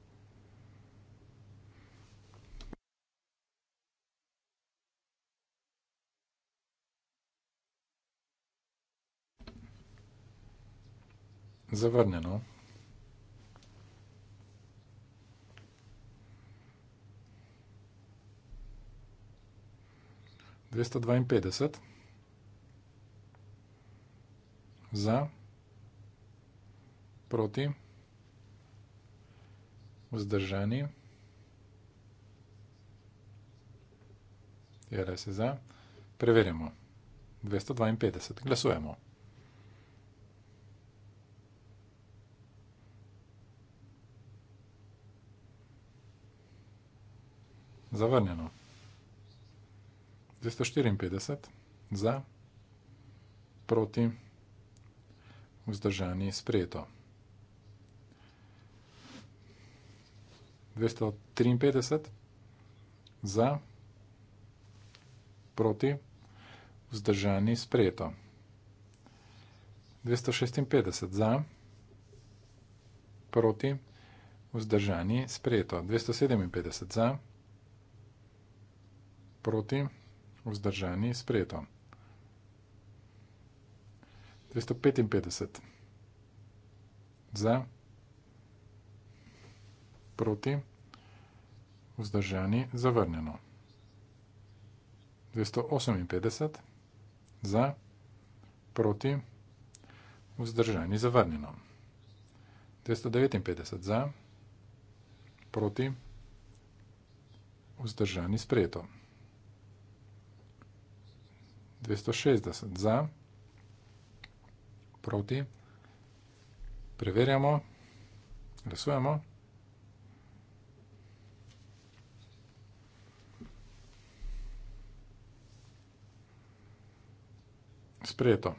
zavrne. No? Dvesto dvainpetdeset za, proti, vzdržani, je res za, preverjamo. Dvesto dvainpetdeset, glasujemo. zavrnjeno. 254 za, proti, vzdržani, sprejeto. 253 za, proti, vzdržani, sprejeto. 256 za, proti, vzdržani, sprejeto. 257 za, proti, vzdržani, sprejeto proti, vzdržani, sprejeto. 255 za, proti, vzdržani, zavrnjeno. 258 za, proti, vzdržani, zavrnjeno. 259 za, proti, vzdržani, sprejeto. 256 za, proti, vzdržani, sprejeto. 260 za, proti, preverjamo, glasujemo. Sprejeto.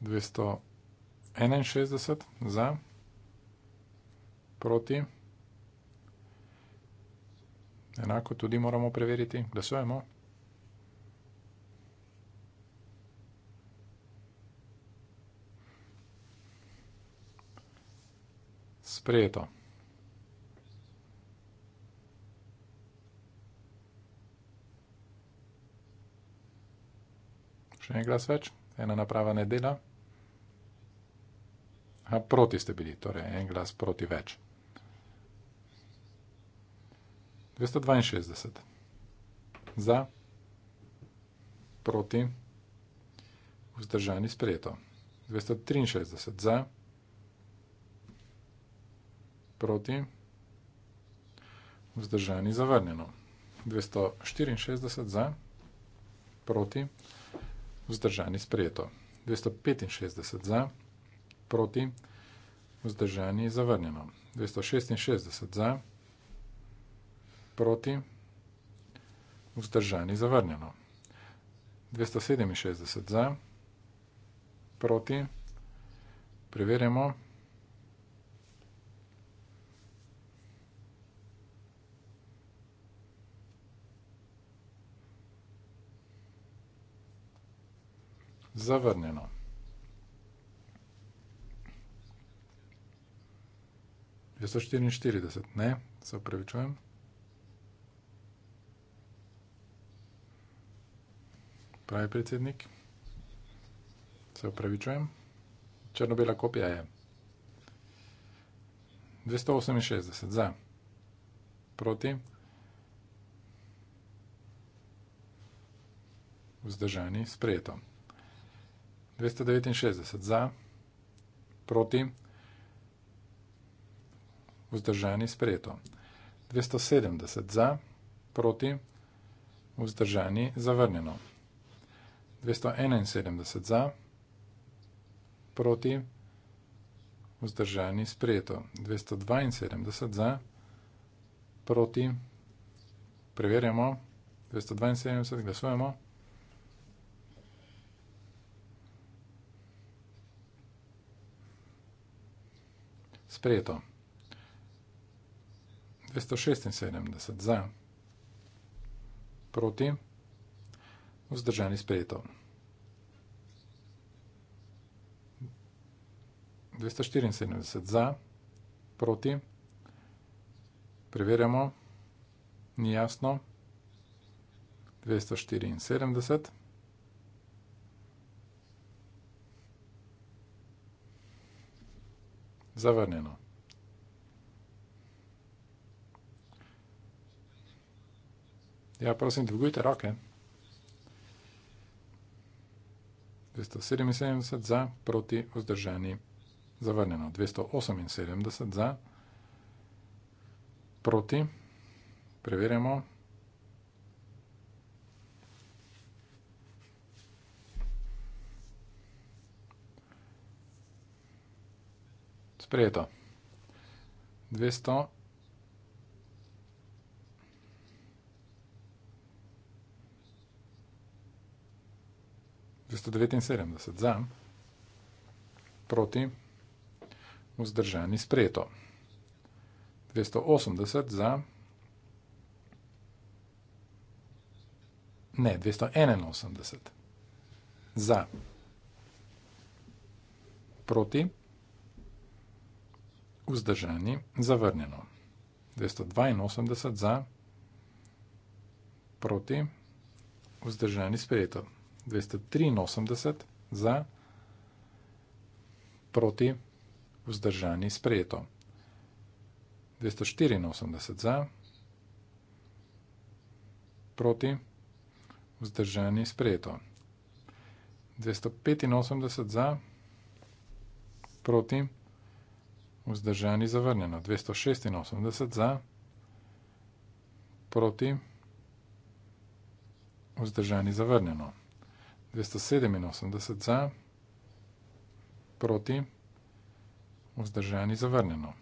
261 za, proti, enako tudi moramo preveriti, glasujemo. sprejeto. Še en glas več, ena naprava ne dela. Aha, proti ste bili, torej en glas proti več. 262 za, proti, vzdržani sprejeto. 263 za, proti, vzdržani zavrnjeno. 264 za, proti, vzdržani sprejeto. 265 za, proti, vzdržani zavrnjeno. 266 za, proti, vzdržani zavrnjeno. 267 za, proti, preverjamo, zavrnjeno. Je to 44, ne, se upravičujem. Pravi predsednik, se upravičujem. Črno-bela kopija je. 268 za. Proti. Vzdržani, sprejeto. 269 za, proti, vzdržani sprejeto. 270 za, proti, vzdržani zavrnjeno. 271 za, proti, vzdržani sprejeto. 272 za, proti, preverjamo, 272 glasujemo, 272 za, sprejeto. 276 za, proti, vzdržani sprejeto. 274 za, proti, preverjamo, ni jasno, 274 za. zavrnjeno. Ja, prosim, dvigujte roke. 277 za, proti, vzdržani, zavrnjeno. 278 za, proti, preverjamo. Sprejeto. 200. Dvesto devetinsedemdeset za, proti, vzdržani sprejeto. Dvesto osemdeset za, ne, dvesto enenosemdeset za, proti, vzdržani sprejeto vzdržani, zavrnjeno. 282 za, proti, vzdržani, sprejeto. 283 za, proti, vzdržani, sprejeto. 284 za, proti, vzdržani, sprejeto. 285 za, proti, vzdržani, sprejeto vzdržani zavrnjeno, 286 za, proti, vzdržani zavrnjeno, 287 za, proti, vzdržani zavrnjeno.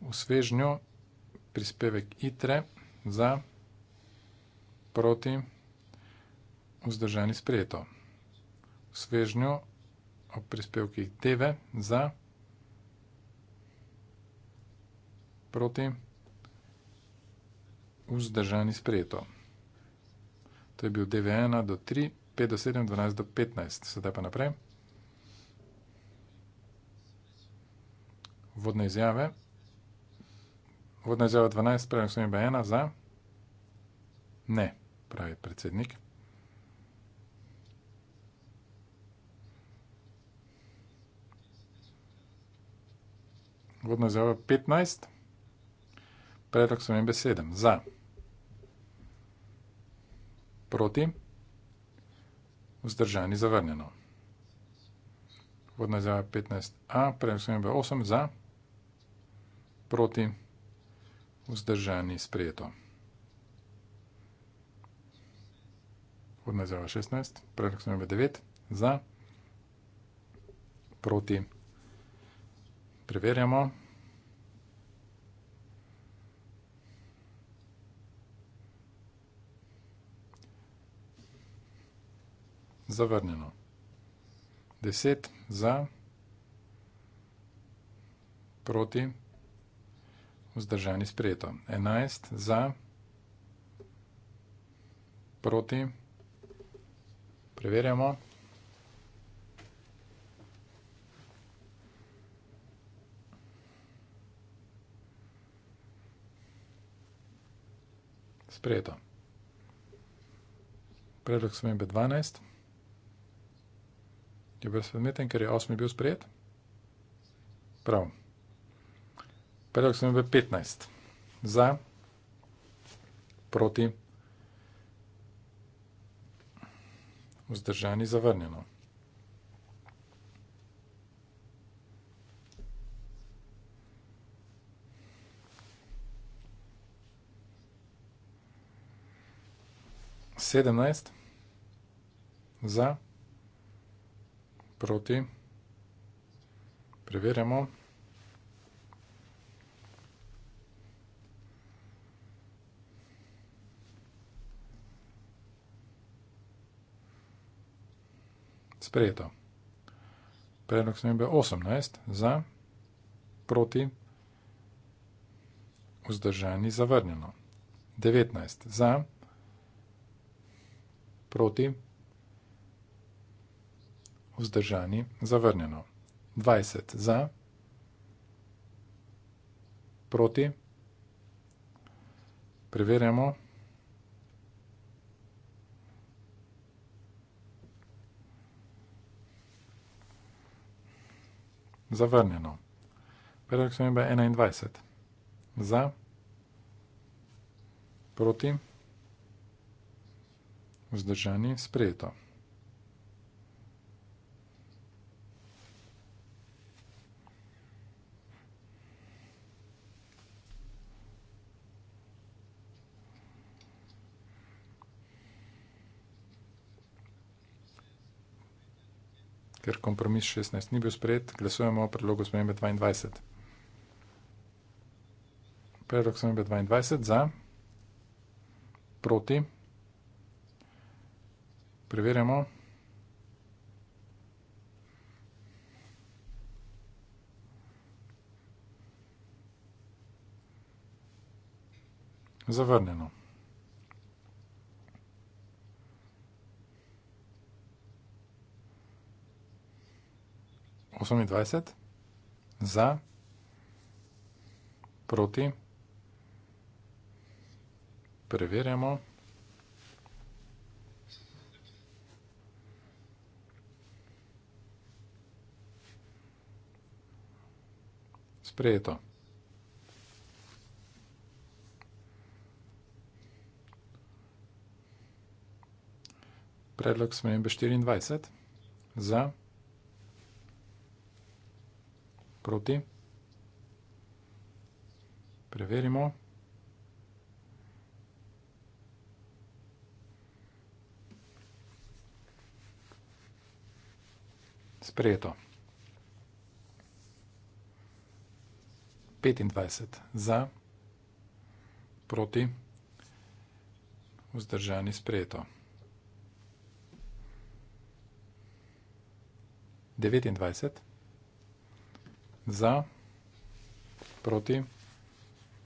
V svežnjo prispevek ITRE za, proti, vzdržani sprejeto. V svežnjo prispevek ITRE za, proti, vzdržani sprejeto o prispevkih Teve za, proti, vzdržani sprejeto. To je bil DV1 do 3, 5 do 7, 12 do 15. Sedaj pa naprej. Vodne izjave. Vodna izjava 12, pravim, smem ba 1 za. Ne, pravi predsednik. vodno izjavo 15, predlog spremembe 7. Za, proti, vzdržani, zavrnjeno. Vodno izjavo 15a, predlog spremembe 8. Za, proti, vzdržani, sprejeto. Vodno izjavo 16, predlog spremembe 9. Za, proti, vzdržani, sprejeto preverjamo. Zavrnjeno. Deset za, proti, vzdržani sprejeto. Enajst za, proti, preverjamo. Preverjamo. Sprejeto. Predlog spremembe 12 je bil spremeten, ker je 8 bil sprejet. Prav. Predlog spremembe 15 za, proti, vzdržani, zavrnjeno. 17 za, proti, preverjamo. Sprejeto. Predlog smo imeli 18 za, proti, vzdržani, zavrnjeno. 19 za, proti, proti, vzdržani, zavrnjeno. 20 za, proti, preverjamo, zavrnjeno. Predlog sem imel 21 za, proti, proti, vzdržani, sprejeto. Ker kompromis 16 ni bil sprejet, glasujemo o predlogu spremembe 22. Predlog spremembe 22 za, proti preverjamo. Zavrnjeno. Osemindvajset za, proti, preverjamo. sprejeto. Predlog smembe 24 za proti. Preverimo. Sprejeto. 25 za, proti, vzdržani sprejeto. 29 za, proti,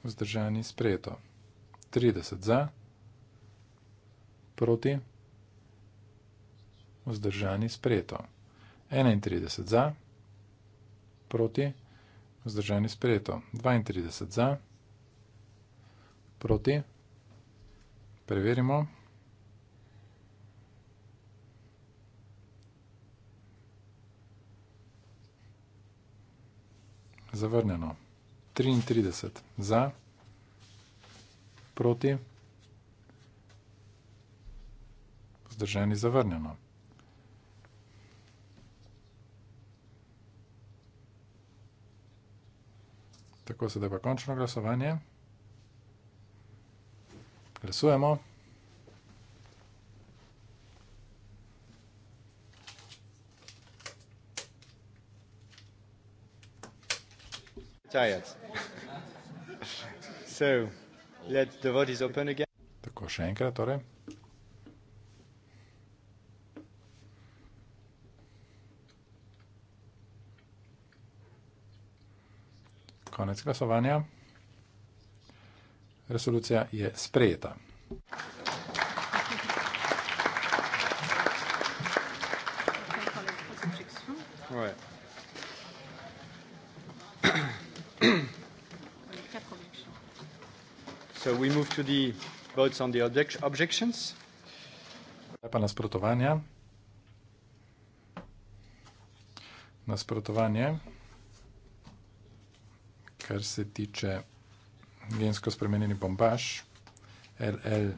vzdržani sprejeto. 30 za, proti, vzdržani sprejeto. 31 za, proti, vzdržani sprejeto. Zdržani sprejeto. 32 za. Proti. Preverimo. Zavrnjeno. 33 za. Proti. Zdržani zavrnjeno. Tako se da pa končno glasovanje. Glasujemo. Tako, še enkrat torej. konec glasovanja. Resolucija je sprejeta. So we move to the votes on the object objections. Pa nasprotovanja. Nasprotovanje kar se tiče gensko spremenjeni bombaž, LL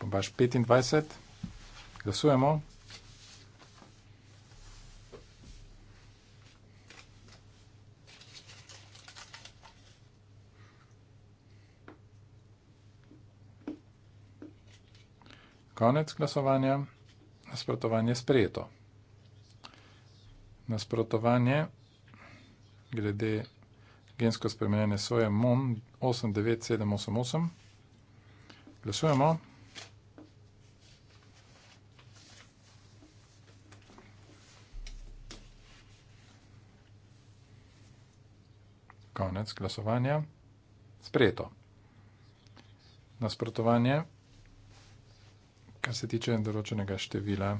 bombaž 25. Glasujemo. Konec glasovanja. Nasprotovanje sprejeto. Nasprotovanje glede gensko spremenjene soje MON 89788. Glasujemo. Konec glasovanja. Sprejeto. Nasprotovanje, kar se tiče določenega števila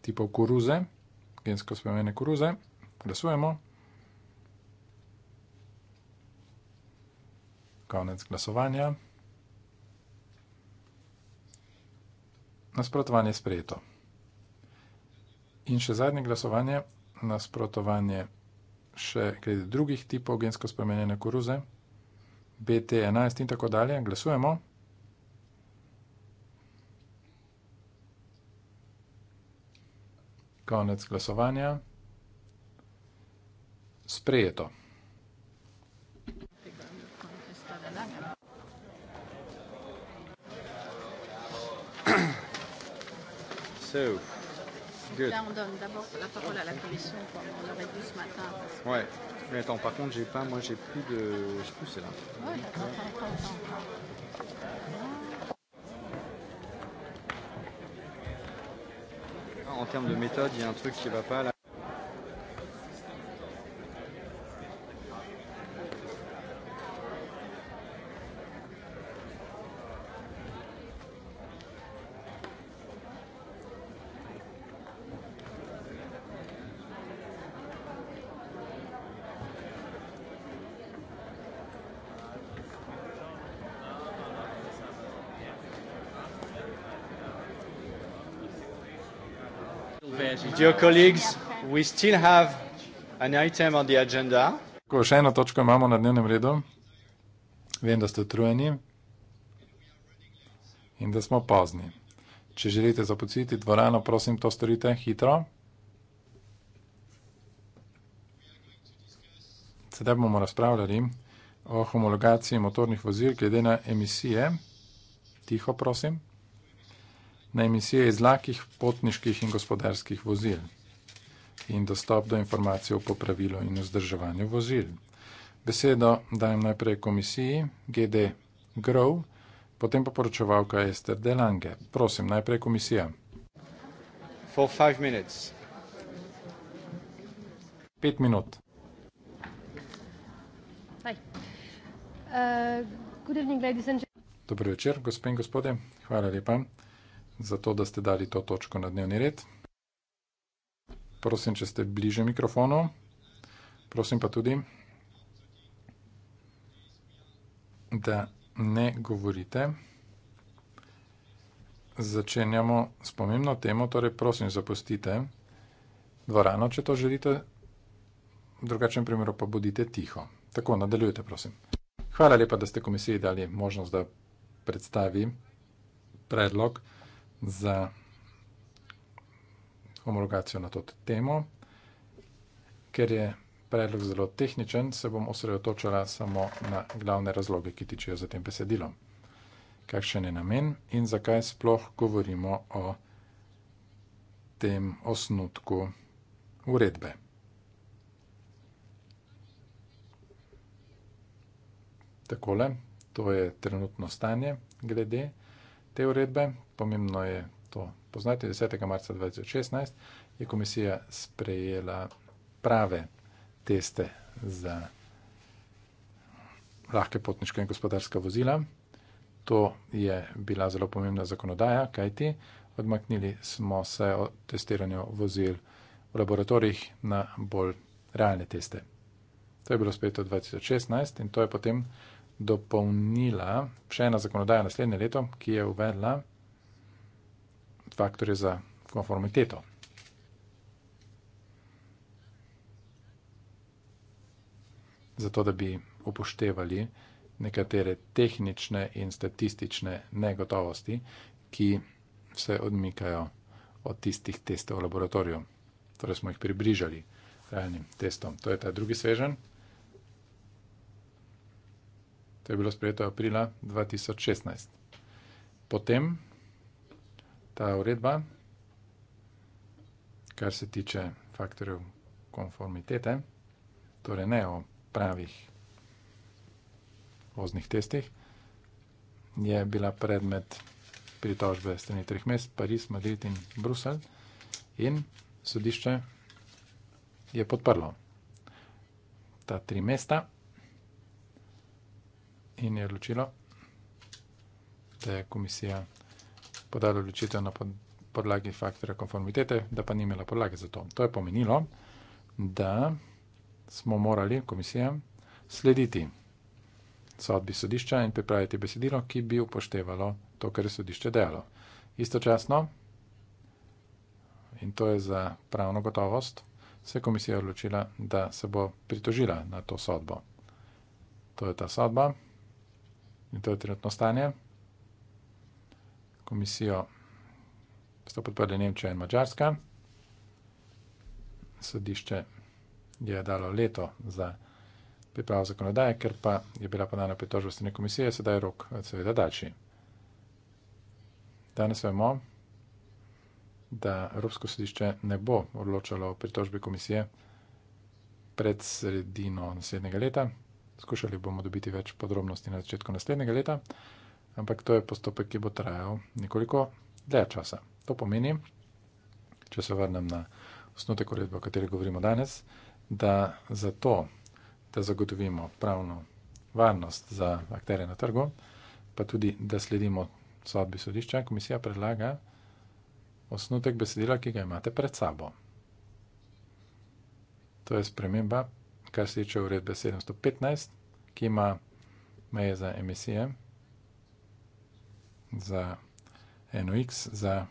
tipov koruze, gensko spremenjene koruze, glasujemo. konec glasovanja. Nasprotovanje je sprejeto. In še zadnje glasovanje, nasprotovanje še glede drugih tipov gensko spremenjene koruze, BT11 in tako dalje. Glasujemo. Konec glasovanja. Sprejeto. So, good. Là, on donne d'abord la parole à la commission qu'on aurait dû ce matin. Parce... Ouais. Mais attends, par contre, j'ai pas, moi, j'ai plus de, je sais plus c'est là. Ouais, ouais. En termes de méthode, il y a un truc qui va pas là. Dear colleagues, we still have an item on the agenda. Ko še eno točko imamo na dnevnem redu, vem, da ste utrujeni in da smo pozni. Če želite zapustiti dvorano, prosim, to storite hitro. Sedaj bomo razpravljali o homologaciji motornih vozil glede na emisije. Tiho, prosim na emisije iz lakih potniških in gospodarskih vozil in dostop do informacij o popravilu in vzdrževanju vozil. Besedo dajem najprej komisiji GD Grov, potem pa poročevalka Ester Delange. Prosim, najprej komisija. For five minutes. Pet minut. Uh, Dobro večer, gospe in gospode. Hvala lepa za to, da ste dali to točko na dnevni red. Prosim, če ste bliže mikrofonu. Prosim pa tudi, da ne govorite. Začenjamo s pomembno temo, torej prosim, zapustite dvorano, če to želite. V drugačnem primeru pa bodite tiho. Tako, nadaljujte, prosim. Hvala lepa, da ste komisiji dali možnost, da predstavi predlog za homologacijo na to temo. Ker je predlog zelo tehničen, se bom osredotočala samo na glavne razloge, ki tičejo za tem besedilom. Kakšen je namen in zakaj sploh govorimo o tem osnutku uredbe. Takole, to je trenutno stanje glede tega te uredbe, pomembno je to poznati, 10. marca 2016 je komisija sprejela prave teste za lahke potniške in gospodarska vozila. To je bila zelo pomembna zakonodaja, kajti odmaknili smo se od testiranja vozil v laboratorijih na bolj realne teste. To je bilo spet v 2016 in to je potem dopolnila še ena zakonodaja naslednje leto, ki je uvedla faktorje za konformiteto. Zato, da bi upoštevali nekatere tehnične in statistične negotovosti, ki se odmikajo od tistih testov v laboratoriju. Torej smo jih približali realnim testom. To je ta drugi svežen. To je bilo sprejeto aprila 2016. Potem ta uredba, kar se tiče faktorjev konformitete, torej ne o pravih voznih testih, je bila predmet pritožbe strani treh mest, Pariz, Madrid in Brusel in sodišče je podprlo ta tri mesta in je odločilo, da je komisija podala odločitev na podlagi faktora konformitete, da pa ni imela podlage za to. To je pomenilo, da smo morali komisija slediti sodbi sodišča in pripraviti besedilo, ki bi upoštevalo to, kar je sodišče dejalo. Istočasno, in to je za pravno gotovost, se je komisija odločila, da se bo pritožila na to sodbo. To je ta sodba. In to je trenutno stanje. Komisijo so podprli Nemčija in Mačarska. Sodišče je dalo leto za pripravo zakonodaje, ker pa je bila podana pritožba strani komisije, sedaj je rok eh, seveda daljši. Danes vemo, da Evropsko sodišče ne bo odločalo o pritožbi komisije pred sredino naslednjega leta, Skušali bomo dobiti več podrobnosti na začetku naslednjega leta, ampak to je postopek, ki bo trajal nekoliko dlje časa. To pomeni, če se vrnem na osnutek uredbe, o kateri govorimo danes, da za to, da zagotovimo pravno varnost za akterje na trgu, pa tudi, da sledimo sodbi sodišča, komisija predlaga osnutek besedila, ki ga imate pred sabo. To je sprememba kar se tiče uredbe 715, ki ima meje za emisije, za NOx, za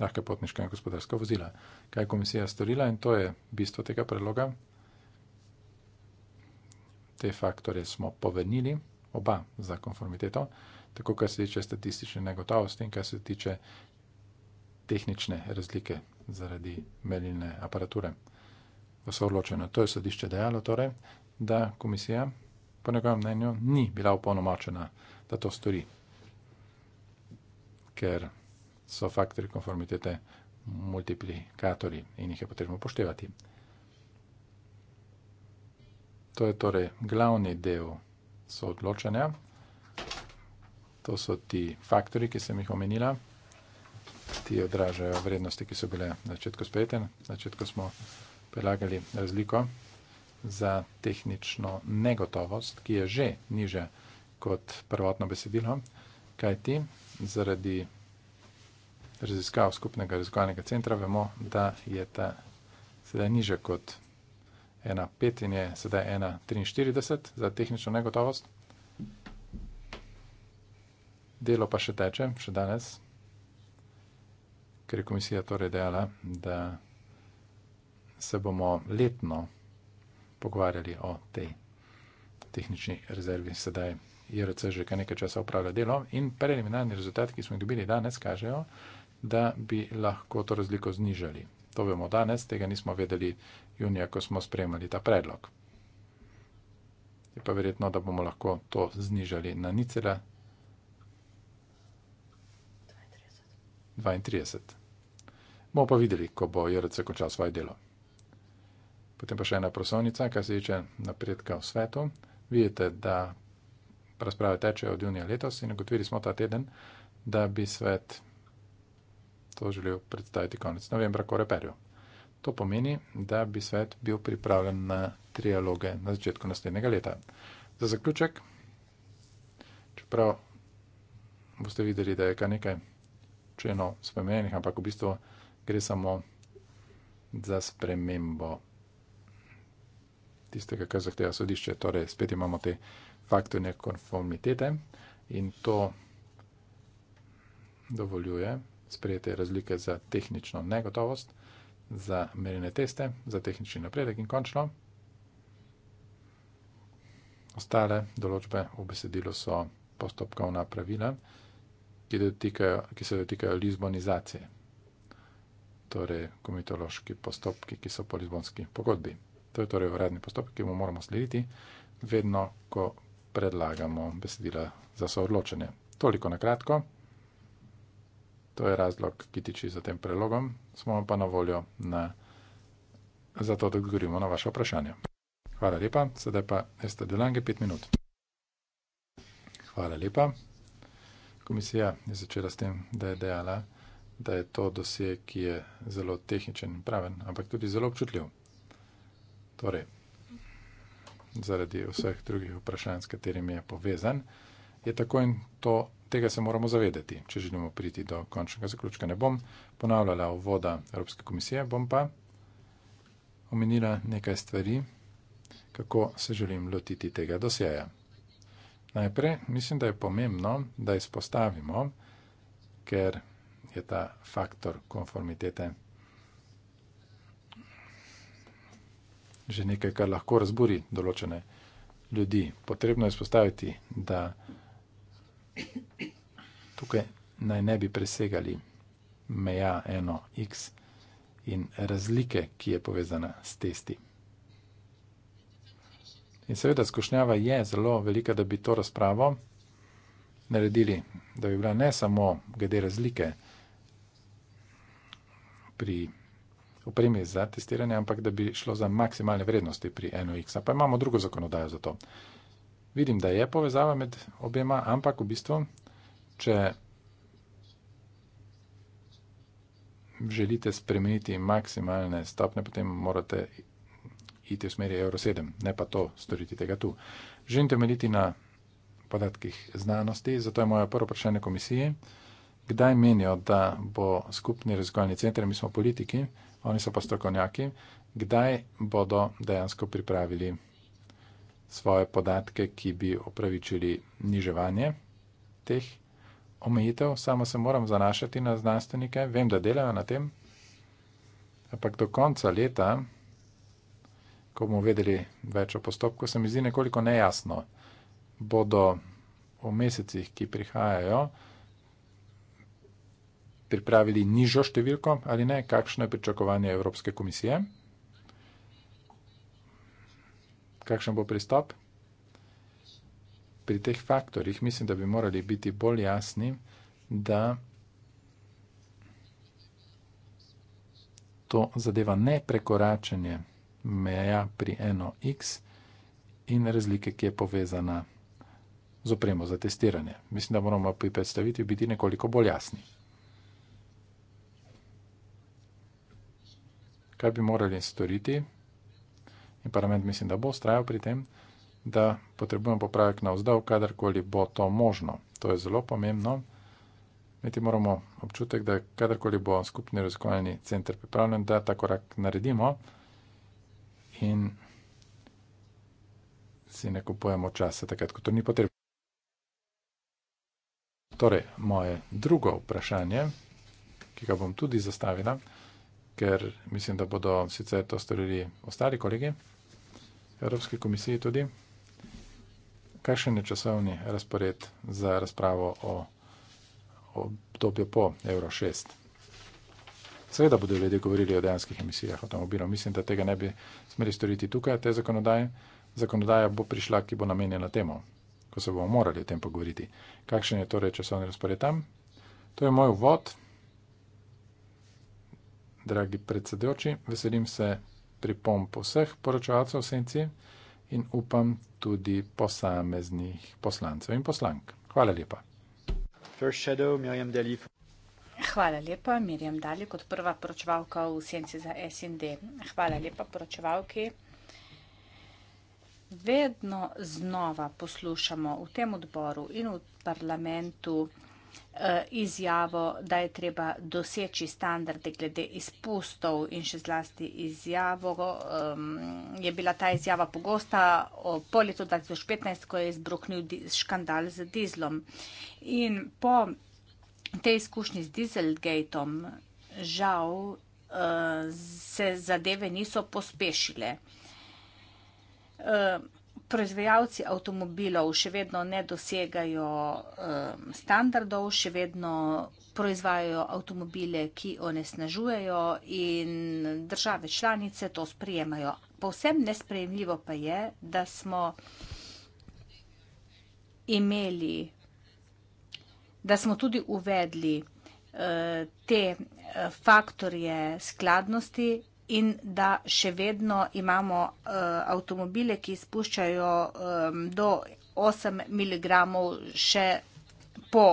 lahke potniška in gospodarska vozila. Kaj je komisija storila in to je bistvo tega predloga? Te faktore smo povenili, oba za konformiteto, tako kar se tiče statistične negotovosti in kar se tiče tehnične razlike zaradi merilne aparature v soodločenju. To je sodišče dejalo, torej, da komisija, po njegovem mnenju, ni bila upolnomočena, da to stori, ker so faktori konformitete multiplikatori in jih je potrebno upoštevati. To je torej glavni del soodločenja. To so ti faktori, ki sem jih omenila. Ti odražajo vrednosti, ki so bile na začetku sprejete. Na začetku smo prilagali razliko za tehnično negotovost, ki je že niže kot prvotno besedilo, kajti zaradi raziskav skupnega raziskovalnega centra vemo, da je ta sedaj niže kot 1,5 in je sedaj 1,43 za tehnično negotovost. Delo pa še teče, še danes, ker je komisija torej dejala, da se bomo letno pogovarjali o tej tehnični rezervi. Sedaj je RC že kar nekaj časa upravlja delo in preliminarni rezultati, ki smo jih dobili danes, kažejo, da bi lahko to razliko znižali. To vemo danes, tega nismo vedeli junija, ko smo sprejemali ta predlog. Je pa verjetno, da bomo lahko to znižali na nicela 32. Bomo pa videli, ko bo JRC končal svoje delo. Potem pa še ena prosovnica, kar se tiče napredka v svetu. Vidite, da razprave tečejo od junija letos in ugotovili smo ta teden, da bi svet to želel predstaviti konec novembra, ko reperijo. To pomeni, da bi svet bil pripravljen na trialoge na začetku naslednjega leta. Za zaključek, čeprav boste videli, da je kar nekaj členov spremenjenih, ampak v bistvu gre samo za spremembo tistega, kar zahteva sodišče. Torej, spet imamo te faktorne konformitete in to dovoljuje sprejete razlike za tehnično negotovost, za merjene teste, za tehnični napredek in končno. Ostale določbe v besedilu so postopkovna pravila, ki, dotikajo, ki se dotikajo lizbonizacije, torej komitološki postopki, ki so po lizbonski pogodbi. To je torej uredni postopek, ki mu moramo slediti, vedno, ko predlagamo besedila za soodločenje. Toliko na kratko. To je razlog, ki tiči za tem prelogom. Smo pa na voljo na, za to, da odgovorimo na vaše vprašanje. Hvala lepa. Sedaj pa Ester Delange, pet minut. Hvala lepa. Komisija je začela s tem, da je dejala, da je to dosje, ki je zelo tehničen in praven, ampak tudi zelo občutljiv. Torej, zaradi vseh drugih vprašanj, s katerimi je povezan, je tako in to, tega se moramo zavedati, če želimo priti do končnega zaključka. Ne bom ponavljala uvoda Evropske komisije, bom pa omenila nekaj stvari, kako se želim lotiti tega dosjeja. Najprej mislim, da je pomembno, da izpostavimo, ker je ta faktor konformitete že nekaj, kar lahko razburi določene ljudi. Potrebno je spostaviti, da tukaj naj ne bi presegali meja eno x in razlike, ki je povezana s testi. In seveda skušnjava je zelo velika, da bi to razpravo naredili, da bi bila ne samo glede razlike pri testi, opremi za testiranje, ampak da bi šlo za maksimalne vrednosti pri NOX. Pa imamo drugo zakonodajo za to. Vidim, da je povezava med objema, ampak v bistvu, če želite spremeniti maksimalne stopne, potem morate iti v smeri Euro 7, ne pa to, storiti tega tu. Želim temeljiti na podatkih znanosti, zato je moja prvo vprašanje komisiji, kdaj menijo, da bo skupni raziskovalni center, mi smo politiki, oni so pa strokovnjaki, kdaj bodo dejansko pripravili svoje podatke, ki bi opravičili niževanje teh omejitev. Samo se moram zanašati na znanstvenike, vem, da delajo na tem, ampak do konca leta, ko bomo vedeli več o postopku, se mi zdi nekoliko nejasno, bodo v mesecih, ki prihajajo, pripravili nižjo številko ali ne, kakšno je pričakovanje Evropske komisije, kakšen bo pristop. Pri teh faktorjih mislim, da bi morali biti bolj jasni, da to zadeva ne prekoračenje meja pri eno x in razlike, ki je povezana z opremo za testiranje. Mislim, da moramo pri predstavitvi biti nekoliko bolj jasni. kar bi morali storiti, in parlament mislim, da bo ustrajal pri tem, da potrebujemo popravek na vzdolj, kadarkoli bo to možno. To je zelo pomembno. Meti moramo občutek, da kadarkoli bo skupni raziskovalni center pripravljen, da ta korak naredimo in si ne kupujemo časa takrat, ko to ni potrebno. Torej, moje drugo vprašanje, ki ga bom tudi zastavila, je, ker mislim, da bodo sicer to storili ostali kolegi, Evropski komisiji tudi. Kakšen je časovni razpored za razpravo o obdobju po Euro 6? Seveda bodo ljudje govorili o dejanskih emisijah avtomobilov. Mislim, da tega ne bi smeli storiti tukaj, te zakonodaje. Zakonodaja bo prišla, ki bo namenjena temu, ko se bomo morali o tem pogovoriti. Kakšen je torej časovni razpored tam? To je moj vod dragi predsedujoči. Veselim se pripomp vseh poročevalcev v senci in upam tudi posameznih poslancev in poslank. Hvala lepa. Hvala lepa, Mirjam Dali, kot prva poročevalka v senci za SND. Hvala lepa poročevalki. Vedno znova poslušamo v tem odboru in v parlamentu Eh, izjavo, da je treba doseči standarde glede izpustov in še zlasti izjavo. Je bila ta izjava pogosta po letu 2015, ko je izbruhnil škandal z dizlom. In po tej izkušnji z dizelgateom, žal, eh, se zadeve niso pospešile. Eh, proizvajalci avtomobilov še vedno ne dosegajo um, standardov, še vedno proizvajajo avtomobile, ki onesnažujejo in države članice to sprejemajo. Povsem nesprejemljivo pa je, da smo imeli, da smo tudi uvedli uh, te eh, faktorje skladnosti in da še vedno imamo uh, avtomobile, ki izpuščajo um, do 8 mg še po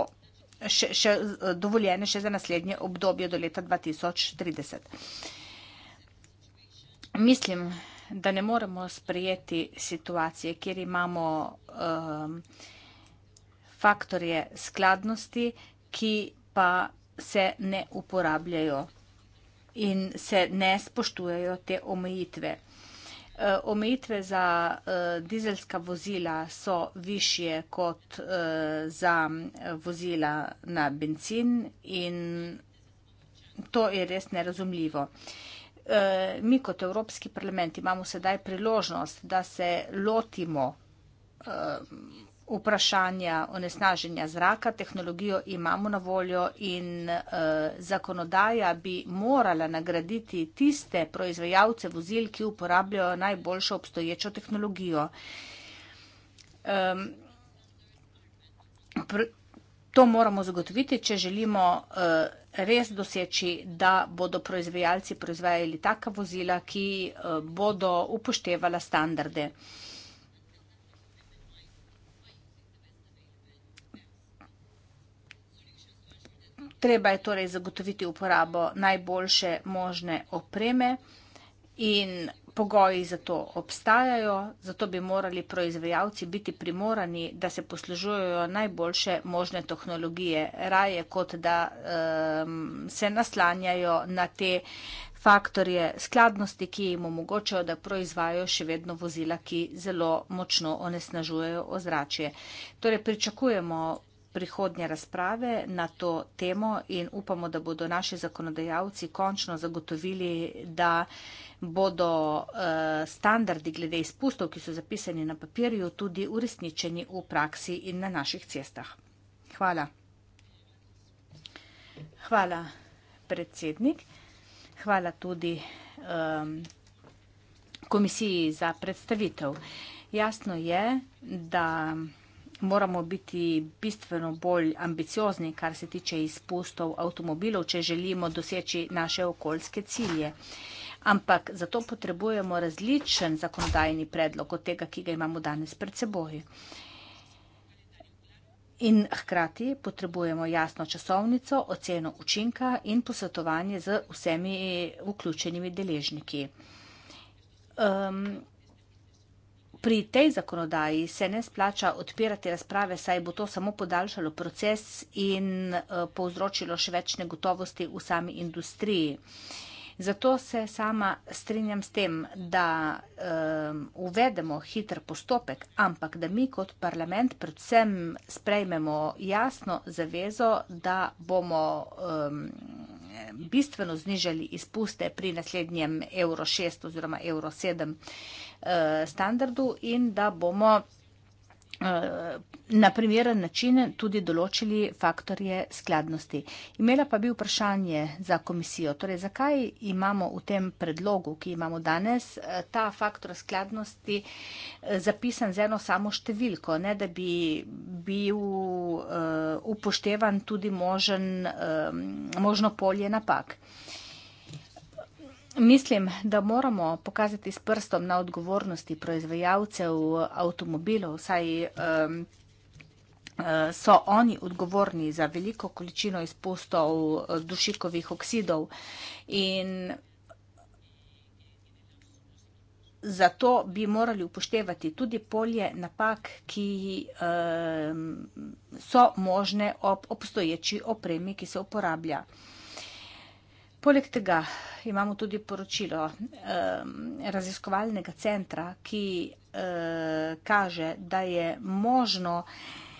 še, še eh, dovoljene še za naslednje obdobje do leta 2030. Mislim, da ne moremo sprejeti situacije, kjer imamo um, faktorje skladnosti, ki pa se ne uporabljajo in se ne spoštujejo te omejitve. E, omejitve za e, dizelska vozila so višje kot e, za vozila na benzin in to je res nerazumljivo. Mi kot Evropski parlament imamo sedaj priložnost, da se lotimo vprašanja onesnaženja zraka, tehnologijo imamo na voljo in uh, zakonodaja bi morala nagraditi tiste proizvajalce vozil, ki uporabljajo najboljšo obstoječo tehnologijo. Um, pr, to moramo zagotoviti, če želimo uh, res doseči, da bodo proizvajalci proizvajali taka vozila, ki uh, bodo upoštevala standarde. Treba je torej zagotoviti uporabo najboljše možne opreme in pogoji za to obstajajo, zato bi morali proizvajalci biti primorani, da se poslužujejo najboljše možne tehnologije, raje kot da um, se naslanjajo na te faktorje skladnosti, ki jim omogočajo, da proizvajajo še vedno vozila, ki zelo močno onesnažujejo ozračje. Torej, pričakujemo prihodnje razprave na to temo in upamo, da bodo naši zakonodajalci končno zagotovili, da bodo eh, standardi glede izpustov, ki so zapisani na papirju, tudi uresničeni v praksi in na naših cestah. Hvala. Hvala, predsednik. Hvala tudi ehm, komisiji za predstavitev. Jasno je, da moramo biti bistveno bolj ambiciozni, kar se tiče izpustov avtomobilov, če želimo doseči naše okoljske cilje. Ampak zato potrebujemo različen zakonodajni predlog od tega, ki ga imamo danes pred seboj. In hkrati potrebujemo jasno časovnico, oceno učinka in posvetovanje z vsemi vključenimi deležniki. Um, pri tej zakonodaji se ne splača odpirati razprave, saj bo to samo podaljšalo proces in eh, povzročilo še več negotovosti v sami industriji. Zato se sama strinjam s tem, da um, uvedemo hiter postopek, ampak da mi kot parlament predvsem sprejmemo jasno zavezo, da bomo. Um, Eh, bistveno znižali izpuste pri naslednjem Euro 6 oziroma Euro 7 eh, standardu in da bomo Eh, na primeren način tudi določili faktorje skladnosti. Imela pa bi vprašanje za komisijo, torej zakaj imamo v tem predlogu, ki imamo danes, eh, ta faktor skladnosti eh, zapisan z eno samo številko, ne da bi bil upoštevan tudi možen, možno polje napak. Mislim, da moramo pokazati s prstom na odgovornosti proizvajalcev avtomobilov, saj um, so oni odgovorni za veliko količino izpustov eh, dušikovih oksidov in zato bi morali upoštevati tudi polje napak, ki um, so možne ob obstoječi opremi, ki se uporablja. Poleg tega imamo tudi poročilo eh, raziskovalnega centra, ki eh, kaže, da je možno eh,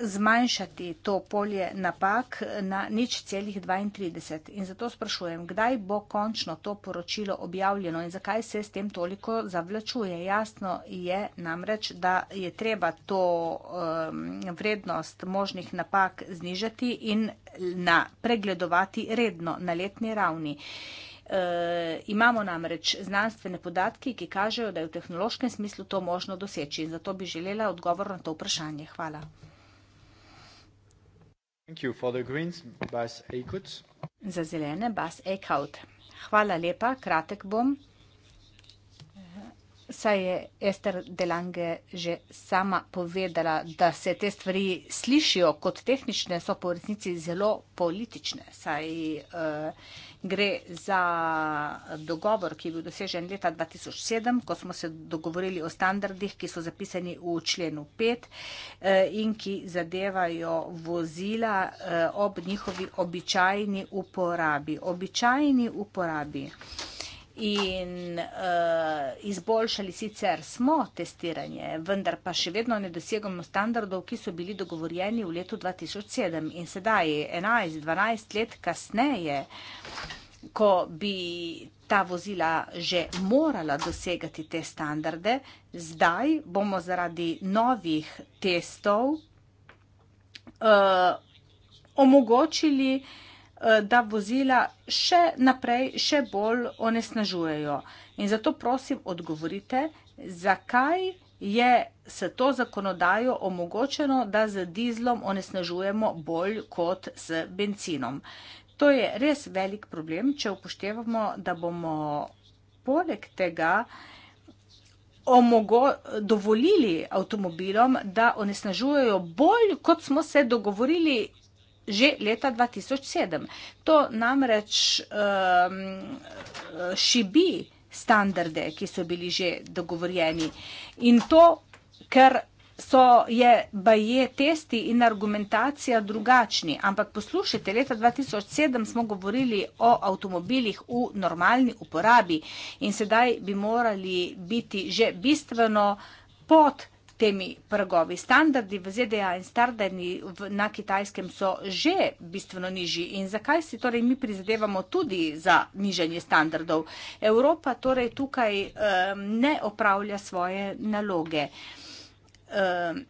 zmanjšati to polje napak na nič celih 32. In zato sprašujem, kdaj bo končno to poročilo objavljeno in zakaj se s tem toliko zavlačuje. Jasno je namreč, da je treba to um, vrednost možnih napak znižati in na, pregledovati redno na letni ravni. E, imamo namreč znanstvene podatke, ki kažejo, da je v tehnološkem smislu to možno doseči in zato bi želela odgovor na to vprašanje. Hvala. Thank you for the greens, bas Za zelene bas ekaut. Hvala lepa, kratek bom. Saj je Ester Delange že sama povedala, da se te stvari slišijo kot tehnične, so pa v resnici zelo politične. Saj, uh, Gre za dogovor, ki je bil dosežen leta 2007, ko smo se dogovorili o standardih, ki so zapisani v členu 5 eh, in ki zadevajo vozila eh, ob njihovi običajni uporabi. Običajni uporabi in uh, izboljšali sicer smo testiranje, vendar pa še vedno ne dosegamo standardov, ki so bili dogovorjeni v letu 2007 in sedaj 11-12 let kasneje, ko bi ta vozila že morala dosegati te standarde, zdaj bomo zaradi novih testov uh, omogočili uh, Eh, da vozila še naprej, še bolj onesnažujejo. In zato prosim, odgovorite, zakaj je s to zakonodajo omogočeno, da z dizlom onesnažujemo bolj kot z benzinom. To je res velik problem, če upoštevamo, da bomo poleg tega omogo dovolili avtomobilom, da onesnažujejo bolj, kot smo se dogovorili že leta 2007. To namreč um, šibi standarde, ki so bili že dogovorjeni in to, ker so je baje testi in argumentacija drugačni. Ampak poslušajte, leta 2007 smo govorili o avtomobilih v normalni uporabi in sedaj bi morali biti že bistveno pod temi prgovi. Standardi v ZDA in standardi v, na kitajskem so že bistveno nižji in zakaj si torej mi prizadevamo tudi za nižanje standardov? Evropa torej tukaj um, ne opravlja svoje naloge. Um,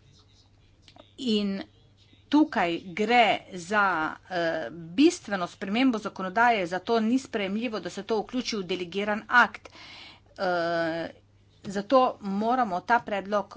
in tukaj gre za uh, bistveno spremembo zakonodaje, zato ni sprejemljivo, da se to vključi v delegiran akt. Uh, zato moramo ta predlog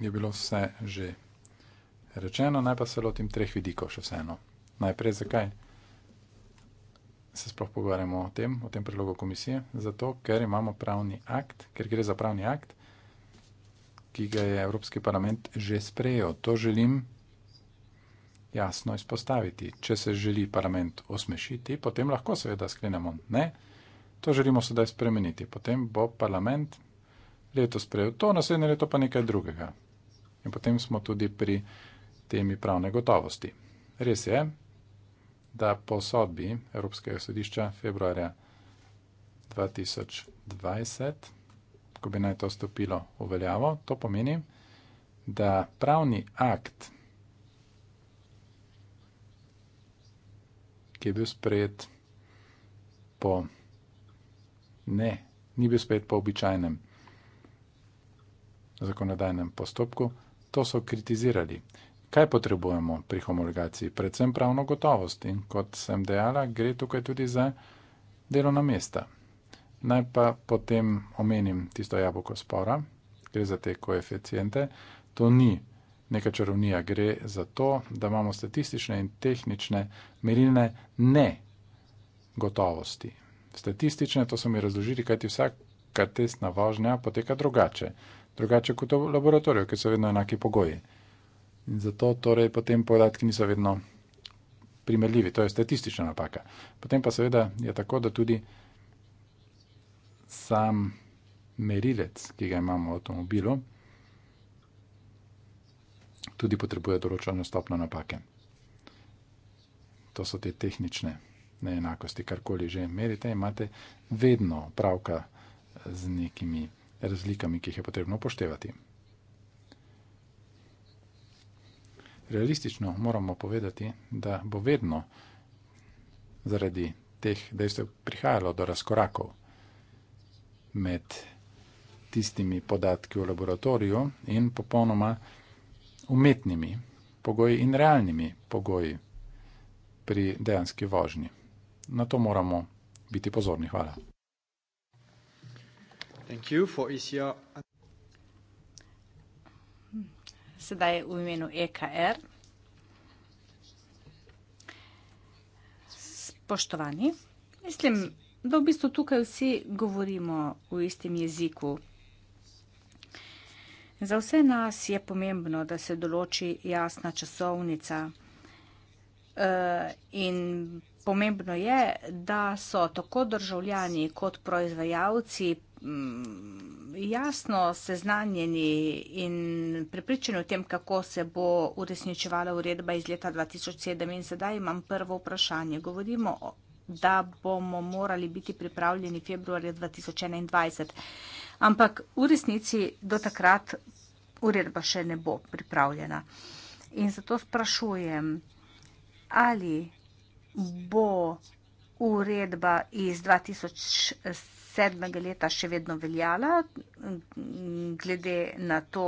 je bilo vse že rečeno, naj pa se lotim treh vidikov še vseeno. Najprej, zakaj se sploh pogovarjamo o tem, o tem predlogu komisije? Zato, ker imamo pravni akt, ker gre za pravni akt, ki ga je Evropski parlament že sprejel. To želim jasno izpostaviti. Če se želi parlament osmešiti, potem lahko seveda sklenemo ne. To želimo sedaj spremeniti. Potem bo parlament leto sprejel to, naslednje leto pa nekaj drugega. In potem smo tudi pri temi pravne gotovosti. Res je, da po sodbi Evropskega sodišča februarja 2020, ko bi naj to stopilo v veljavo, to pomeni, da pravni akt, ki je bil sprejet po ne, ni bil sprejet po običajnem zakonodajnem postopku, to so kritizirali. Kaj potrebujemo pri homologaciji? Predvsem pravno gotovost in kot sem dejala, gre tukaj tudi za delovna mesta. Naj pa potem omenim tisto jabolko spora, gre za te koeficijente. To ni neka čarovnija, gre za to, da imamo statistične in tehnične merilne ne gotovosti. Statistične, to so mi razložili, kajti vsaka testna vožnja poteka drugače drugače kot v laboratoriju, ker so vedno enaki pogoji. In zato torej potem podatki niso vedno primerljivi, to je statistična napaka. Potem pa seveda je tako, da tudi sam merilec, ki ga imamo v avtomobilu, tudi potrebuje določeno stopno napake. To so te tehnične neenakosti, karkoli že merite, imate vedno pravka z nekimi razlikami, ki jih je potrebno upoštevati. Realistično moramo povedati, da bo vedno zaradi teh dejstev prihajalo do razkorakov med tistimi podatki v laboratoriju in popolnoma umetnimi pogoji in realnimi pogoji pri dejanski vožnji. Na to moramo biti pozorni. Hvala. Thank you for ECR. Sedaj v imenu EKR. Spoštovani, mislim, da v bistvu tukaj vsi govorimo v istem jeziku. Za vse nas je pomembno, da se določi jasna časovnica eh, in pomembno je, da so tako državljani kot proizvajalci Mm, jasno seznanjeni in prepričani o tem, kako se bo uresničevala uredba iz leta 2007 in sedaj imam prvo vprašanje. Govorimo, da bomo morali biti pripravljeni februarja 2021, ampak v resnici do takrat uredba še ne bo pripravljena. In zato sprašujem, ali bo uredba iz 2007 sedmega leta še vedno veljala, glede na to,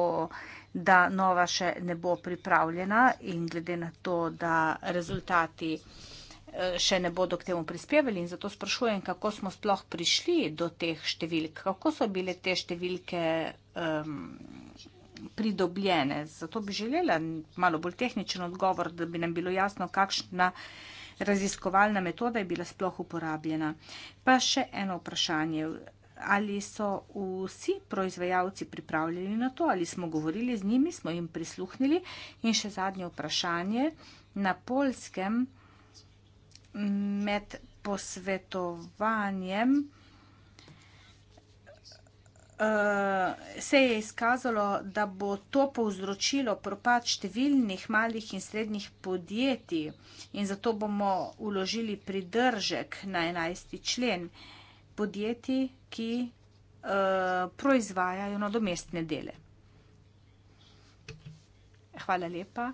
da nova še ne bo pripravljena in glede na to, da rezultati eh, še ne bodo k temu prispevali. In zato sprašujem, kako smo sploh prišli do teh številk, kako so bile te številke um, pridobljene. Zato bi želela malo bolj tehničen odgovor, da bi nam bilo jasno, kakšna raziskovalna metoda je bila sploh uporabljena. Pa še eno vprašanje. Ali so vsi proizvajalci pripravljeni na to, ali smo govorili z njimi, smo jim prisluhnili? In še zadnje vprašanje. Na polskem med posvetovanjem se je izkazalo, da bo to povzročilo propad številnih malih in srednjih podjetij in zato bomo uložili pridržek na 11. člen podjetij, ki uh, proizvajajo nadomestne dele. Hvala lepa.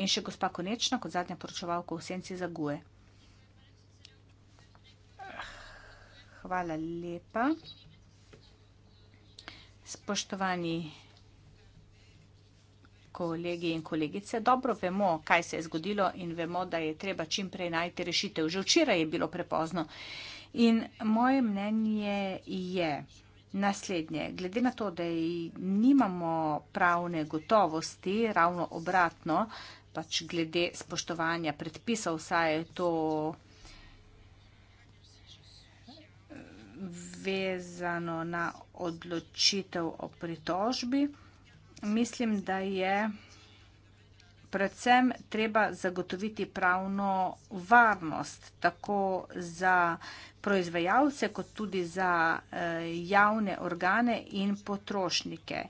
In še gospa Konečna, kot zadnja poročevalka v senci zaguje. Hvala lepa. Spoštovani kolegi in kolegice, dobro vemo, kaj se je zgodilo in vemo, da je treba čim prej najti rešitev. Že včeraj je bilo prepozno. In moje mnenje je naslednje. Glede na to, da nimamo pravne gotovosti, ravno obratno, pač glede spoštovanja predpisov, saj je to vezano na odločitev o pritožbi. Mislim, da je predvsem treba zagotoviti pravno varnost tako za proizvajalce kot tudi za eh, javne organe in potrošnike.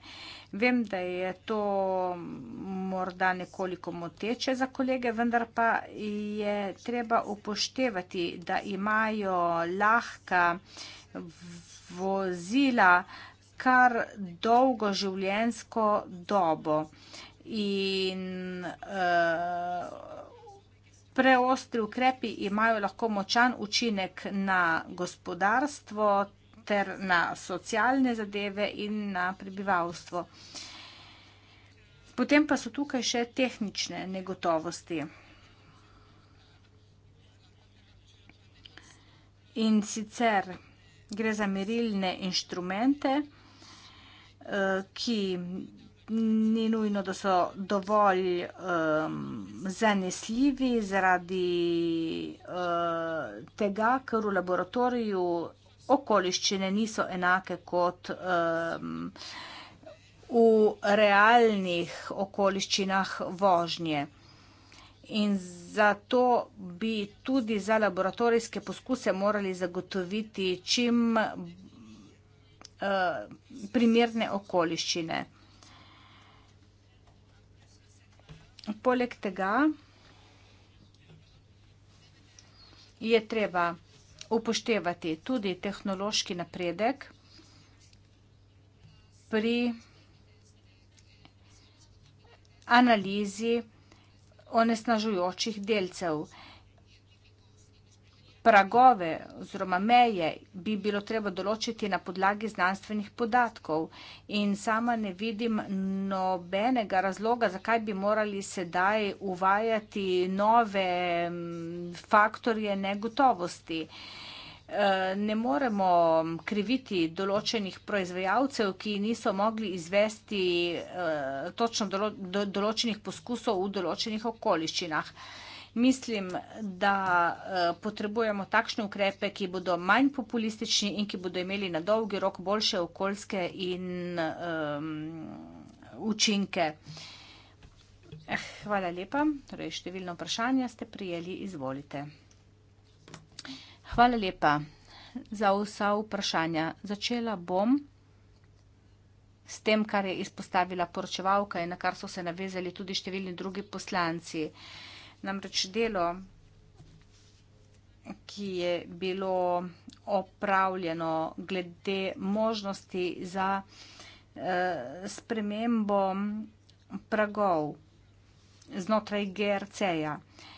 Vem, da je to morda nekoliko moteče za kolege, vendar pa je treba upoštevati, da imajo lahka eh, vozila kar dolgo življenjsko dobo in eh, preostri ukrepi imajo lahko močan učinek na gospodarstvo ter na socialne zadeve in na prebivalstvo. Potem pa so tukaj še tehnične negotovosti. In sicer Gre za merilne inštrumente, eh, ki ni nujno, da so dovolj ehm, zanesljivi zaradi eh, tega, ker v laboratoriju okoliščine niso enake kot ehm, v realnih okoliščinah vožnje in zato bi tudi za laboratorijske poskuse morali zagotoviti čim uh, primerne okoliščine. Poleg tega je treba upoštevati tudi tehnološki napredek pri analizi onesnažujočih delcev. Pragove oziroma meje bi bilo treba določiti na podlagi znanstvenih podatkov in sama ne vidim nobenega razloga, zakaj bi morali sedaj uvajati nove faktorje negotovosti. Eh, ne moremo mm, kriviti določenih proizvajalcev, ki niso mogli izvesti eh, točno določenih poskusov v določenih okoliščinah. Mislim, da eh, potrebujemo takšne ukrepe, ki bodo manj populistični in ki bodo imeli na dolgi rok boljše okoljske in um, učinke. Hvala lepa. Torej, številno vprašanje ste prijeli. Izvolite. Hvala lepa za vsa vprašanja. Začela bom s tem, kar je izpostavila poročevalka in na kar so se navezali tudi številni drugi poslanci. Namreč delo, ki je bilo opravljeno glede možnosti za eh, spremembo pragov znotraj GRC-ja. Eh,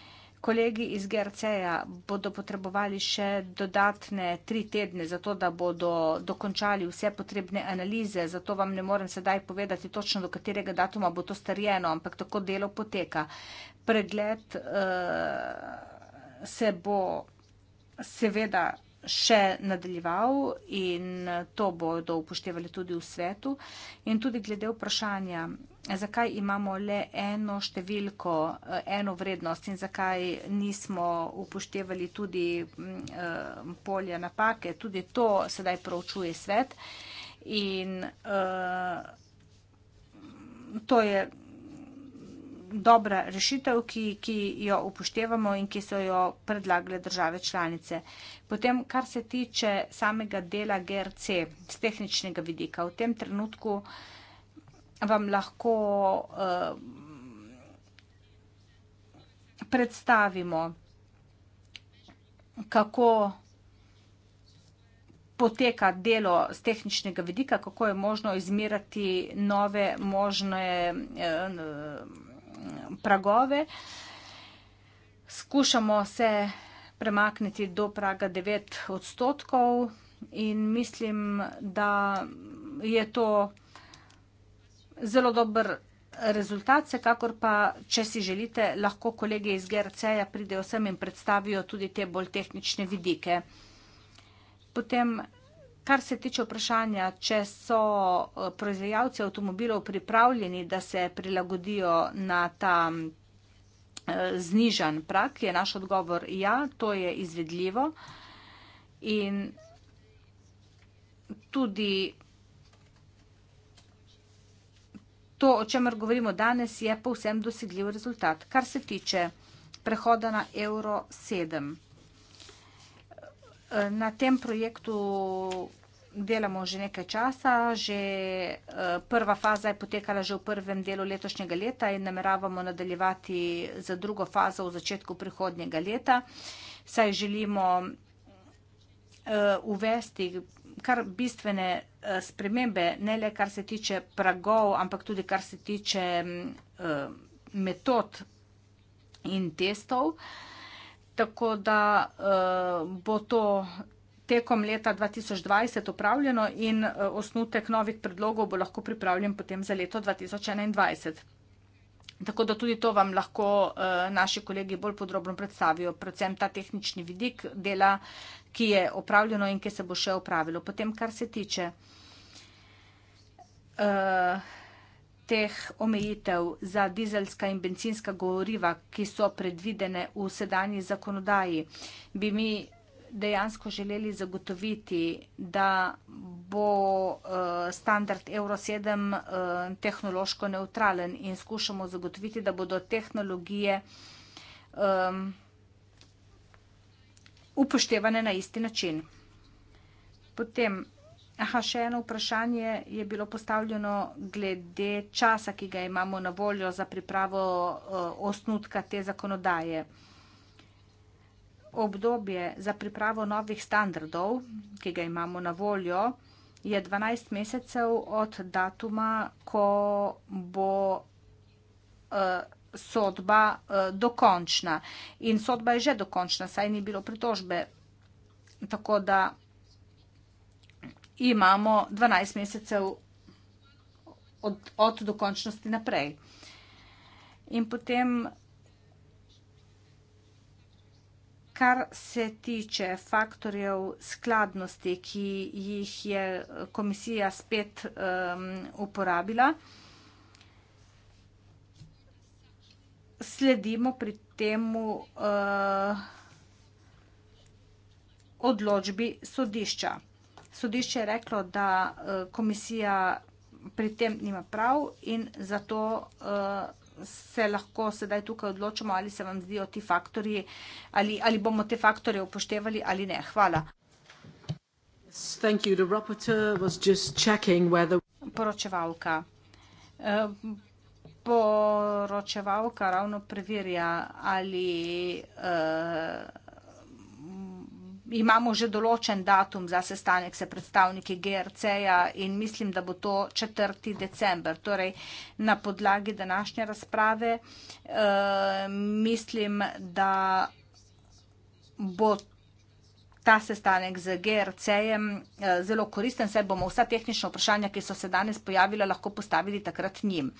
Kolegi iz GRC-ja bodo potrebovali še dodatne tri tedne, zato da bodo dokončali vse potrebne analize, zato vam ne morem sedaj povedati točno, do katerega datuma bo to starjeno, ampak tako delo poteka. Pregled uh, se bo seveda še nadaljeval in to bodo upoštevali tudi v svetu. In tudi glede vprašanja, zakaj imamo le eno številko, eh, eno vrednost in zakaj nismo upoštevali tudi mm, eh, polja napake, tudi to sedaj proučuje svet. In uh, to je dobra rešitev, ki, ki jo upoštevamo in ki so jo predlagale države članice. Potem, kar se tiče samega dela GRC z tehničnega vidika, v tem trenutku vam lahko uh, predstavimo, kako poteka delo z tehničnega vidika, kako je možno izmirati nove možne uh, pragove. Skušamo se premakniti do praga 9 odstotkov in mislim, da je to zelo dober rezultat, vsekakor pa, če si želite, lahko kolege iz GRC-ja pridejo sem in predstavijo tudi te bolj tehnične vidike. Potem Kar se tiče vprašanja, če so eh, proizvajalci avtomobilov pripravljeni, da se prilagodijo na ta eh, znižan prak, je naš odgovor ja, to je izvedljivo. In tudi to, o čemer govorimo danes, je povsem dosegljiv rezultat. Kar se tiče prehoda na Euro 7. Na tem projektu delamo že nekaj časa, že eh, prva faza je potekala že v prvem delu letošnjega leta in nameravamo nadaljevati z drugo fazo v začetku prihodnjega leta, saj želimo eh, uvesti kar bistvene eh, spremembe, ne le kar se tiče pragov, ampak tudi kar se tiče metod in testov tako da uh, bo to tekom leta 2020 upravljeno in uh, osnutek novih predlogov bo lahko pripravljen potem za leto 2021. Tako da tudi to vam lahko uh, naši kolegi bolj podrobno predstavijo, predvsem ta tehnični vidik dela, ki je opravljeno in ki se bo še upravilo. Potem, kar se tiče. Uh, teh omejitev za dizelska in benzinska goriva, ki so predvidene v sedanji zakonodaji, bi mi dejansko želeli zagotoviti, da bo uh, standard Euro 7 uh, eh, tehnološko neutralen in skušamo zagotoviti, da bodo tehnologije um, upoštevane na isti način. Potem Aha, še eno vprašanje je bilo postavljeno glede časa, ki ga imamo na voljo za pripravo eh, osnutka te zakonodaje. Obdobje za pripravo novih standardov, ki ga imamo na voljo, je 12 mesecev od datuma, ko bo eh, sodba eh, dokončna. In sodba je že dokončna, saj ni bilo pritožbe. Tako da imamo 12 mesecev od, od dokončnosti naprej. In potem, kar se tiče faktorjev skladnosti, ki jih je komisija spet um, uporabila, sledimo pri temu uh, odločbi sodišča sodišče je reklo, da eh, komisija pri tem nima prav in zato eh, se lahko sedaj tukaj odločimo, ali se vam zdijo ti faktori, ali, ali bomo te faktore upoštevali ali ne. Hvala. Poročevalka. Eh, poročevalka ravno preverja, ali. Uh, imamo že določen datum za sestanek se predstavniki GRC-ja in mislim, da bo to 4. december. Torej, na podlagi današnje razprave uh, mislim, da bo ta sestanek z GRC-jem eh, zelo koristen, saj bomo vsa tehnična vprašanja, ki so se danes pojavila, lahko postavili takrat njim.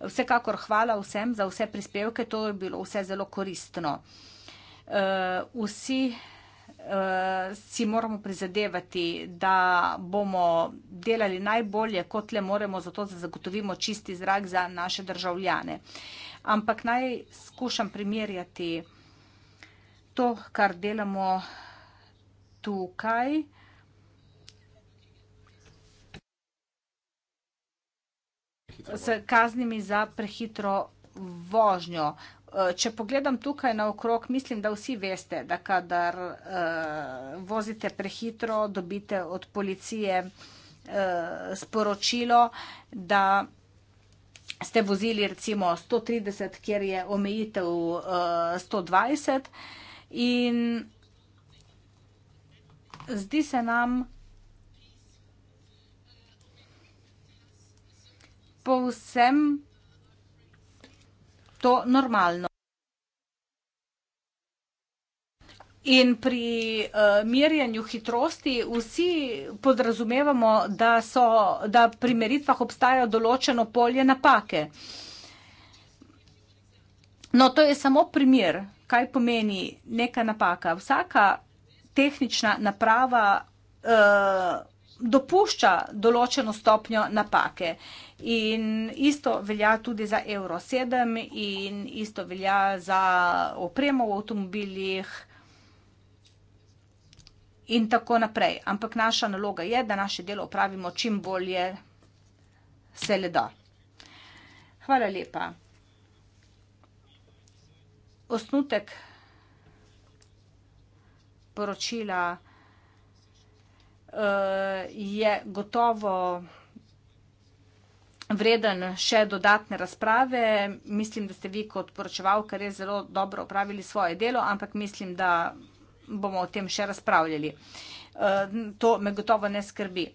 Vsekakor hvala vsem za vse prispevke, to je bilo vse zelo koristno. Uh, vsi uh, uh, si moramo prizadevati, da bomo delali najbolje, kot le moremo, zato da zagotovimo čisti zrak za naše državljane. Ampak naj skušam primerjati to, kar delamo tukaj. S kaznimi za prehitro vožnjo. Eh, če pogledam tukaj na okrog, mislim, da vsi veste, da kadar uh, vozite prehitro, dobite od policije uh, sporočilo, da ste vozili recimo 130, kjer je omejitev uh, 120 in zdi se nam povsem to normalno. In pri uh, merjenju hitrosti vsi podrazumevamo, da, so, da pri meritvah obstaja določeno polje napake. No, to je samo primer, kaj pomeni neka napaka. Vsaka tehnična naprava. Uh, dopušča določeno stopnjo napake. In isto velja tudi za Euro 7 in isto velja za opremo v avtomobilih in tako naprej. Ampak naša naloga je, da naše delo opravimo čim bolje se le da. Hvala lepa. Osnutek poročila je, je gotovo vreden še dodatne razprave. Mislim, da ste vi kot poročevalka res zelo dobro opravili svoje delo, ampak mislim, da bomo o tem še razpravljali. Eh, to me gotovo ne skrbi.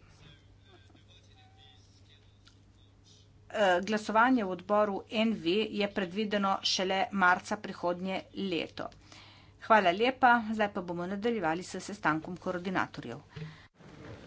Eh, glasovanje v odboru NV je predvideno šele marca prihodnje leto. Hvala lepa, zdaj pa bomo nadaljevali s sestankom koordinatorjev.